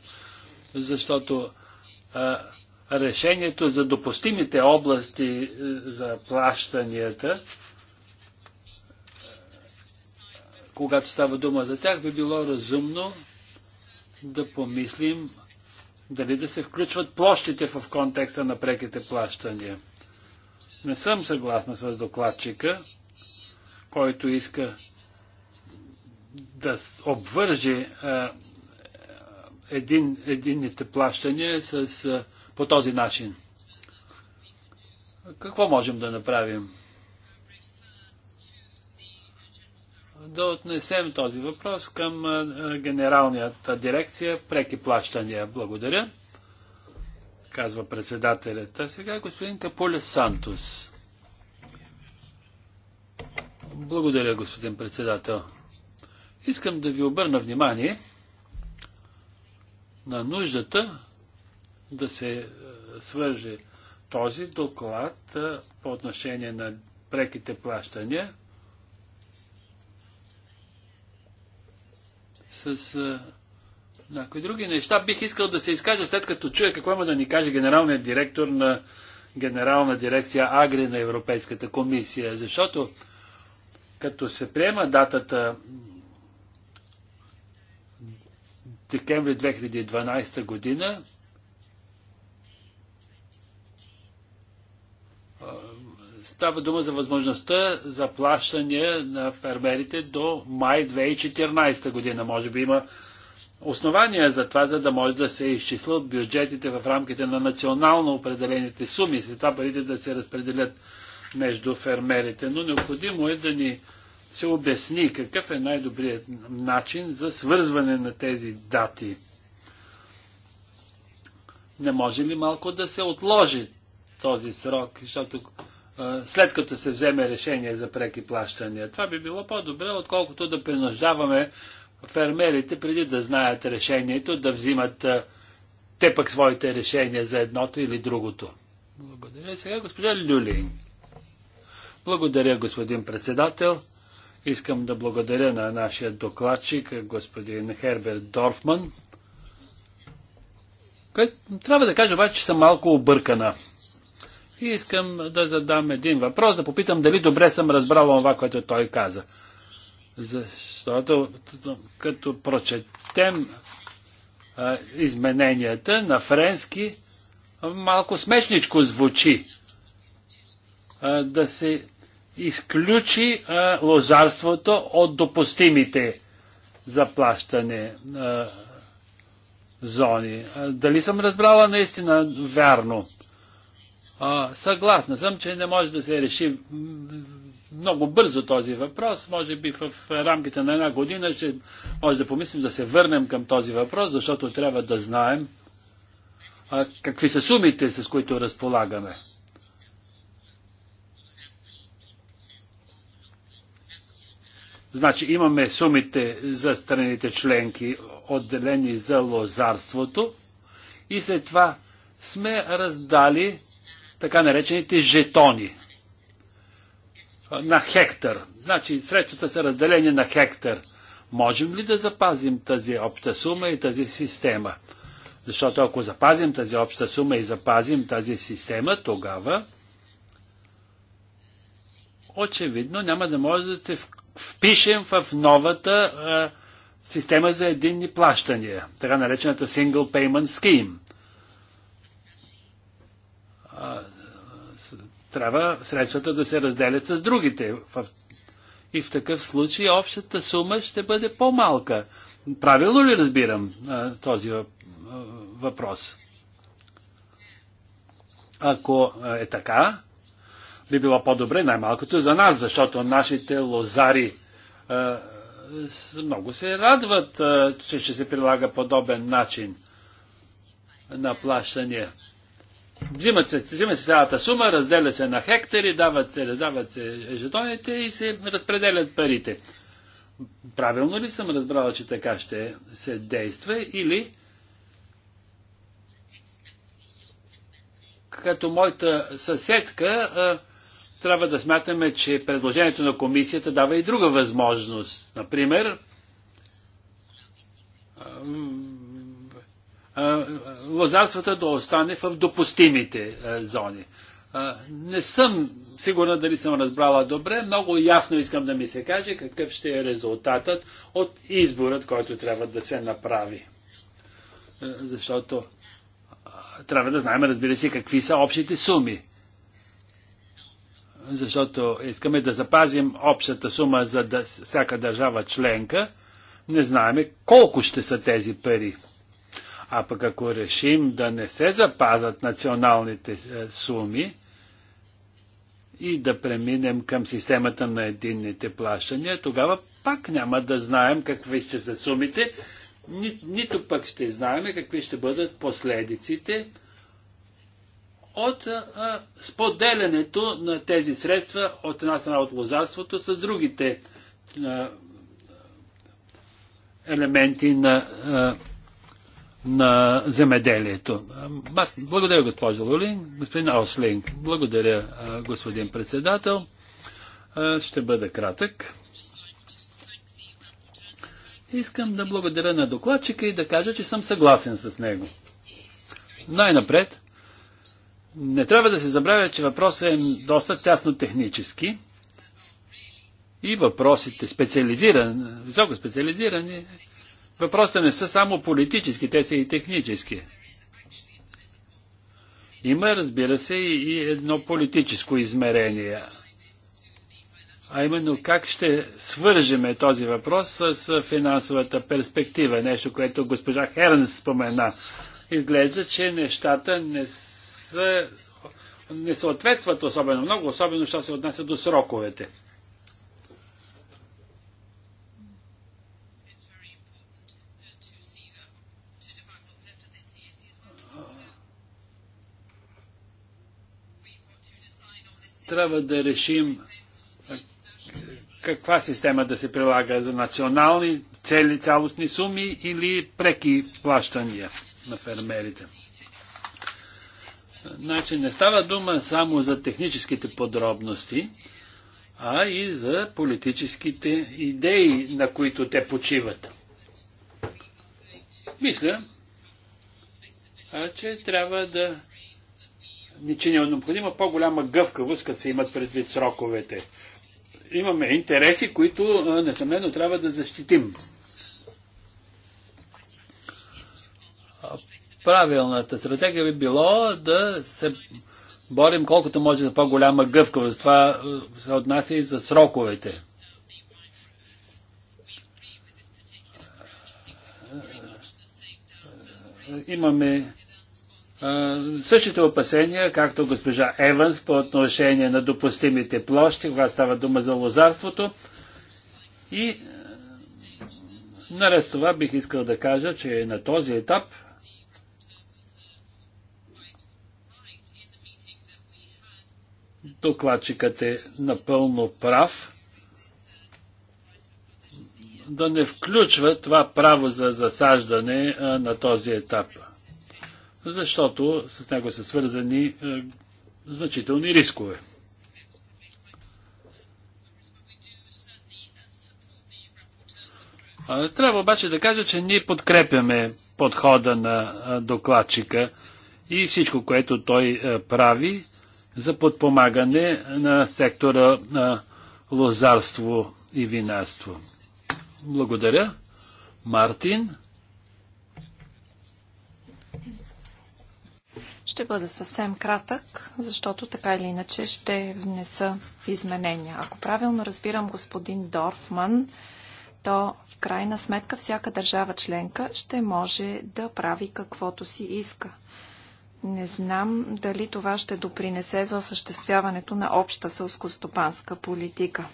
защото а, решението за допустимите области е, за плащанията, когато става дума за тях, би било разумно да помислим дали да се включват площите в контекста на преките плащания. Не съм съгласна с докладчика, който иска да обвърже а, един, единните плащания с, по този начин. Какво можем да направим? Да отнесем този въпрос към генералната дирекция преки плащания. Благодаря, казва председателят. А сега господин Капуле Сантос. Благодаря, господин председател. Искам да ви обърна внимание, на нуждата да се е, свърже този доклад е, по отношение на преките плащания с а, е, някои други неща. Бих искал да се изкажа след като чуя какво има да ни каже генералният директор на Генерална дирекция Агри на Европейската комисия, защото като се приема датата декември 2012 година става дума за възможността за плащане на фермерите до май 2014 година. Може би има основания за това, за да може да се изчислят бюджетите в рамките на национално определените суми, след това парите да се разпределят между фермерите. Но необходимо е да ни се обясни какъв е най-добрият начин за свързване на тези дати. Не може ли малко да се отложи този срок, защото след като се вземе решение за преки плащания, това би било по-добре, отколкото да принуждаваме фермерите преди да знаят решението, да взимат те пък своите решения за едното или другото. Благодаря. Сега господин Люлин. Благодаря, господин председател. Искам да благодаря на нашия докладчик, господин Херберт Дорфман. трябва да кажа обаче, че съм малко объркана. И искам да задам един въпрос, да попитам дали добре съм разбрал това, което той каза. Защото като прочетем а, измененията на френски, малко смешничко звучи а, да се изключи лозарството от допустимите заплащане зони. дали съм разбрала наистина вярно? съгласна съм, че не може да се реши много бързо този въпрос. Може би в рамките на една година ще може да помислим да се върнем към този въпрос, защото трябва да знаем какви са сумите, с които разполагаме. Значи имаме сумите за страните членки, отделени за лозарството и след това сме раздали така наречените жетони на хектар. Значи средствата са разделени на хектар. Можем ли да запазим тази обща сума и тази система? Защото ако запазим тази обща сума и запазим тази система, тогава очевидно няма да може да се впишем в новата а, система за единни плащания, така наречената Single Payment Scheme. А, с, трябва средствата да се разделят с другите. В, и в такъв случай общата сума ще бъде по-малка. Правилно ли разбирам а, този въпрос? Ако е така, би било по-добре най-малкото за нас, защото нашите лозари е, много се радват, е, че ще се прилага подобен начин на плащане. Взимат се, взима се цялата сума, разделя се на хектари, дават се, раздават се жетоните и се разпределят парите. Правилно ли съм разбрала, че така ще се действа или като моята съседка е, трябва да смятаме, че предложението на комисията дава и друга възможност. Например, лозарствата да остане в допустимите зони. Не съм сигурна дали съм разбрала добре. Много ясно искам да ми се каже какъв ще е резултатът от изборът, който трябва да се направи. Защото трябва да знаем, разбира се, какви са общите суми защото искаме да запазим общата сума за да, всяка държава членка, не знаеме колко ще са тези пари. А пък ако решим да не се запазат националните е, суми и да преминем към системата на единните плащания, тогава пак няма да знаем какви ще са сумите, ни, нито пък ще знаем какви ще бъдат последиците от а, споделянето на тези средства от една страна от лозарството с другите а, елементи на, а, на земеделието. Благодаря, госпожо Лулин. Господин Ослинг, благодаря, а, господин председател. А, ще бъда кратък. Искам да благодаря на докладчика и да кажа, че съм съгласен с него. Най-напред, не трябва да се забравя, че въпросът е доста тясно технически и въпросите специализиран, високо специализирани, въпросите не са само политически, те са и технически. Има, разбира се, и едно политическо измерение. А именно как ще свържеме този въпрос с финансовата перспектива, нещо, което госпожа Хернс спомена. Изглежда, че нещата не са са, не съответстват особено много, особено що се отнася до сроковете. Трябва да решим каква система да се прилага за национални цели, цялостни суми или преки плащания на фермерите. Значи не става дума само за техническите подробности, а и за политическите идеи, на които те почиват. Мисля, а че трябва да че не е необходима по-голяма гъвкавост, като се имат предвид сроковете. Имаме интереси, които несъмнено трябва да защитим. правилната стратегия би било да се борим колкото може за по-голяма гъвкавост. Това е, се отнася и за сроковете. Имаме е, същите опасения, както госпожа Еванс по отношение на допустимите площи, когато става дума за лозарството. И е, наред с това бих искал да кажа, че на този етап Докладчикът е напълно прав да не включва това право за засаждане на този етап. Защото с него са свързани значителни рискове. трябва обаче да кажа, че ние подкрепяме подхода на докладчика и всичко, което той прави, за подпомагане на сектора на лозарство и винарство. Благодаря. Мартин. Ще бъда съвсем кратък, защото така или иначе ще внеса изменения. Ако правилно разбирам господин Дорфман, то в крайна сметка всяка държава членка ще може да прави каквото си иска. Не знам дали това ще допринесе за осъществяването на обща селскостопанска политика.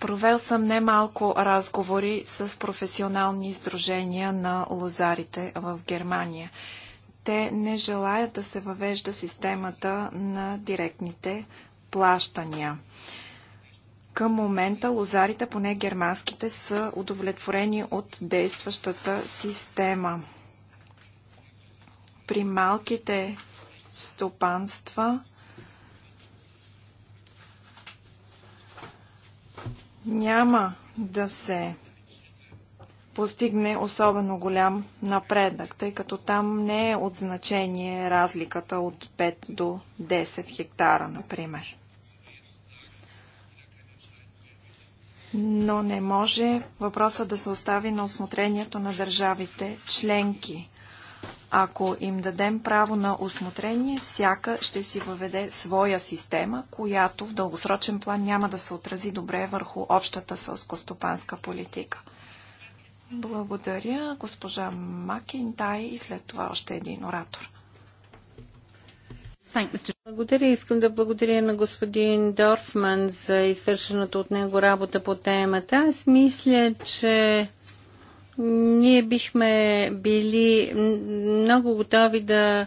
Провел съм немалко разговори с професионални издружения на лозарите в Германия. Те не желаят да се въвежда системата на директните плащания. Към момента лозарите, поне германските, са удовлетворени от действащата система – при малките стопанства няма да се постигне особено голям напредък, тъй като там не е от значение разликата от 5 до 10 хектара, например. Но не може въпроса да се остави на осмотрението на държавите членки. Ако им дадем право на осмотрение, всяка ще си въведе своя система, която в дългосрочен план няма да се отрази добре върху общата сълскостопанска политика. Благодаря, госпожа Макинтай и след това още един оратор. Благодаря. Искам да благодаря на господин Дорфман за извършената от него работа по темата. Аз мисля, че ние бихме били много готови да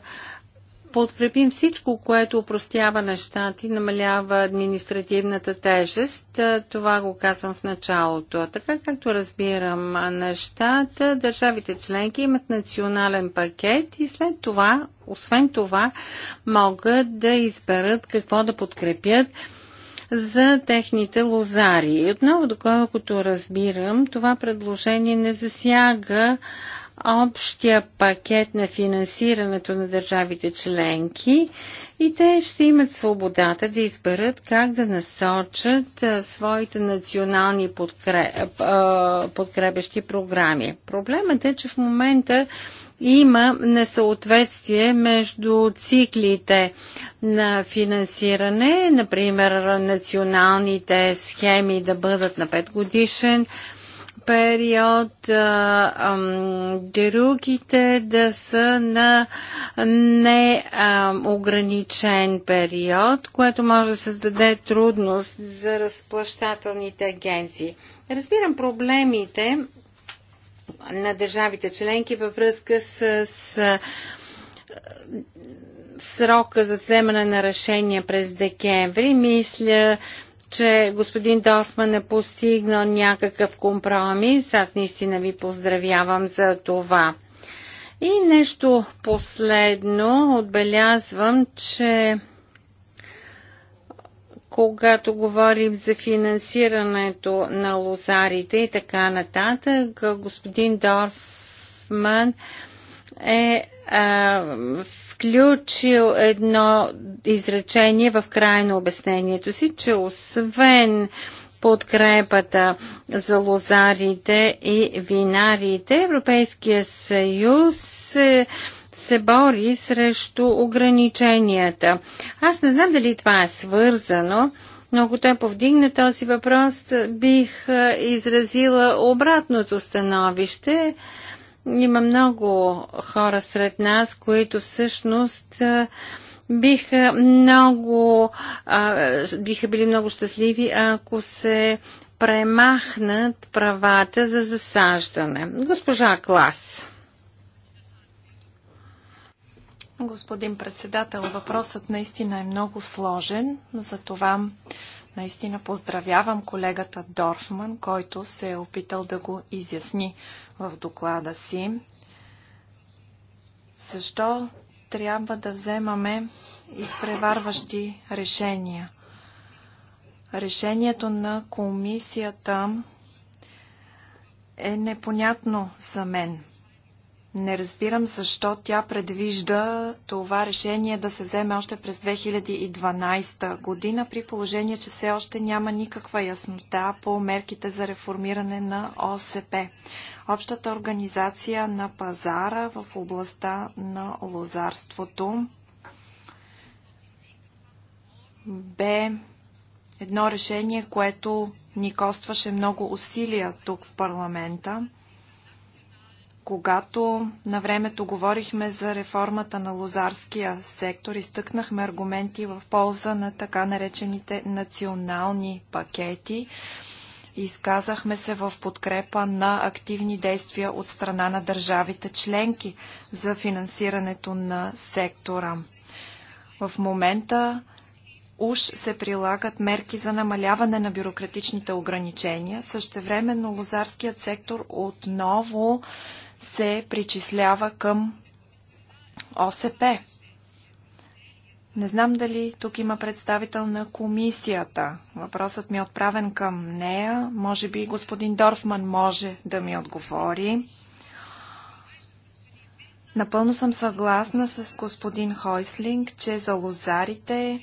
подкрепим всичко, което упростява нещата и намалява административната тежест. Е, това го казвам в началото. Така както разбирам нещата, държавите членки имат национален пакет и след това, освен това, могат да изберат какво да подкрепят за техните лозари. И отново, доколкото разбирам, това предложение не засяга общия пакет на финансирането на държавите членки и те ще имат свободата да изберат как да насочат своите национални подкреп, подкрепещи програми. Проблемът е, че в момента има несъответствие между циклите на финансиране, например националните схеми да бъдат на 5 годишен период, другите да са на неограничен период, което може да създаде трудност за разплащателните агенции. Разбирам проблемите на държавите членки във връзка с, с срока за вземане на решение през декември. Мисля, че господин Дорфман е постигнал някакъв компромис. Аз наистина ви поздравявам за това. И нещо последно отбелязвам, че когато говорим за финансирането на лозарите и така нататък, господин Дорфман е а, включил едно изречение в края на обяснението си, че освен подкрепата за лозарите и винарите, Европейския съюз е, а, се бори срещу ограниченията. Аз не знам дали това е свързано, но ако той повдигне този въпрос, бих изразила обратното становище. Има много хора сред нас, които всъщност биха много, биха били много щастливи, ако се премахнат правата за засаждане. Госпожа Клас. Господин председател, въпросът наистина е много сложен, затова наистина поздравявам колегата Дорфман, който се е опитал да го изясни в доклада си. Защо трябва да вземаме изпреварващи решения? Решението на комисията е непонятно за мен – не разбирам защо тя предвижда това решение да се вземе още през 2012 година, при положение, че все още няма никаква яснота по мерките за реформиране на ОСП. Общата организация на пазара в областта на лозарството бе едно решение, което ни костваше много усилия тук в парламента. Когато на времето говорихме за реформата на лозарския сектор, изтъкнахме аргументи в полза на така наречените национални пакети. Изказахме се в подкрепа на активни действия от страна на държавите членки за финансирането на сектора. В момента уж се прилагат мерки за намаляване на бюрократичните ограничения. Същевременно лозарският сектор отново се причислява към ОСП. Не знам дали тук има представител на комисията. Въпросът ми е отправен към нея. Може би господин Дорфман може да ми отговори. Напълно съм съгласна с господин Хойслинг, че за лозарите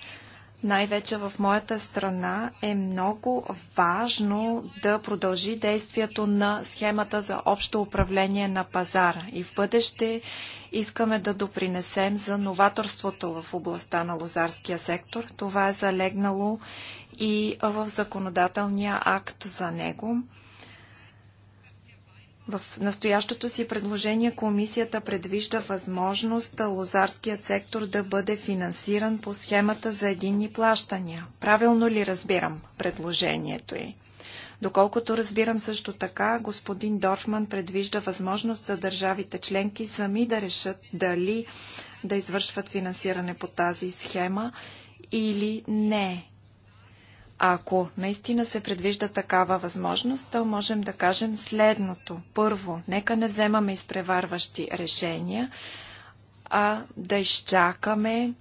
най-вече в моята страна, е много важно да продължи действието на схемата за общо управление на пазара. И в бъдеще искаме да допринесем за новаторството в областта на лозарския сектор. Това е залегнало и в законодателния акт за него. В настоящото си предложение комисията предвижда възможност лозарският сектор да бъде финансиран по схемата за единни плащания. Правилно ли разбирам предложението й? Доколкото разбирам също така, господин Дорфман предвижда възможност за държавите членки сами да решат дали да извършват финансиране по тази схема или не. Ако наистина се предвижда такава възможност, то можем да кажем следното. Първо, нека не вземаме изпреварващи решения, а да изчакаме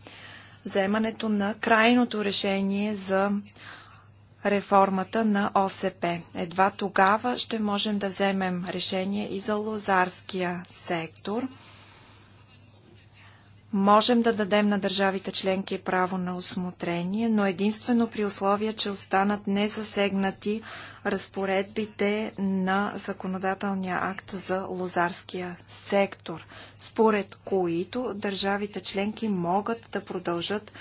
вземането на крайното решение за реформата на ОСП. Едва тогава ще можем да вземем решение и за лозарския сектор – Можем да дадем на държавите членки право на осмотрение, но единствено при условие, че останат незасегнати разпоредбите на законодателния акт за лозарския сектор, според които държавите членки могат да продължат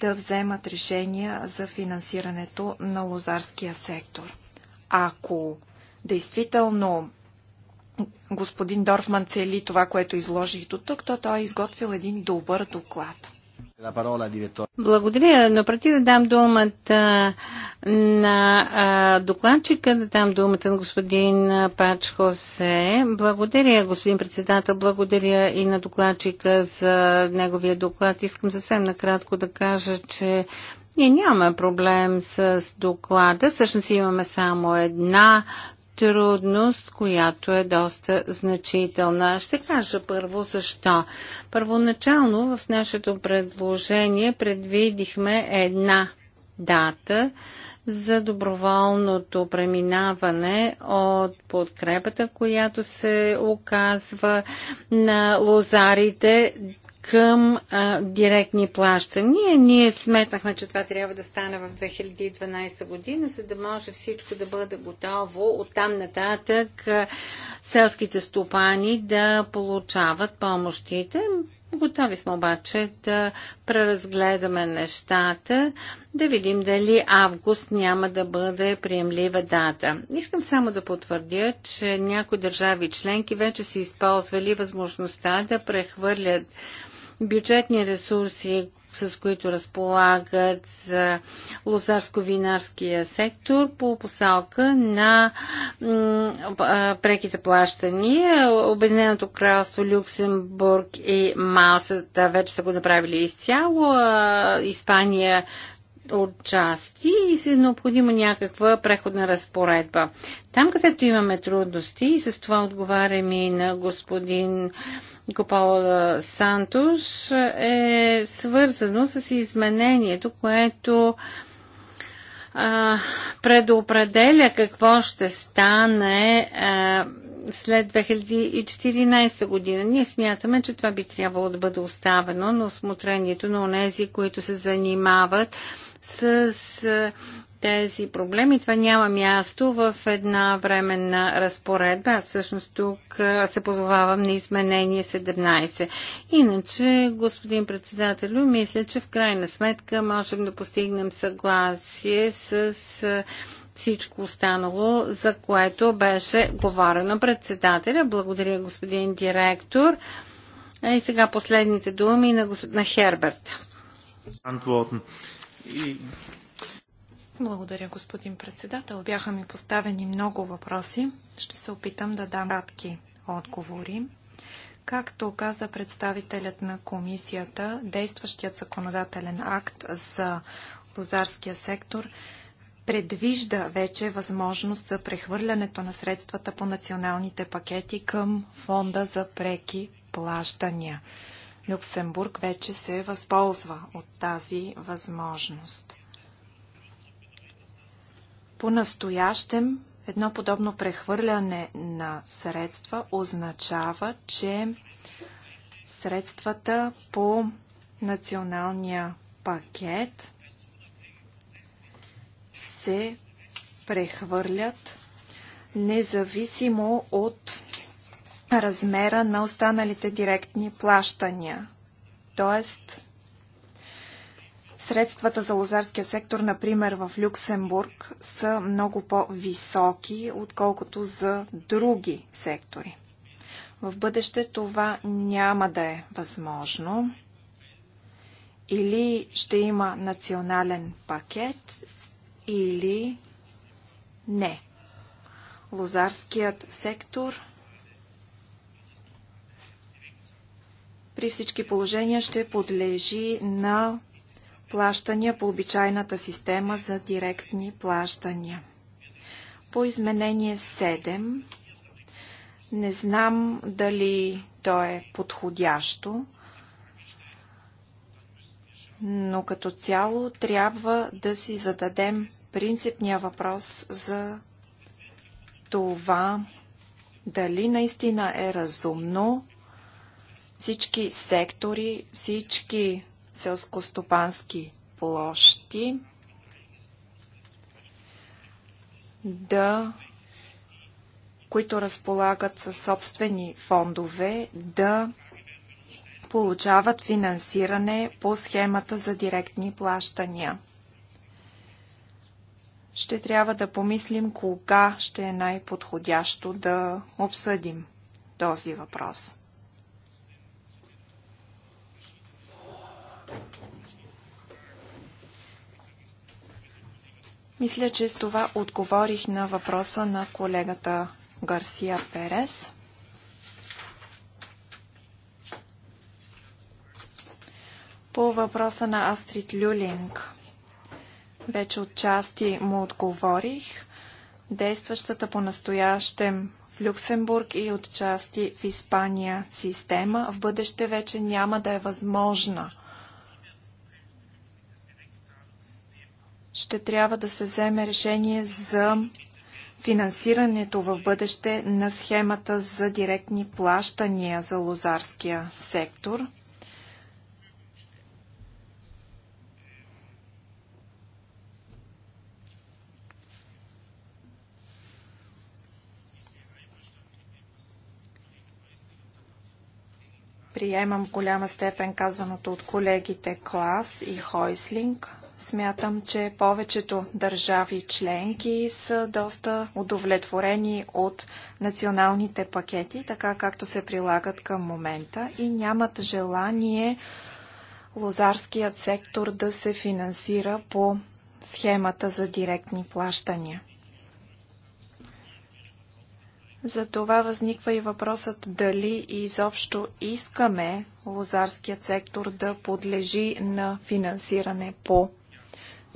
да вземат решения за финансирането на лозарския сектор. Ако действително господин Дорфман цели това, което изложих до тук, то той е изготвил един добър доклад. Благодаря, но преди да дам думата на докладчика, да дам думата на господин Пач Хосе. Благодаря, господин председател, благодаря и на докладчика за неговия доклад. Искам съвсем накратко да кажа, че ние нямаме проблем с доклада. Всъщност имаме само една трудност, която е доста значителна. Ще кажа първо защо. Първоначално в нашето предложение предвидихме една дата за доброволното преминаване от подкрепата, която се оказва на лозарите към а, директни плащания. Ние сметнахме, че това трябва да стане в 2012 година, за да може всичко да бъде готово. От там нататък а, селските стопани да получават помощите. Готови сме обаче да преразгледаме нещата, да видим дали август няма да бъде приемлива дата. Искам само да потвърдя, че някои държави членки вече са използвали възможността да прехвърлят бюджетни ресурси, с които разполагат за лозарско-винарския сектор по посалка на преките плащания. Обединеното кралство, Люксембург и Малсата вече са го направили изцяло. Испания отчасти и се е необходима някаква преходна разпоредба. Там, където имаме трудности, и с това отговарям и на господин Копола Сантош е свързано с изменението, което а, предопределя какво ще стане а, след 2014 година. Ние смятаме, че това би трябвало да бъде оставено на осмотрението на онези, които се занимават с тези проблеми. Това няма място в една временна разпоредба. Аз всъщност тук се позовавам на изменение 17. Иначе, господин председателю, мисля, че в крайна сметка можем да постигнем съгласие с всичко останало, за което беше говорено председателя. Благодаря, господин директор. И сега последните думи на, госп... на Херберт. Благодаря, господин председател. Бяха ми поставени много въпроси. Ще се опитам да дам кратки отговори. Както каза представителят на комисията, действащият законодателен акт за лозарския сектор предвижда вече възможност за прехвърлянето на средствата по националните пакети към фонда за преки плащания. Люксембург вече се възползва от тази възможност. По-настоящем едно подобно прехвърляне на средства означава, че средствата по националния пакет се прехвърлят независимо от размера на останалите директни плащания. Тоест, Средствата за лозарския сектор, например в Люксембург, са много по-високи, отколкото за други сектори. В бъдеще това няма да е възможно. Или ще има национален пакет, или не. Лозарският сектор при всички положения ще подлежи на плащания по обичайната система за директни плащания. По изменение 7 не знам дали то е подходящо, но като цяло трябва да си зададем принципния въпрос за това дали наистина е разумно всички сектори, всички селскостопански площи да които разполагат със собствени фондове, да получават финансиране по схемата за директни плащания. Ще трябва да помислим кога ще е най-подходящо да обсъдим този въпрос. Мисля, че с това отговорих на въпроса на колегата Гарсия Перес. По въпроса на Астрид Люлинг вече отчасти му отговорих. Действащата по настоящем в Люксембург и отчасти в Испания система в бъдеще вече няма да е възможна – ще трябва да се вземе решение за финансирането в бъдеще на схемата за директни плащания за лозарския сектор. Приемам в голяма степен казаното от колегите Клас и Хойслинг. Смятам, че повечето държави членки са доста удовлетворени от националните пакети, така както се прилагат към момента и нямат желание лозарският сектор да се финансира по схемата за директни плащания. За това възниква и въпросът дали изобщо искаме лозарският сектор да подлежи на финансиране по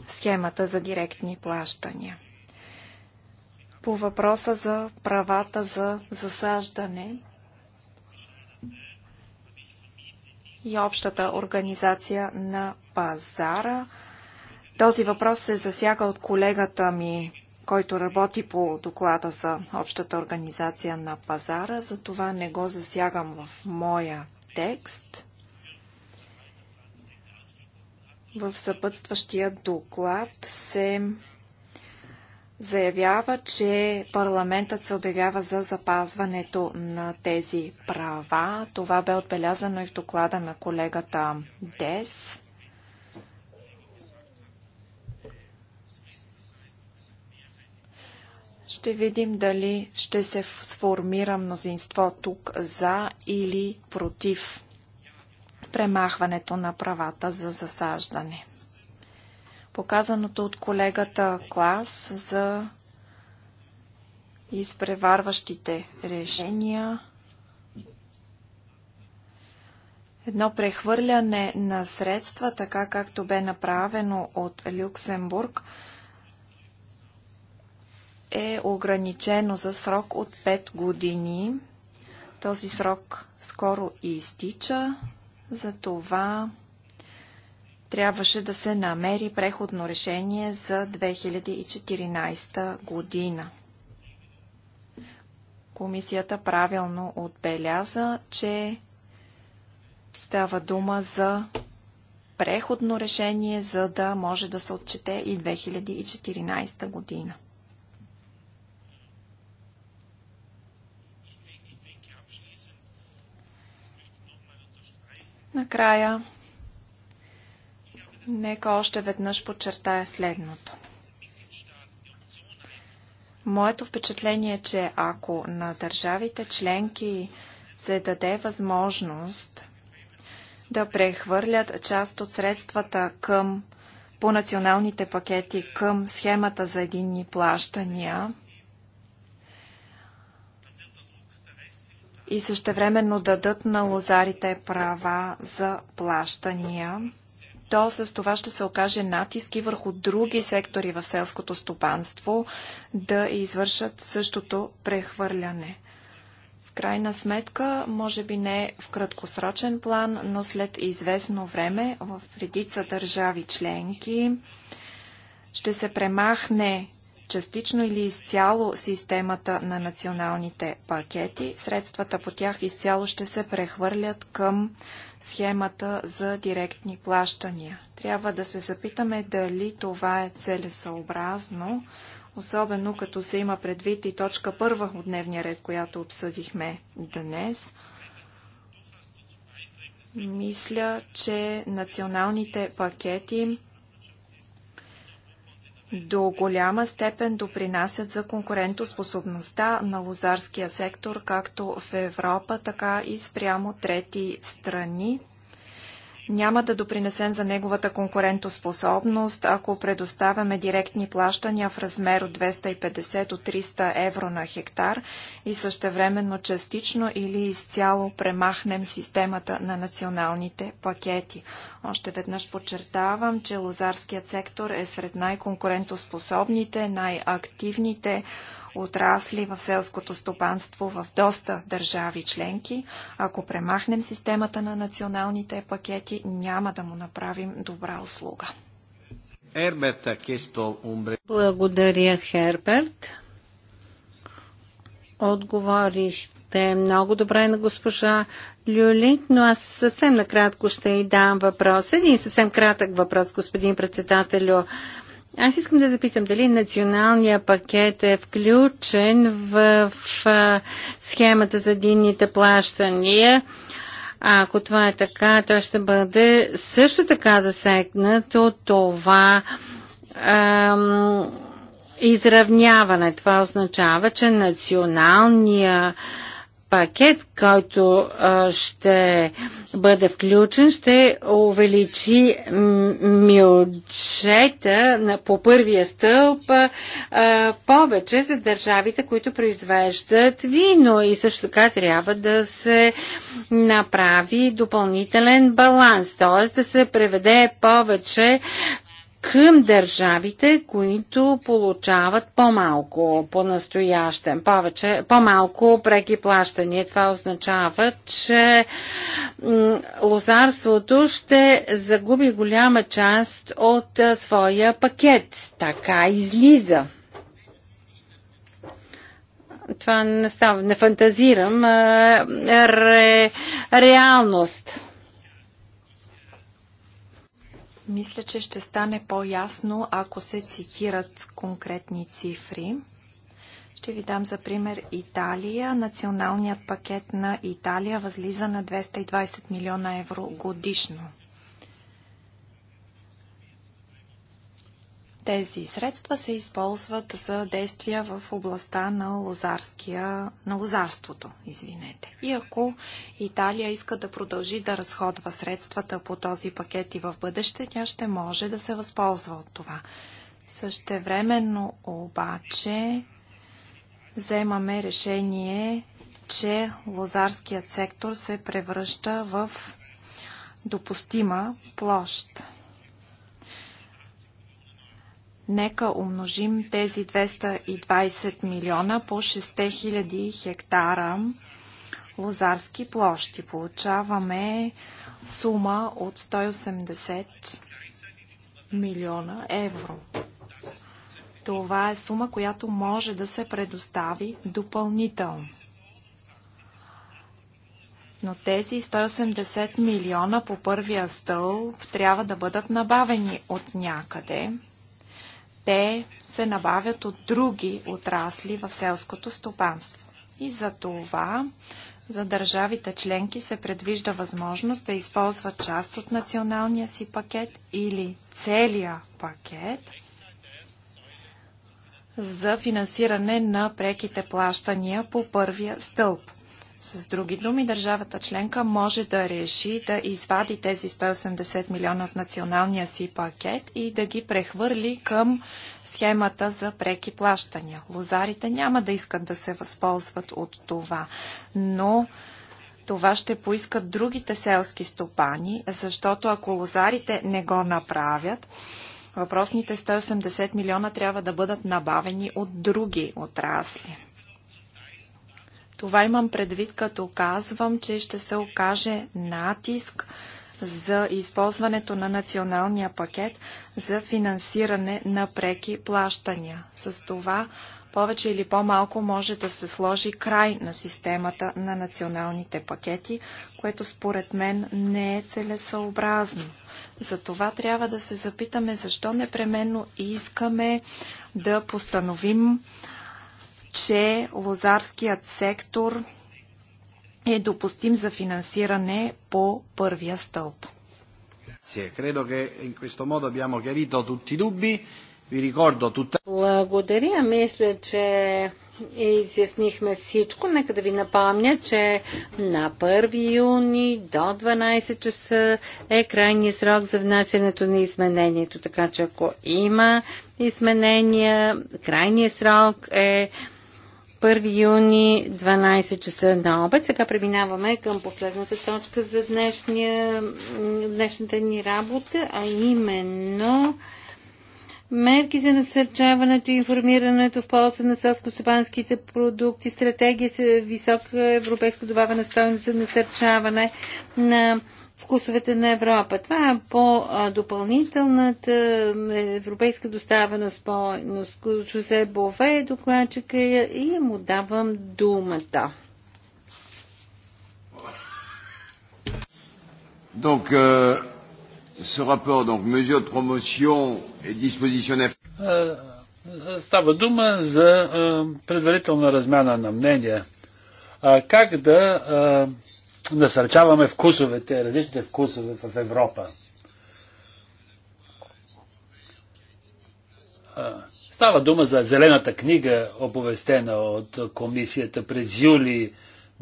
схемата за директни плащания. По въпроса за правата за засаждане и общата организация на пазара, този въпрос се засяга от колегата ми, който работи по доклада за общата организация на пазара, За това не го засягам в моя текст. В съпътстващия доклад се заявява, че парламентът се обявява за запазването на тези права. Това бе отбелязано и в доклада на колегата Дес. Ще видим дали ще се сформира мнозинство тук за или против премахването на правата за засаждане. Показаното от колегата Клас за изпреварващите решения, едно прехвърляне на средства, така както бе направено от Люксембург, е ограничено за срок от 5 години. Този срок скоро и изтича. Затова трябваше да се намери преходно решение за 2014 година. Комисията правилно отбеляза, че става дума за преходно решение, за да може да се отчете и 2014 година. Накрая, нека още веднъж подчертая следното. Моето впечатление е, че ако на държавите членки се даде възможност да прехвърлят част от средствата към по националните пакети към схемата за единни плащания, и същевременно дадат на лозарите права за плащания, то с това ще се окаже натиски върху други сектори в селското стопанство да извършат същото прехвърляне. В крайна сметка, може би не в краткосрочен план, но след известно време в редица държави членки ще се премахне частично или изцяло системата на националните пакети. Средствата по тях изцяло ще се прехвърлят към схемата за директни плащания. Трябва да се запитаме дали това е целесообразно, особено като се има предвид и точка първа от дневния ред, която обсъдихме днес – мисля, че националните пакети до голяма степен допринасят за конкурентоспособността на лозарския сектор както в Европа, така и спрямо трети страни. Няма да допринесем за неговата конкурентоспособност, ако предоставяме директни плащания в размер от 250 до 300 евро на хектар и същевременно частично или изцяло премахнем системата на националните пакети. Още веднъж подчертавам, че лозарският сектор е сред най-конкурентоспособните, най-активните отрасли в селското стопанство в доста държави членки. Ако премахнем системата на националните пакети, няма да му направим добра услуга. Благодаря, Херберт. Отговорихте много добре на госпожа Люлин, но аз съвсем накратко ще й дам въпрос. Един съвсем кратък въпрос, господин председателю. Аз искам да запитам дали националния пакет е включен в, в схемата за динните плащания. А ако това е така, той ще бъде също така засегнато това ам, изравняване. Това означава, че националния пакет, който ще бъде включен, ще увеличи мюджета по първия стълб повече за държавите, които произвеждат вино и също така трябва да се направи допълнителен баланс, т.е. да се преведе повече към държавите, които получават по-малко по настоящен повече, по-малко преки плащания. Това означава, че лозарството ще загуби голяма част от своя пакет. Така излиза. Това не, става, не фантазирам. А, ре, реалност. Мисля, че ще стане по-ясно, ако се цитират конкретни цифри. Ще ви дам за пример Италия. Националният пакет на Италия възлиза на 220 милиона евро годишно. Тези средства се използват за действия в областта на, лозарския, на лозарството. Извинете. И ако Италия иска да продължи да разходва средствата по този пакет и в бъдеще, тя ще може да се възползва от това. Същевременно обаче вземаме решение, че лозарският сектор се превръща в допустима площ. Нека умножим тези 220 милиона по 6000 хектара лозарски площи. Получаваме сума от 180 милиона евро. Това е сума, която може да се предостави допълнително. Но тези 180 милиона по първия стълб трябва да бъдат набавени от някъде – те се набавят от други отрасли в селското стопанство. И за това за държавите членки се предвижда възможност да използват част от националния си пакет или целия пакет за финансиране на преките плащания по първия стълб – с други думи, държавата членка може да реши да извади тези 180 милиона от националния си пакет и да ги прехвърли към схемата за преки плащания. Лозарите няма да искат да се възползват от това, но това ще поискат другите селски стопани, защото ако лозарите не го направят, въпросните 180 милиона трябва да бъдат набавени от други отрасли. Това имам предвид, като казвам, че ще се окаже натиск за използването на националния пакет за финансиране на преки плащания. С това повече или по-малко може да се сложи край на системата на националните пакети, което според мен не е целесъобразно. това трябва да се запитаме защо непременно искаме да постановим че лозарският сектор е допустим за финансиране по първия стълб. Благодаря. Мисля, че изяснихме всичко. Нека да ви напомня, че на 1 юни до 12 часа е крайният срок за внасянето на изменението. Така че ако има изменения, крайният срок е 1 юни 12 часа на обед. Сега преминаваме към последната точка за днешния, днешната ни работа, а именно мерки за насърчаването и информирането в полза на селско-стопанските продукти, стратегия с висока европейска добавена стоеност за насърчаване на вкусовете на Европа. Това е по допълнителната е, европейска доставена спойност. Жозе Бове е докладчика и му давам думата. Donc, euh, ce rapport, donc mesures de promotion et dispositions. Е, е, става дума за предварителна размяна на мнения. Как да насърчаваме вкусовете, различните вкусове в Европа. Става дума за зелената книга, оповестена от комисията през юли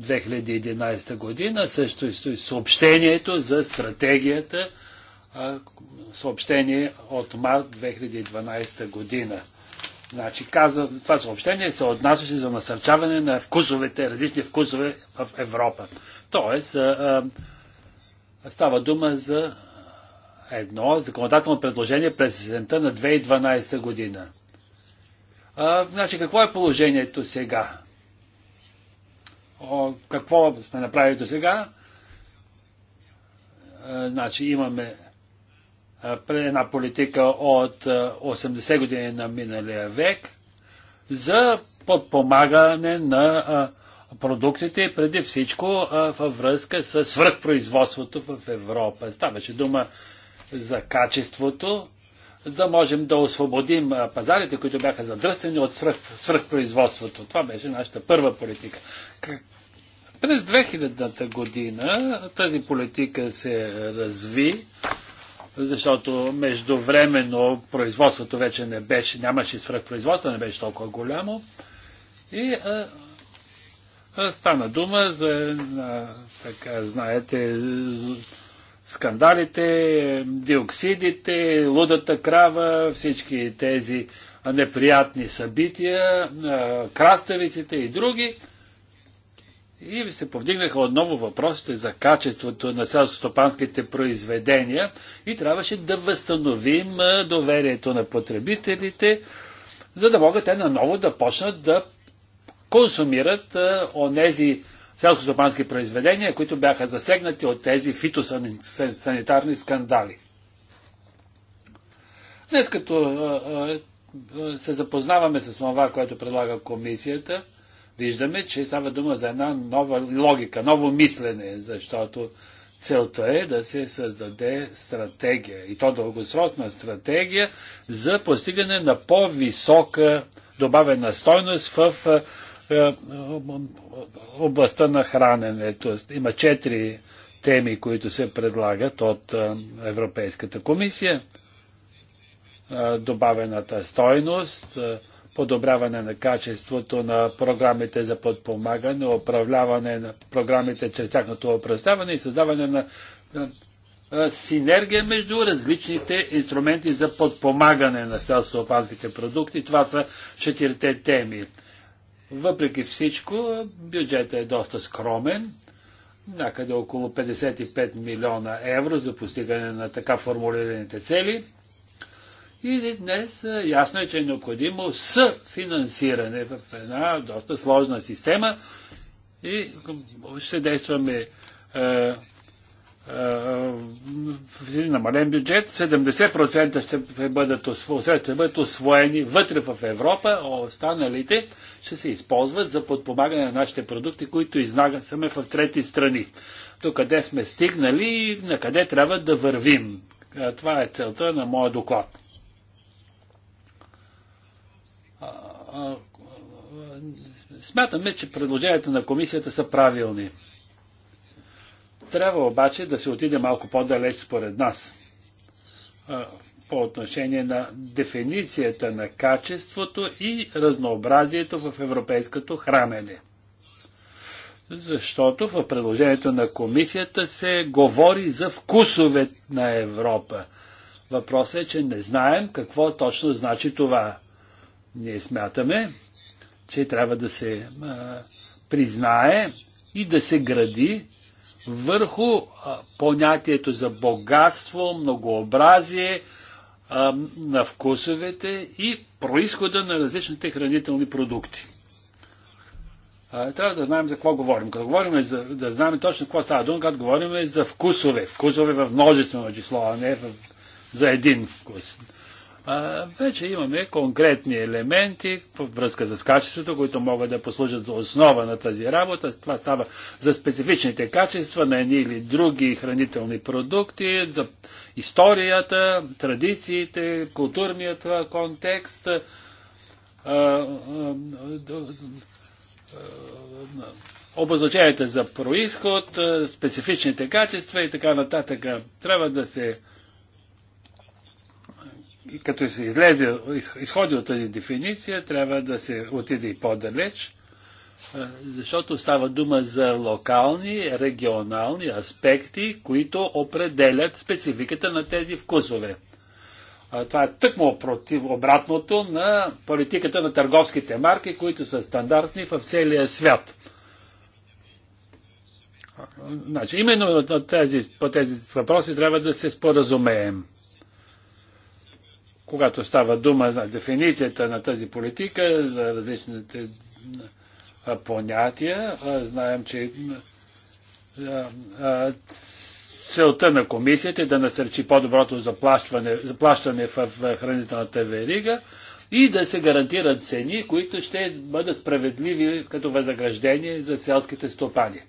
2011 година, също и съобщението за стратегията, съобщение от март 2012 година. Значи, каза, това съобщение се отнасяше за насърчаване на вкусовете, различни вкусове в Европа. Тоест, а, а, става дума за едно законодателно предложение през сезента на 2012 година. А, значи, какво е положението сега? О, какво сме направили до сега? Значи, имаме една политика от 80 години на миналия век за подпомагане на продуктите, преди всичко а, във връзка с свръхпроизводството в Европа. Ставаше дума за качеството, да можем да освободим пазарите, които бяха задръстени от свръх, свръхпроизводството. Това беше нашата първа политика. През 2000-та година тази политика се разви, защото междувременно производството вече не беше, нямаше свръхпроизводство, не беше толкова голямо. И а, Стана дума за, така знаете, скандалите, диоксидите, лудата крава, всички тези неприятни събития, краставиците и други. И се повдигнаха отново въпросите за качеството на сел-стопанските произведения и трябваше да възстановим доверието на потребителите, за да могат те наново да почнат да консумират онези селско-стопански произведения, които бяха засегнати от тези фитосанитарни скандали. Днес като а, а, се запознаваме с това, което предлага комисията, виждаме, че става дума за една нова логика, ново мислене, защото целта е да се създаде стратегия, и то дългосрочна стратегия за постигане на по-висока добавена стойност в е, областта на храненето. Има четири теми, които се предлагат от е, Европейската комисия. Е, добавената стойност, подобряване на качеството на програмите за подпомагане, управляване на програмите чрез тяхното управляване и създаване на синергия между различните инструменти за подпомагане на селско продукти. Това са четирите теми. Въпреки всичко, бюджетът е доста скромен, някъде около 55 милиона евро за постигане на така формулираните цели. И днес ясно е, че е необходимо съфинансиране в една доста сложна система и ще действаме в е, е, намален бюджет, 70% ще бъдат, ще бъдат освоени вътре в Европа, а останалите ще се използват за подпомагане на нашите продукти, които саме в трети страни. До къде сме стигнали и на къде трябва да вървим. Е, това е целта на моя доклад. Смятаме, че предложенията на комисията са правилни. Трябва обаче да се отиде малко по-далеч според нас по отношение на дефиницията на качеството и разнообразието в европейското хранене. Защото в предложението на комисията се говори за вкусове на Европа. Въпросът е, че не знаем какво точно значи това. Ние смятаме, че трябва да се а, признае и да се гради върху понятието за богатство, многообразие на вкусовете и происхода на различните хранителни продукти. Трябва да знаем за какво говорим. Като говорим е за, да знаем точно какво става дума, когато говорим е за вкусове. Вкусове в множествено число, а не в, за един вкус. А, вече имаме конкретни елементи в връзка с качеството, които могат да послужат за основа на тази работа. Това става за специфичните качества на едни или други хранителни продукти, за историята, традициите, културният контекст. А, а, обозначенията за происход, специфичните качества и така нататък. Трябва да се като се излезе, изходи от тази дефиниция, трябва да се отиде и по-далеч, защото става дума за локални, регионални аспекти, които определят спецификата на тези вкусове. Това е тъкмо против обратното на политиката на търговските марки, които са стандартни в целия свят. Значи, именно по тези, по тези въпроси трябва да се споразумеем когато става дума за дефиницията на тази политика, за различните понятия, знаем, че целта на комисията е да насърчи по-доброто заплащане, заплащане в хранителната верига и да се гарантират цени, които ще бъдат справедливи като възнаграждение за селските стопани.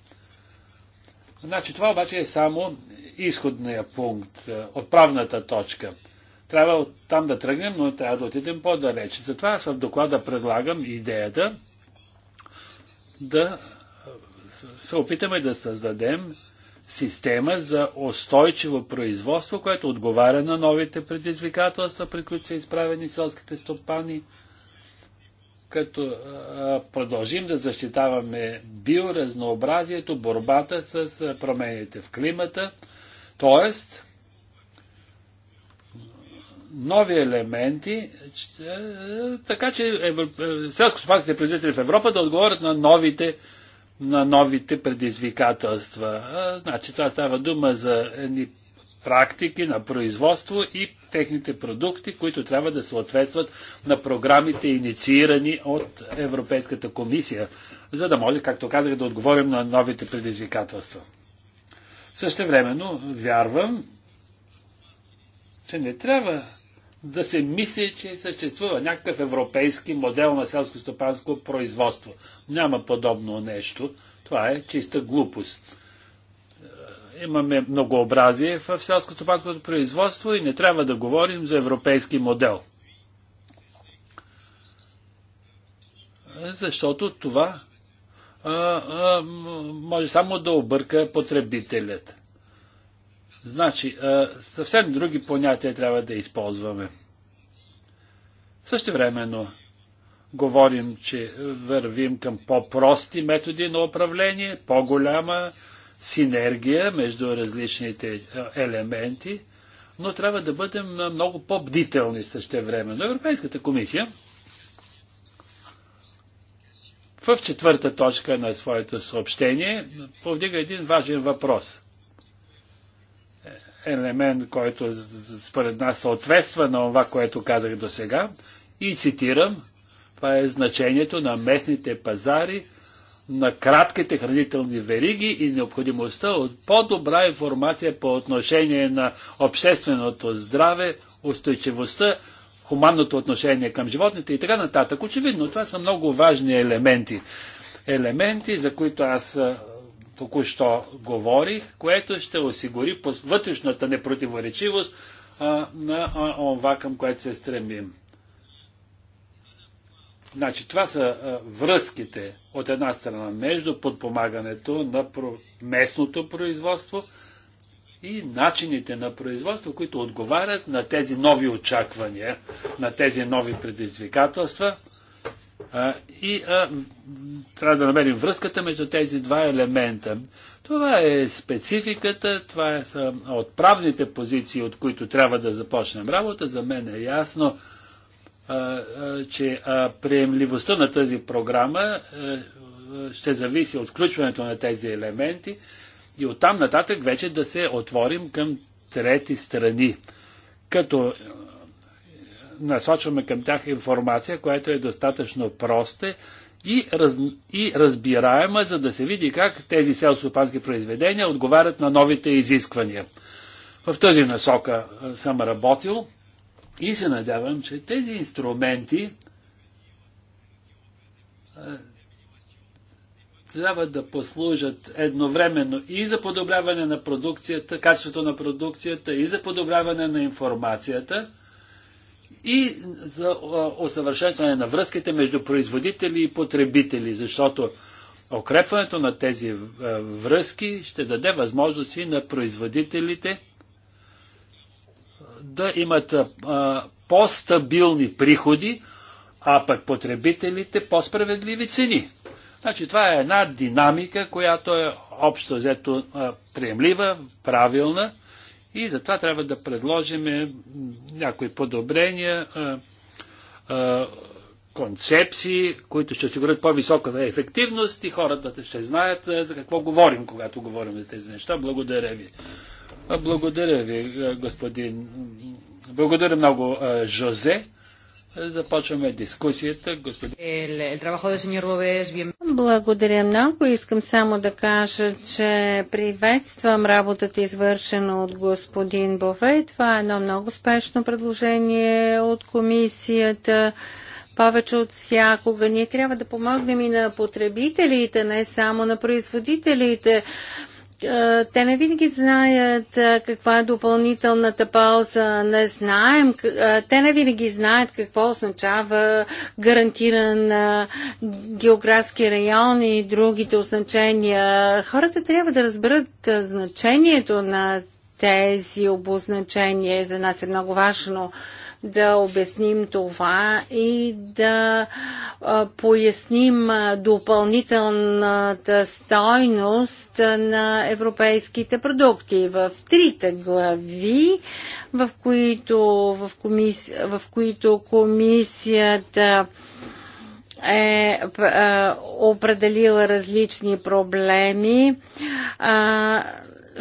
Значи това обаче е само изходния пункт, отправната точка – трябва от там да тръгнем, но трябва да отидем по-далеч. Затова аз в доклада предлагам идеята да се опитаме да създадем система за устойчиво производство, което отговаря на новите предизвикателства, при които са изправени селските стопани, като продължим да защитаваме биоразнообразието, борбата с промените в климата, т.е нови елементи, е, така че е, селско-стопанските производители в Европа да отговорят на новите, на новите предизвикателства. Значи това става дума за едни практики на производство и техните продукти, които трябва да съответстват на програмите, инициирани от Европейската комисия, за да може, както казах, да отговорим на новите предизвикателства. времено, вярвам, че не трябва да се мисли, че съществува някакъв европейски модел на селско-стопанско производство. Няма подобно нещо. Това е чиста глупост. Е, имаме многообразие в селско-стопанското производство и не трябва да говорим за европейски модел. Защото това а, а, може само да обърка потребителят. Значи, съвсем други понятия трябва да използваме. Също времено говорим, че вървим към по-прости методи на управление, по-голяма синергия между различните елементи, но трябва да бъдем много по-бдителни също време. Но Европейската комисия в четвърта точка на своето съобщение повдига един важен въпрос – елемент, който според нас съответства на това, което казах до сега. И цитирам, това е значението на местните пазари, на кратките хранителни вериги и необходимостта от по-добра информация по отношение на общественото здраве, устойчивостта, хуманното отношение към животните и така нататък. Очевидно, това са много важни елементи. Елементи, за които аз току-що говорих, което ще осигури вътрешната непротиворечивост а, на това, към което се стремим. Значи, това са а, връзките от една страна между подпомагането на про... местното производство и начините на производство, които отговарят на тези нови очаквания, на тези нови предизвикателства – а, и а, трябва да намерим връзката между тези два елемента. Това е спецификата, това е, са от отправните позиции, от които трябва да започнем работа. За мен е ясно, а, че приемливостта на тази програма ще зависи от включването на тези елементи и оттам нататък вече да се отворим към трети страни. Като насочваме към тях информация, която е достатъчно проста и, раз, и разбираема, за да се види как тези селско произведения отговарят на новите изисквания. В тази насока съм работил и се надявам, че тези инструменти трябва да послужат едновременно и за подобряване на продукцията, качеството на продукцията, и за подобряване на информацията – и за усъвършенстване на връзките между производители и потребители, защото укрепването на тези връзки ще даде възможности на производителите да имат по-стабилни приходи, а пък потребителите по-справедливи цени. Значи това е една динамика, която е общо взето приемлива, правилна и затова трябва да предложим е, някои подобрения, е, е, концепции, които ще осигурят по-висока ефективност и хората ще знаят за какво говорим, когато говорим за тези неща. Благодаря ви. Благодаря ви, господин. Благодаря много, Жозе. Започваме дискусията, господин. Благодаря много. Искам само да кажа, че приветствам работата, извършена от господин Бове. Това е едно много спешно предложение от комисията повече от всякога. Ние трябва да помогнем и на потребителите, не само на производителите. Е, те не винаги знаят е, каква е допълнителната полза, не знаем, е, те не винаги знаят какво означава гарантиран географски район и другите означения. Хората трябва да разберат значението на тези обозначения. За нас е много важно да обясним това и да поясним допълнителната стойност на европейските продукти. В трите глави, в които, в комисия, в които комисията е определила различни проблеми.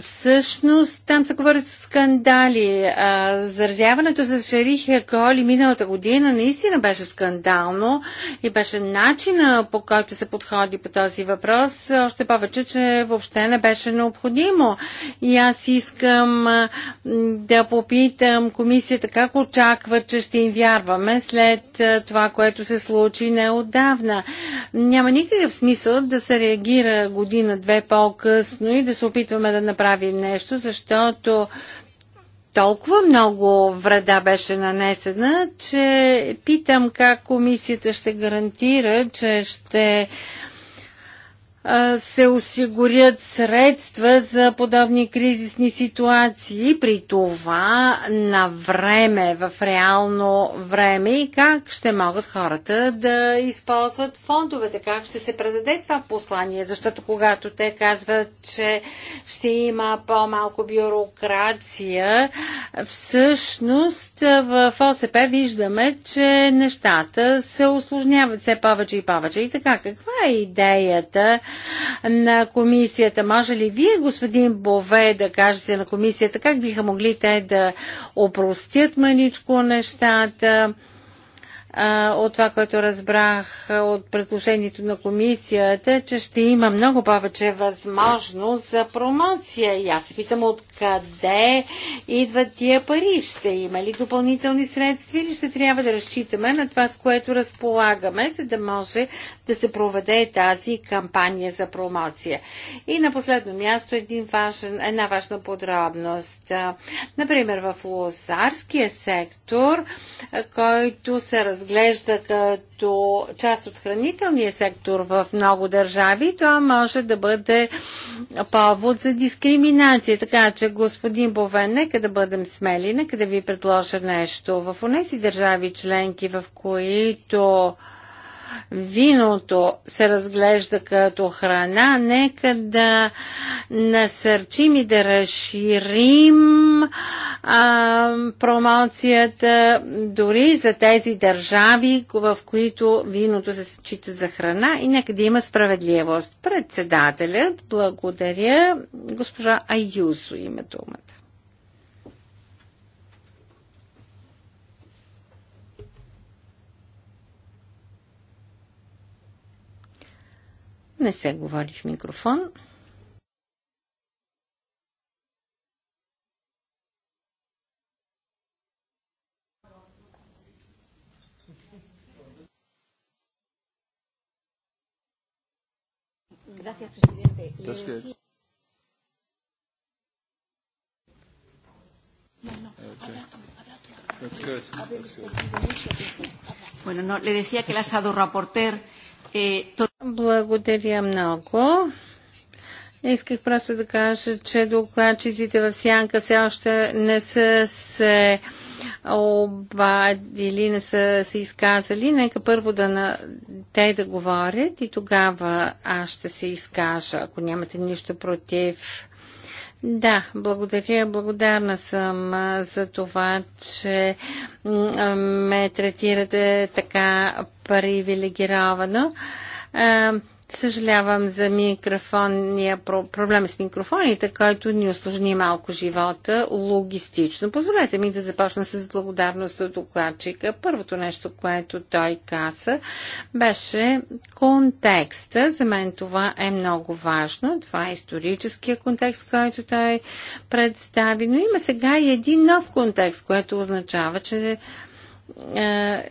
Всъщност там се говорят скандали. А, заразяването с Шарих Коли миналата година наистина беше скандално и беше начина по който се подходи по този въпрос, още повече, че въобще не беше необходимо. И аз искам да попитам комисията как очаква, че ще им вярваме след това, което се случи неодавна. Няма никакъв смисъл да се реагира година-две по-късно и да се опитваме да направим направим нещо, защото толкова много вреда беше нанесена, че питам как комисията ще гарантира, че ще се осигурят средства за подобни кризисни ситуации, при това на време, в реално време и как ще могат хората да използват фондовете, как ще се предаде това послание, защото когато те казват, че ще има по-малко бюрокрация, всъщност в ОСП виждаме, че нещата се осложняват все повече и повече. И така, каква е идеята? на комисията. Може ли вие, господин Бове, да кажете на комисията как биха могли те да опростят маничко нещата? от това, което разбрах от предложението на комисията, че ще има много повече възможност за промоция. И аз се питам откъде идват тия пари. Ще има ли допълнителни средства или ще трябва да разчитаме на това, с което разполагаме, за да може да се проведе тази кампания за промоция. И на последно място един важен, една важна подробност. Например, в лозарския сектор, който се разглежда като част от хранителния сектор в много държави, това може да бъде повод за дискриминация. Така че, господин Бовен, нека да бъдем смели, нека да ви предложа нещо. В тези държави членки, в които виното се разглежда като храна, нека да насърчим и да разширим а, промоцията дори за тези държави, в които виното се счита за храна и нека да има справедливост. Председателят, благодаря, госпожа Айюсо има думата. Не се говори в микрофон. Bueno, no, le decía que la shadow rapporteur благодаря много. Исках просто да кажа, че докладчиците в Сянка все още не са се обадили, не са се изказали. Нека първо да на... те да говорят и тогава аз ще се изкажа, ако нямате нищо против. Да, благодаря. Благодарна съм за това, че ме третирате така привилегировано. Съжалявам за микрофонния проблем с микрофоните, който ни осложни малко живота логистично. Позволете ми да започна с благодарност от докладчика. Първото нещо, което той каза, беше контекста. За мен това е много важно. Това е историческия контекст, който той представи. Но има сега и един нов контекст, което означава, че е,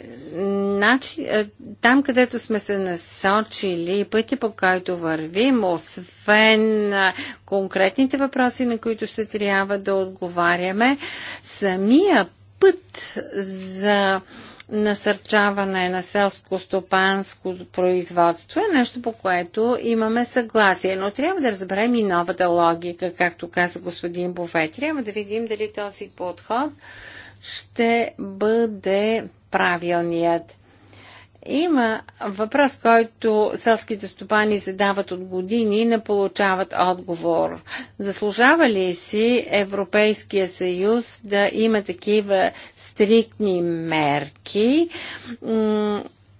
значи, е, там, където сме се насочили, пътя по който вървим, освен е, конкретните въпроси, на които ще трябва да отговаряме, самия път за насърчаване на селско-стопанско производство е нещо, по което имаме съгласие. Но трябва да разберем и новата логика, както каза господин Буфет. Трябва да видим дали този подход ще бъде правилният. Има въпрос, който селските стопани задават от години и не получават отговор. Заслужава ли си Европейския съюз да има такива стриктни мерки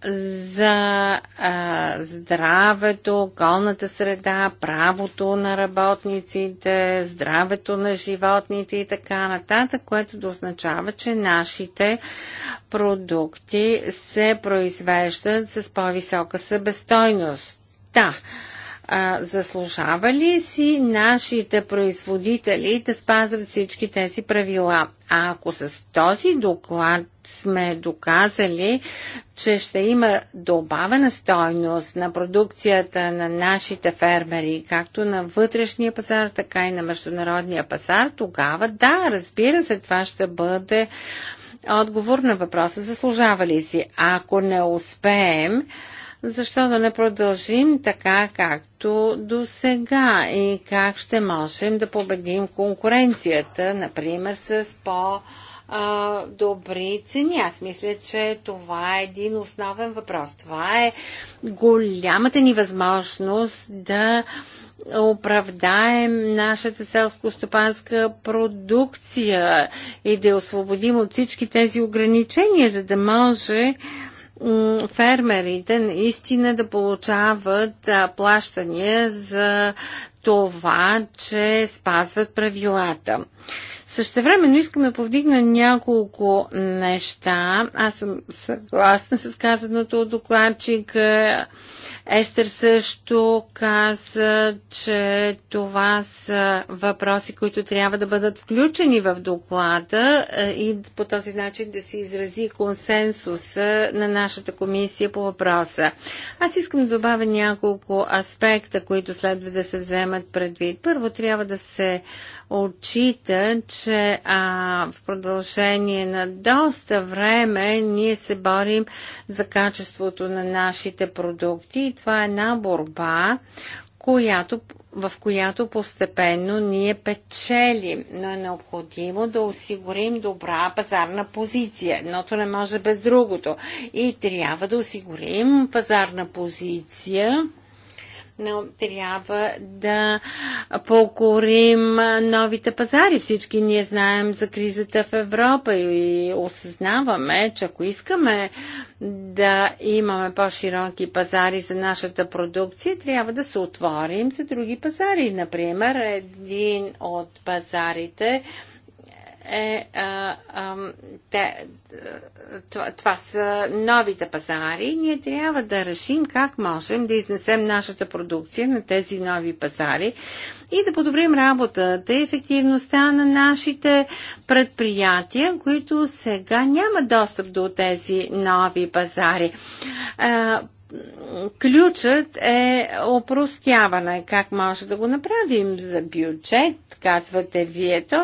за а, здравето, околната среда, правото на работниците, здравето на животните и така нататък, което да означава, че нашите продукти се произвеждат с по-висока събестойност. Да, а, заслужава ли си нашите производители да спазват всички тези правила? А ако с този доклад сме доказали, че ще има добавена стойност на продукцията на нашите фермери, както на вътрешния пазар, така и на международния пазар, тогава да, разбира се, това ще бъде отговор на въпроса заслужава ли си. Ако не успеем, защо да не продължим така, както до сега и как ще можем да победим конкуренцията, например, с по- добри цени. Аз мисля, че това е един основен въпрос. Това е голямата ни възможност да оправдаем нашата селско-стопанска продукция и да освободим от всички тези ограничения, за да може фермерите наистина да получават плащания за това, че спазват правилата. но искам да повдигна няколко неща. Аз съм съгласна с казаното от докладчика Естер също каза, че това са въпроси, които трябва да бъдат включени в доклада е, и по този начин да се изрази консенсус на нашата комисия по въпроса. Аз искам да добавя няколко аспекта, които следва да се вземат предвид. Първо трябва да се отчита, че а, в продължение на доста време ние се борим за качеството на нашите продукти и това е една борба, която, в която постепенно ние печелим, но е необходимо да осигурим добра пазарна позиция. Едното не може без другото. И трябва да осигурим пазарна позиция, но трябва да покорим новите пазари. Всички ние знаем за кризата в Европа и осъзнаваме, че ако искаме да имаме по-широки пазари за нашата продукция, трябва да се отворим за други пазари. Например, един от пазарите е, а, а, те, това, това са новите пазари. Ние трябва да решим как можем да изнесем нашата продукция на тези нови пазари и да подобрим работата и ефективността на нашите предприятия, които сега няма достъп до тези нови пазари. А, ключът е опростяване. Как може да го направим за бюджет, казвате вие. То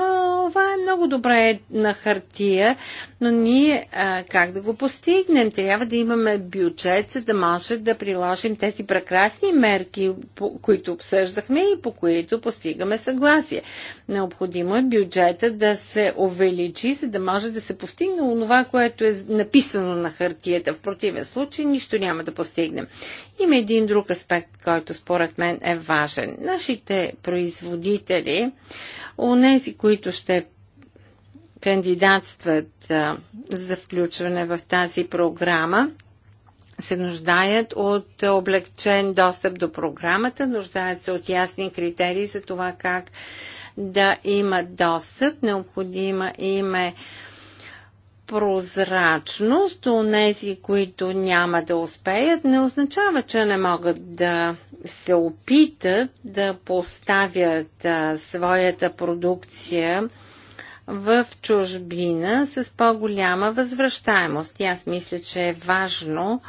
това е много добре на хартия, но ние а, как да го постигнем? Трябва да имаме бюджет, за да може да приложим тези прекрасни мерки, по, които обсъждахме и по които постигаме съгласие. Необходимо е бюджета да се увеличи, за да може да се постигне това, което е написано на хартията. В противен случай нищо няма да постигнем. Има един друг аспект, който според мен е важен. Нашите производители Онези, които ще кандидатстват за включване в тази програма, се нуждаят от облегчен достъп до програмата, нуждаят се от ясни критерии за това как да имат достъп. Необходима им е прозрачност, у нези, които няма да успеят, не означава, че не могат да се опитат да поставят а, своята продукция в чужбина с по-голяма възвръщаемост. И аз мисля, че е важно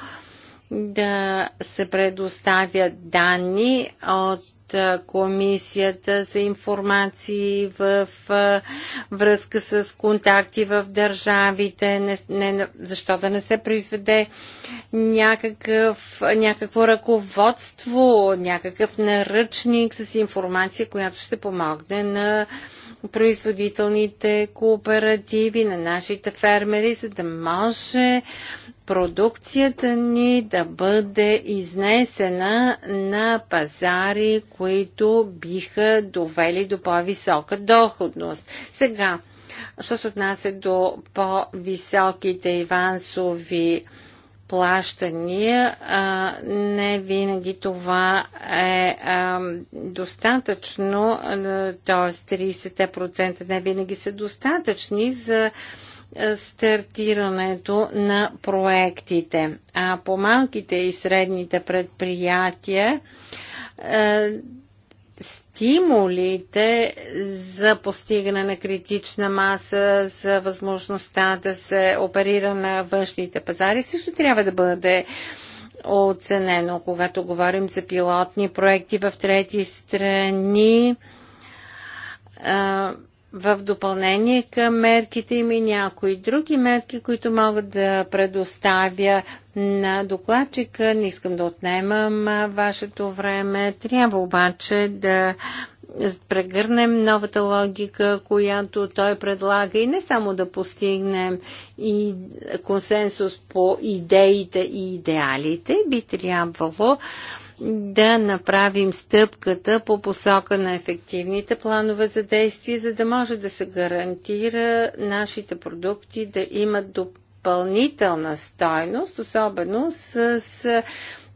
да се предоставят данни от комисията за информации в връзка с контакти в държавите, не, не, защо да не се произведе някакъв, някакво ръководство, някакъв наръчник с информация, която ще помогне на производителните кооперативи, на нашите фермери, за да може продукцията ни да бъде изнесена на пазари, които биха довели до по-висока доходност. Сега, що се отнася до по-високите ивансови плащания, не винаги това е достатъчно, т.е. 30% не винаги са достатъчни за е, стартирането на проектите. А по малките и средните предприятия е, стимулите за постигане на критична маса, за възможността да се оперира на външните пазари, също трябва да бъде оценено, когато говорим за пилотни проекти в трети страни е, в допълнение към мерките има и някои други мерки, които могат да предоставя на докладчика. Не искам да отнемам вашето време. Трябва обаче да прегърнем новата логика, която той предлага и не само да постигнем и консенсус по идеите и идеалите, би трябвало да направим стъпката по посока на ефективните планове за действие, за да може да се гарантира нашите продукти да имат допълнителна стойност, особено с, с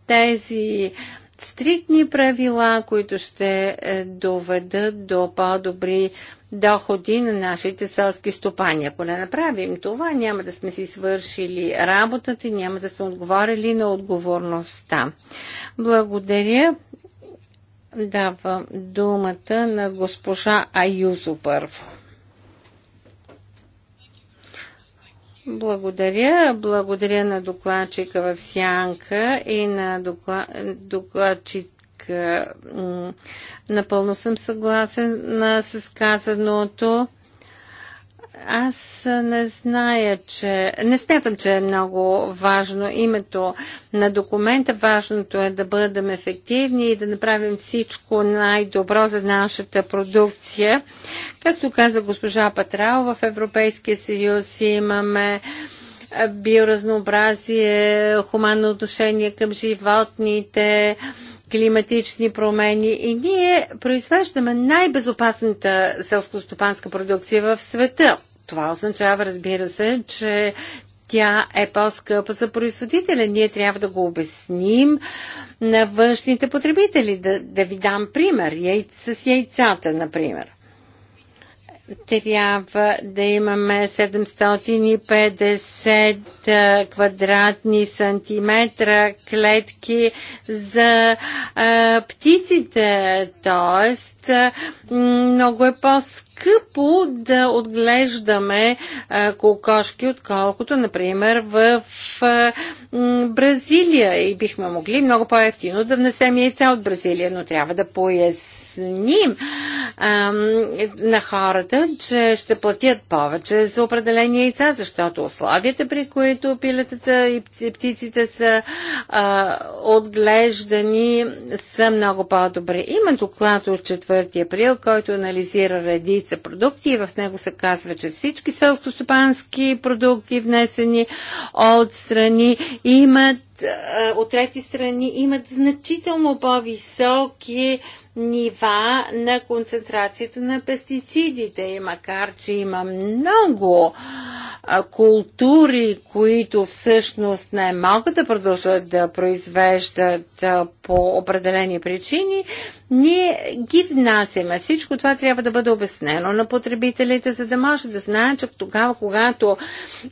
тези стриктни правила, които ще е, доведат до по-добри доходи на нашите селски стопани. Ако не направим това, няма да сме си свършили работата и няма да сме отговорили на отговорността. Благодаря. Давам думата на госпожа Аюзо първо. Благодаря. Благодаря на докладчика в Сянка и на доклад, докладчите е, напълно съм съгласен с казаното. Аз не зная, че... Не смятам, че е много важно името на документа. Важното е да бъдем ефективни и да направим всичко най-добро за нашата продукция. Както каза госпожа Патрао, в Европейския съюз имаме биоразнообразие, хуманно отношение към животните, климатични промени и ние произвеждаме най-безопасната селско-стопанска продукция в света. Това означава, разбира се, че тя е по-скъпа за производителя. Ние трябва да го обясним на външните потребители. Да, да ви дам пример. Яй, с яйцата, например трябва да имаме 750 квадратни сантиметра клетки за а, птиците. Тоест, много е по-скъпо да отглеждаме а, кокошки, отколкото, например, в а, Бразилия. И бихме могли много по-ефтино да внесем яйца от Бразилия, но трябва да поясним обясним ам, на хората, че ще платят повече за определени яйца, защото условията, при които пилетата и птиците са а, отглеждани, са много по-добри. Има доклад от 4 април, който анализира редица продукти и в него се казва, че всички селскостопански продукти, внесени от страни, имат от трети страни имат значително по-високи нива на концентрацията на пестицидите. И макар, че има много култури, които всъщност не могат да продължат да произвеждат по определени причини, ние ги внасяме. Всичко това трябва да бъде обяснено на потребителите, за да може да знаят, че тогава, когато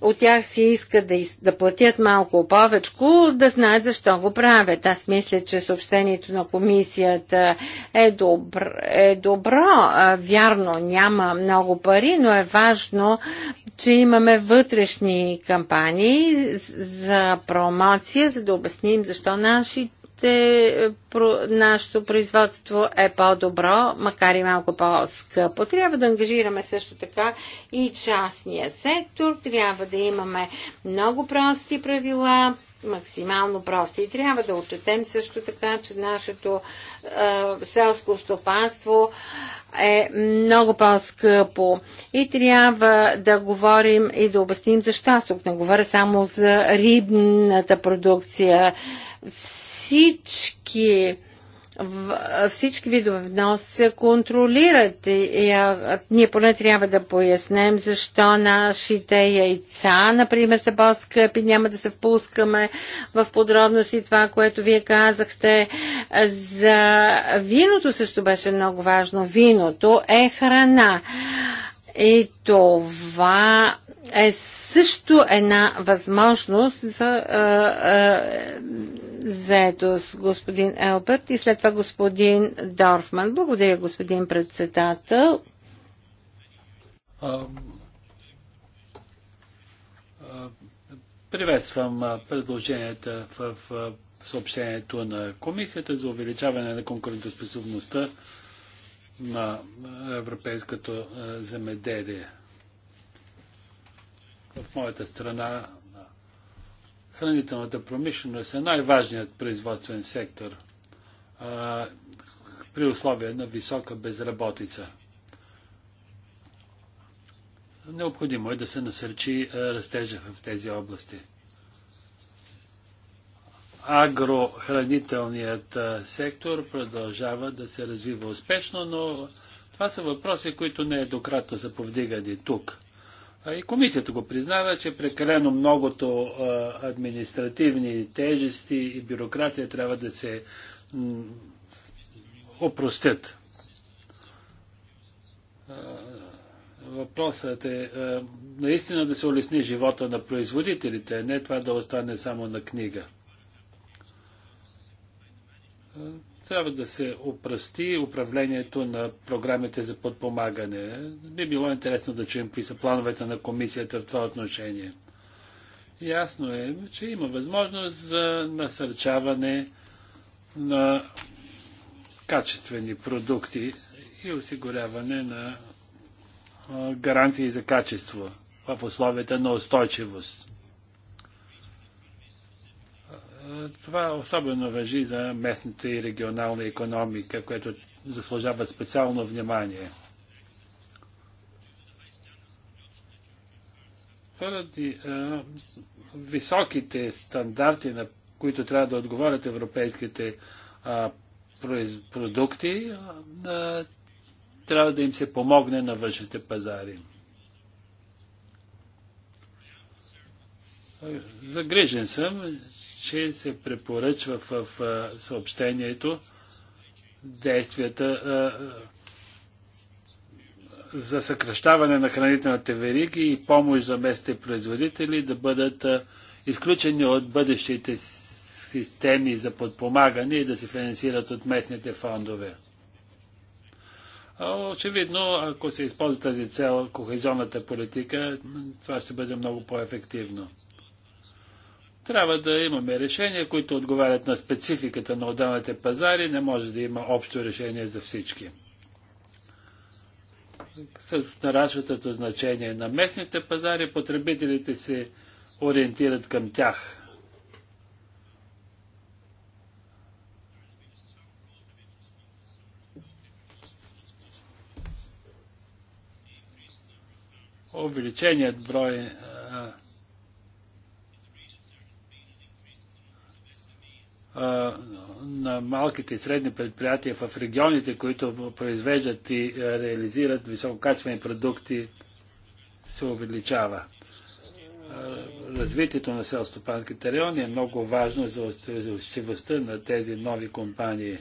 от тях се иска да, из... да платят малко повече, да знаят защо го правят. Аз мисля, че съобщението на комисията е, добр, е добро. Вярно, няма много пари, но е важно, че имаме вътрешни кампании за промоция, за да обясним защо нашите е, нашето производство е по-добро, макар и малко по-скъпо. Трябва да ангажираме също така и частния сектор. Трябва да имаме много прости правила, максимално прости. И трябва да отчетем също така, че нашето е, селско стопанство е много по-скъпо. И трябва да говорим и да обясним защо. тук не говоря само за рибната продукция. Всички всички видове внос се контролират. И, а, ние поне трябва да пояснем защо нашите яйца, например, са по-скъпи. Няма да се впускаме в подробности това, което вие казахте. За виното също беше много важно. Виното е храна. И това е също една възможност за а, а, заедост господин Елберт и след това господин Дорфман. Благодаря, господин председател. приветствам предложенията в, в съобщението на Комисията за увеличаване на конкурентоспособността на европейското земеделие. В моята страна хранителната промишленост е най-важният производствен сектор а, при условия на висока безработица. Необходимо е да се насърчи растежа в тези области. Агрохранителният сектор продължава да се развива успешно, но това са въпроси, които не е дократно са повдигани тук. И комисията го признава, че прекалено многото административни тежести и бюрокрация трябва да се опростят. Въпросът е наистина да се улесни живота на производителите, не това да остане само на книга. Трябва да се опрости управлението на програмите за подпомагане. Би било интересно да чуем какви са плановете на комисията в това отношение. Ясно е, че има възможност за насърчаване на качествени продукти и осигуряване на гаранции за качество в условията на устойчивост. Това особено въжи за местната и регионална економика, което заслужава специално внимание. Поради високите стандарти, на които трябва да отговорят европейските продукти, трябва да им се помогне на външните пазари. Загрижен съм, че се препоръчва в, съобщението действията за съкръщаване на хранителните вериги и помощ за местните производители да бъдат изключени от бъдещите системи за подпомагане и да се финансират от местните фондове. Очевидно, ако се използва тази цел, кохезионната политика, това ще бъде много по-ефективно. Трябва да имаме решения, които отговарят на спецификата на отделните пазари. Не може да има общо решение за всички. С нарастващото значение на местните пазари, потребителите се ориентират към тях. Увеличеният брой а, на малките и средни предприятия в регионите, които произвеждат и реализират висококачествени продукти, се увеличава. Развитието на селстопанските райони е много важно за устойчивостта на тези нови компании.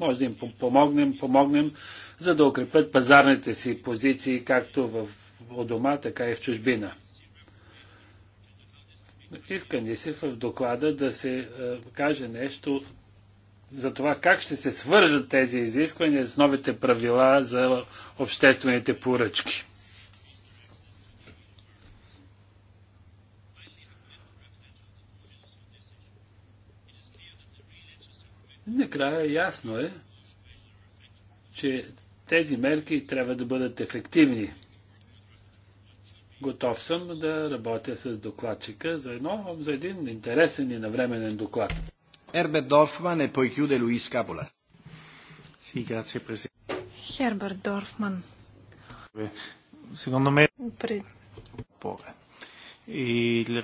Може да им помогнем, помогнем, за да укрепят пазарните си позиции, както в у дома, така и в чужбина. Иска ни се в доклада да се е, каже нещо за това как ще се свържат тези изисквания с новите правила за обществените поръчки. Накрая ясно е, че тези мерки трябва да бъдат ефективни. Готов съм да работя с докладчика за, едно, за един интересен и навременен доклад. Ербет Дорфман е poi chiude Луис Капола. Херберт Дорфман. Пред... Е,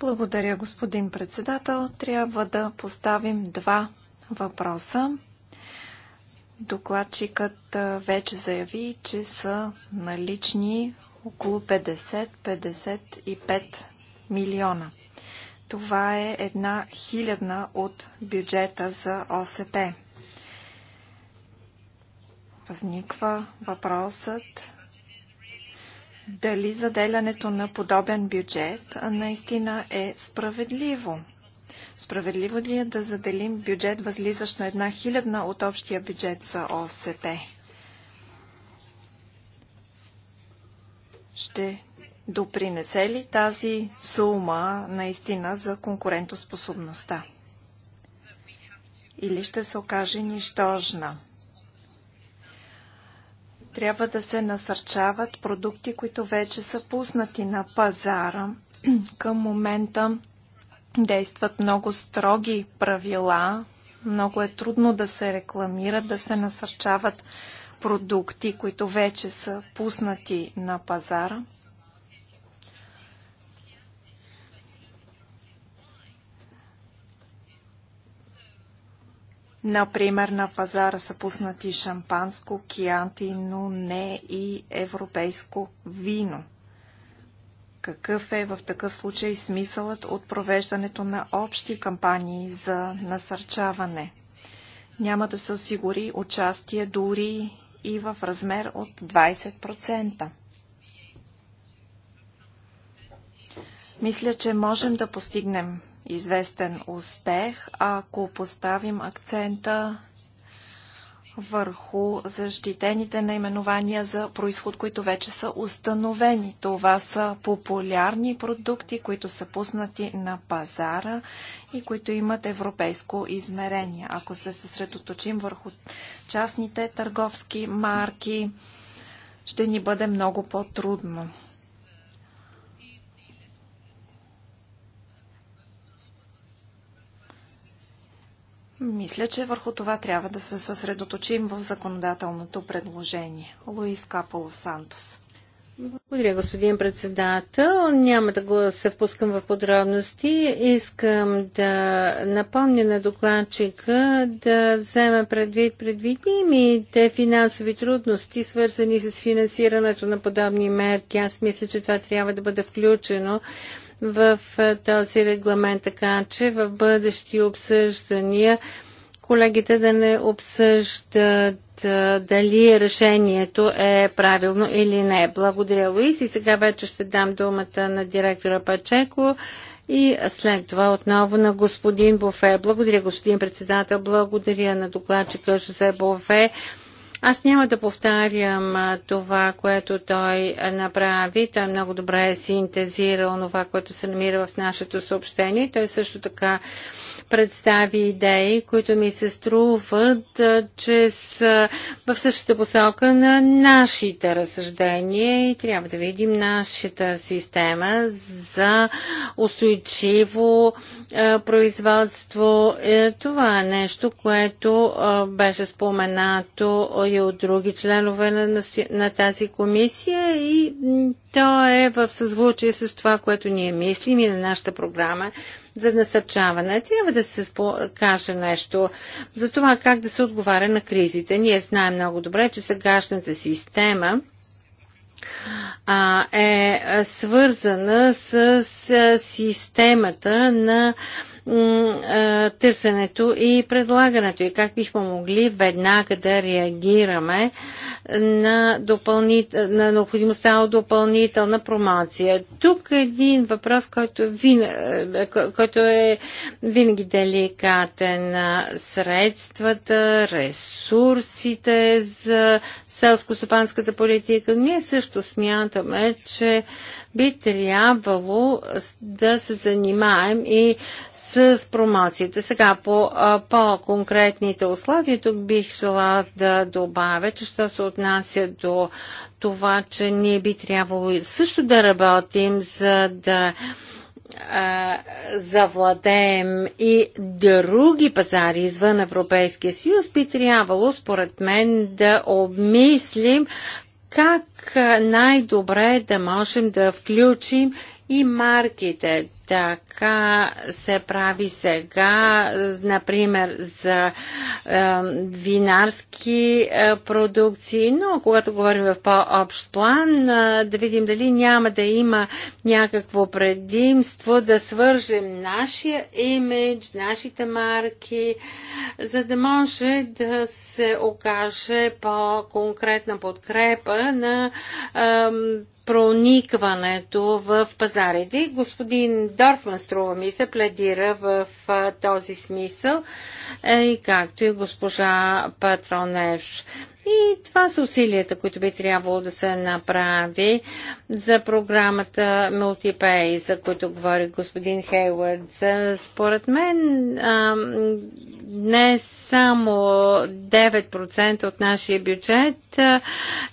Благодаря, господин председател. Трябва да поставим два въпроса. Докладчикът вече заяви, че са налични около 50-55 милиона. Това е една хилядна от бюджета за ОСП. Възниква въпросът дали заделянето на подобен бюджет наистина е справедливо. Справедливо ли е да заделим бюджет, възлизащ на една хилядна от общия бюджет за ОСП? Ще допринесе ли тази сума наистина за конкурентоспособността? Или ще се окаже нищожна? Трябва да се насърчават продукти, които вече са пуснати на пазара. Към момента действат много строги правила. Много е трудно да се рекламират, да се насърчават продукти, които вече са пуснати на пазара. Например, на пазара са пуснати шампанско, кианти, но не и европейско вино. Какъв е в такъв случай смисълът от провеждането на общи кампании за насърчаване? Няма да се осигури участие дори и в размер от 20%. Мисля, че можем да постигнем известен успех, ако поставим акцента върху защитените наименования за происход, които вече са установени. Това са популярни продукти, които са пуснати на пазара и които имат европейско измерение. Ако се съсредоточим върху частните търговски марки, ще ни бъде много по-трудно. Мисля, че върху това трябва да се съсредоточим в законодателното предложение. Луис Каполо Сантос. Благодаря, господин председател. Няма да го се впускам в подробности. Искам да напомня на докладчика да вземе предвид предвидимите финансови трудности, свързани с финансирането на подобни мерки. Аз мисля, че това трябва да бъде включено в този регламент, така че в бъдещи обсъждания колегите да не обсъждат дали решението е правилно или не. Благодаря, Луис. И сега вече ще дам думата на директора Пачеко и след това отново на господин Бофе. Благодаря, господин председател. Благодаря на докладчика Жозе Бофе аз няма да повтарям това, което той направи. Той много добре е синтезирал това, което се намира в нашето съобщение. Той също така представи идеи, които ми се струват, че са в същата посока на нашите разсъждения и трябва да видим нашата система за устойчиво производство. Е, това е нещо, което беше споменато и от други членове на, на тази комисия и то е в съзвучие с това, което ние мислим и на нашата програма за насърчаване. Трябва да се каже нещо за това как да се отговаря на кризите. Ние знаем много добре, че сегашната система а, е свързана с, с системата на търсенето и предлагането и как бихме могли веднага да реагираме на, допълнит, на необходимостта от допълнителна промоция. Тук е един въпрос, който, вин... Е, който е винаги деликатен. Средствата, ресурсите за селско-стопанската политика. Ние също смятаме, че би трябвало да се занимаем и с промоцията. Сега по по-конкретните условия, тук бих желала да добавя, че що се отнася до това, че ние би трябвало също да работим, за да завладеем и други пазари извън Европейския съюз, би трябвало, според мен, да обмислим как най-добре да можем да включим и марките така се прави сега, например, за е, винарски е, продукции, но когато говорим в по-общ план, е, да видим дали няма да има някакво предимство да свържем нашия имидж, нашите марки, за да може да се окаже по-конкретна подкрепа на е, проникването в пазарите. Господин Дорфман, струва ми се, пледира в този смисъл, е, и както и госпожа Патронеш. И това са усилията, които би трябвало да се направи за програмата Multipay, за които говори господин Хейвард. Според мен не само 9% от нашия бюджет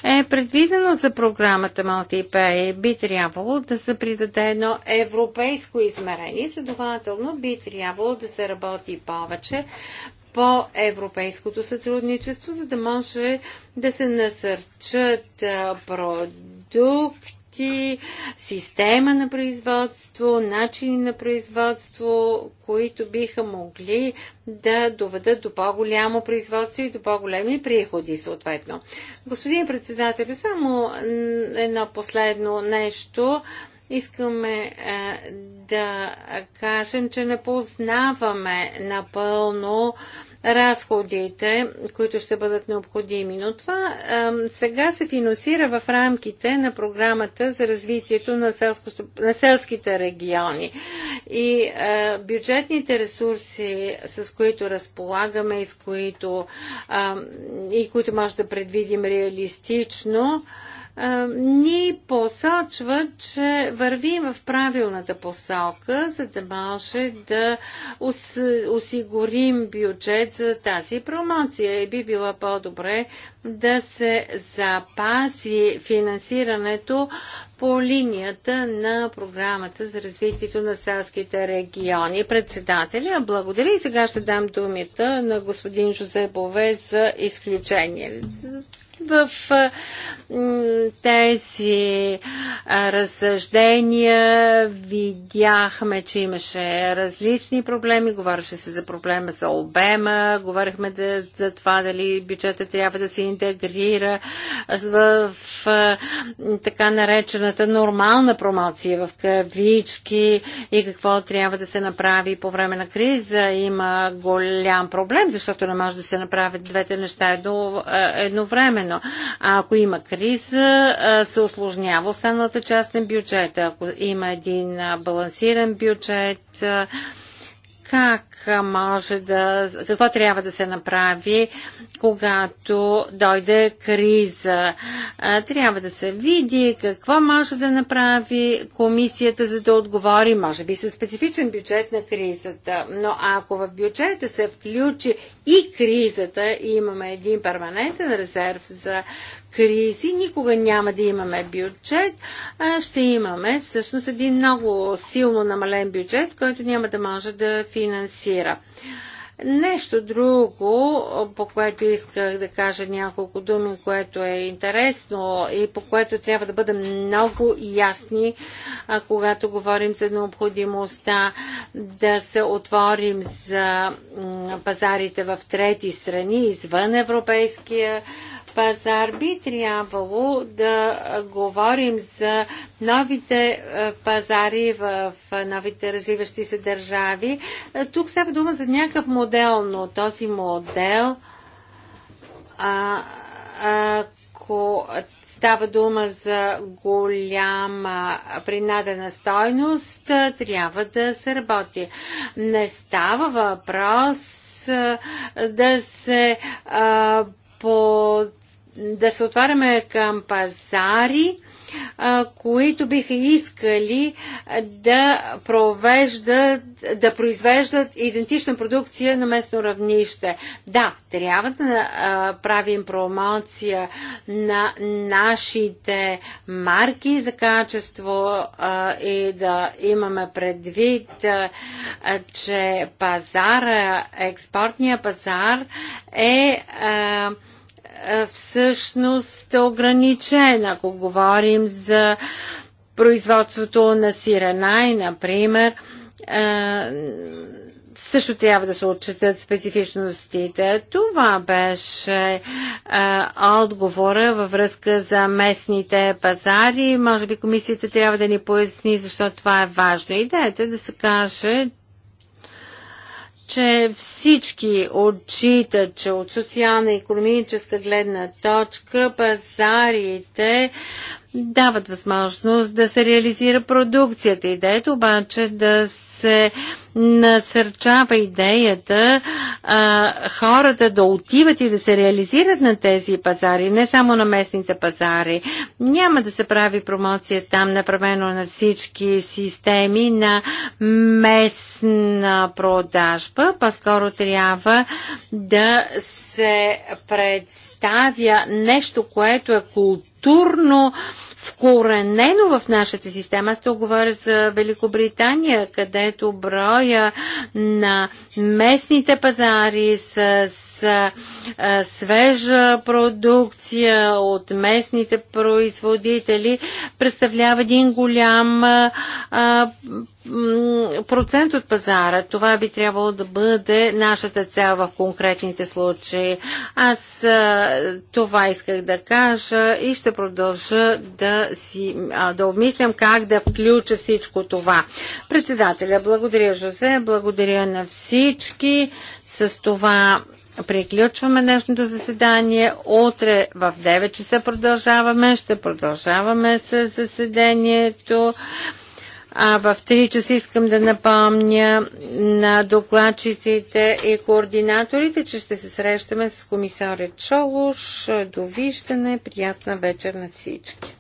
е предвидено за програмата MultiPay. Би трябвало да се придаде едно европейско измерение, следователно би трябвало да се работи повече по европейското сътрудничество, за да може да се насърчат продукти, продукти, система на производство, начини на производство, които биха могли да доведат до по-голямо производство и до по-големи приходи, съответно. Господин председател, само едно последно нещо искаме е, да кажем, че не познаваме напълно разходите, които ще бъдат необходими. Но това а, сега се финансира в рамките на програмата за развитието на, селско, на селските региони. И а, бюджетните ресурси, с които разполагаме и, с които, а, и които може да предвидим реалистично, ни посочва, че върви в правилната посока, за да може да осигурим бюджет за тази промоция и би било по-добре да се запаси финансирането по линията на програмата за развитието на селските региони. Председателя, благодаря и сега ще дам думата на господин Бове за изключение в тези разсъждения видяхме, че имаше различни проблеми. Говореше се за проблема за обема, говорихме да, за това дали бюджета трябва да се интегрира в, в така наречената нормална промоция в кавички и какво трябва да се направи по време на криза. Има голям проблем, защото не може да се направят двете неща едно, едновременно особено. Ако има криза, се осложнява останалата част на бюджета. Ако има един балансиран бюджет, как може да, какво трябва да се направи, когато дойде криза. Трябва да се види какво може да направи комисията, за да отговори, може би, със специфичен бюджет на кризата. Но ако в бюджета се включи и кризата, и имаме един перманентен резерв за кризи, никога няма да имаме бюджет, а ще имаме всъщност един много силно намален бюджет, който няма да може да финансира. Нещо друго, по което исках да кажа няколко думи, което е интересно и по което трябва да бъдем много ясни, когато говорим за необходимостта да се отворим за пазарите в трети страни, извън Европейския пазар би трябвало да говорим за новите е, пазари в новите развиващи се държави. Е, тук става дума за някакъв модел, но този модел, а, ако става дума за голяма принадена стойност, е, трябва да се работи. Не става въпрос да се а, по, да се отваряме към пазари, които биха искали да провеждат, да произвеждат идентична продукция на местно равнище. Да, трябва да правим промоция на нашите марки за качество и да имаме предвид, че пазара, експортния пазар е е, всъщност е ограничен. Ако говорим за производството на сиренай, например, е, също трябва да се отчитат специфичностите. Това беше е, отговора във връзка за местните пазари. Може би комисията трябва да ни поясни защо това е важно. Идеята е да се каже, че всички отчитат, че от социална и економическа гледна точка пазарите дават възможност да се реализира продукцията. Идеята обаче да се насърчава идеята а, хората да отиват и да се реализират на тези пазари, не само на местните пазари. Няма да се прави промоция там, направено на всички системи на местна продажба. По-скоро трябва да се представя нещо, което е културно културно вкоренено в нашата система. Аз тук говоря за Великобритания, където броя на местните пазари с, с а, свежа продукция от местните производители представлява един голям а, процент от пазара. Това би трябвало да бъде нашата цел в конкретните случаи. Аз това исках да кажа и ще продължа да, си, да обмислям как да включа всичко това. Председателя, благодаря Жозе, благодаря на всички. С това приключваме днешното заседание. Утре в 9 часа продължаваме. Ще продължаваме с заседанието. А в 3 часа искам да напомня на докладчиците и координаторите, че ще се срещаме с комисаря Чолуш. Довиждане, приятна вечер на всички.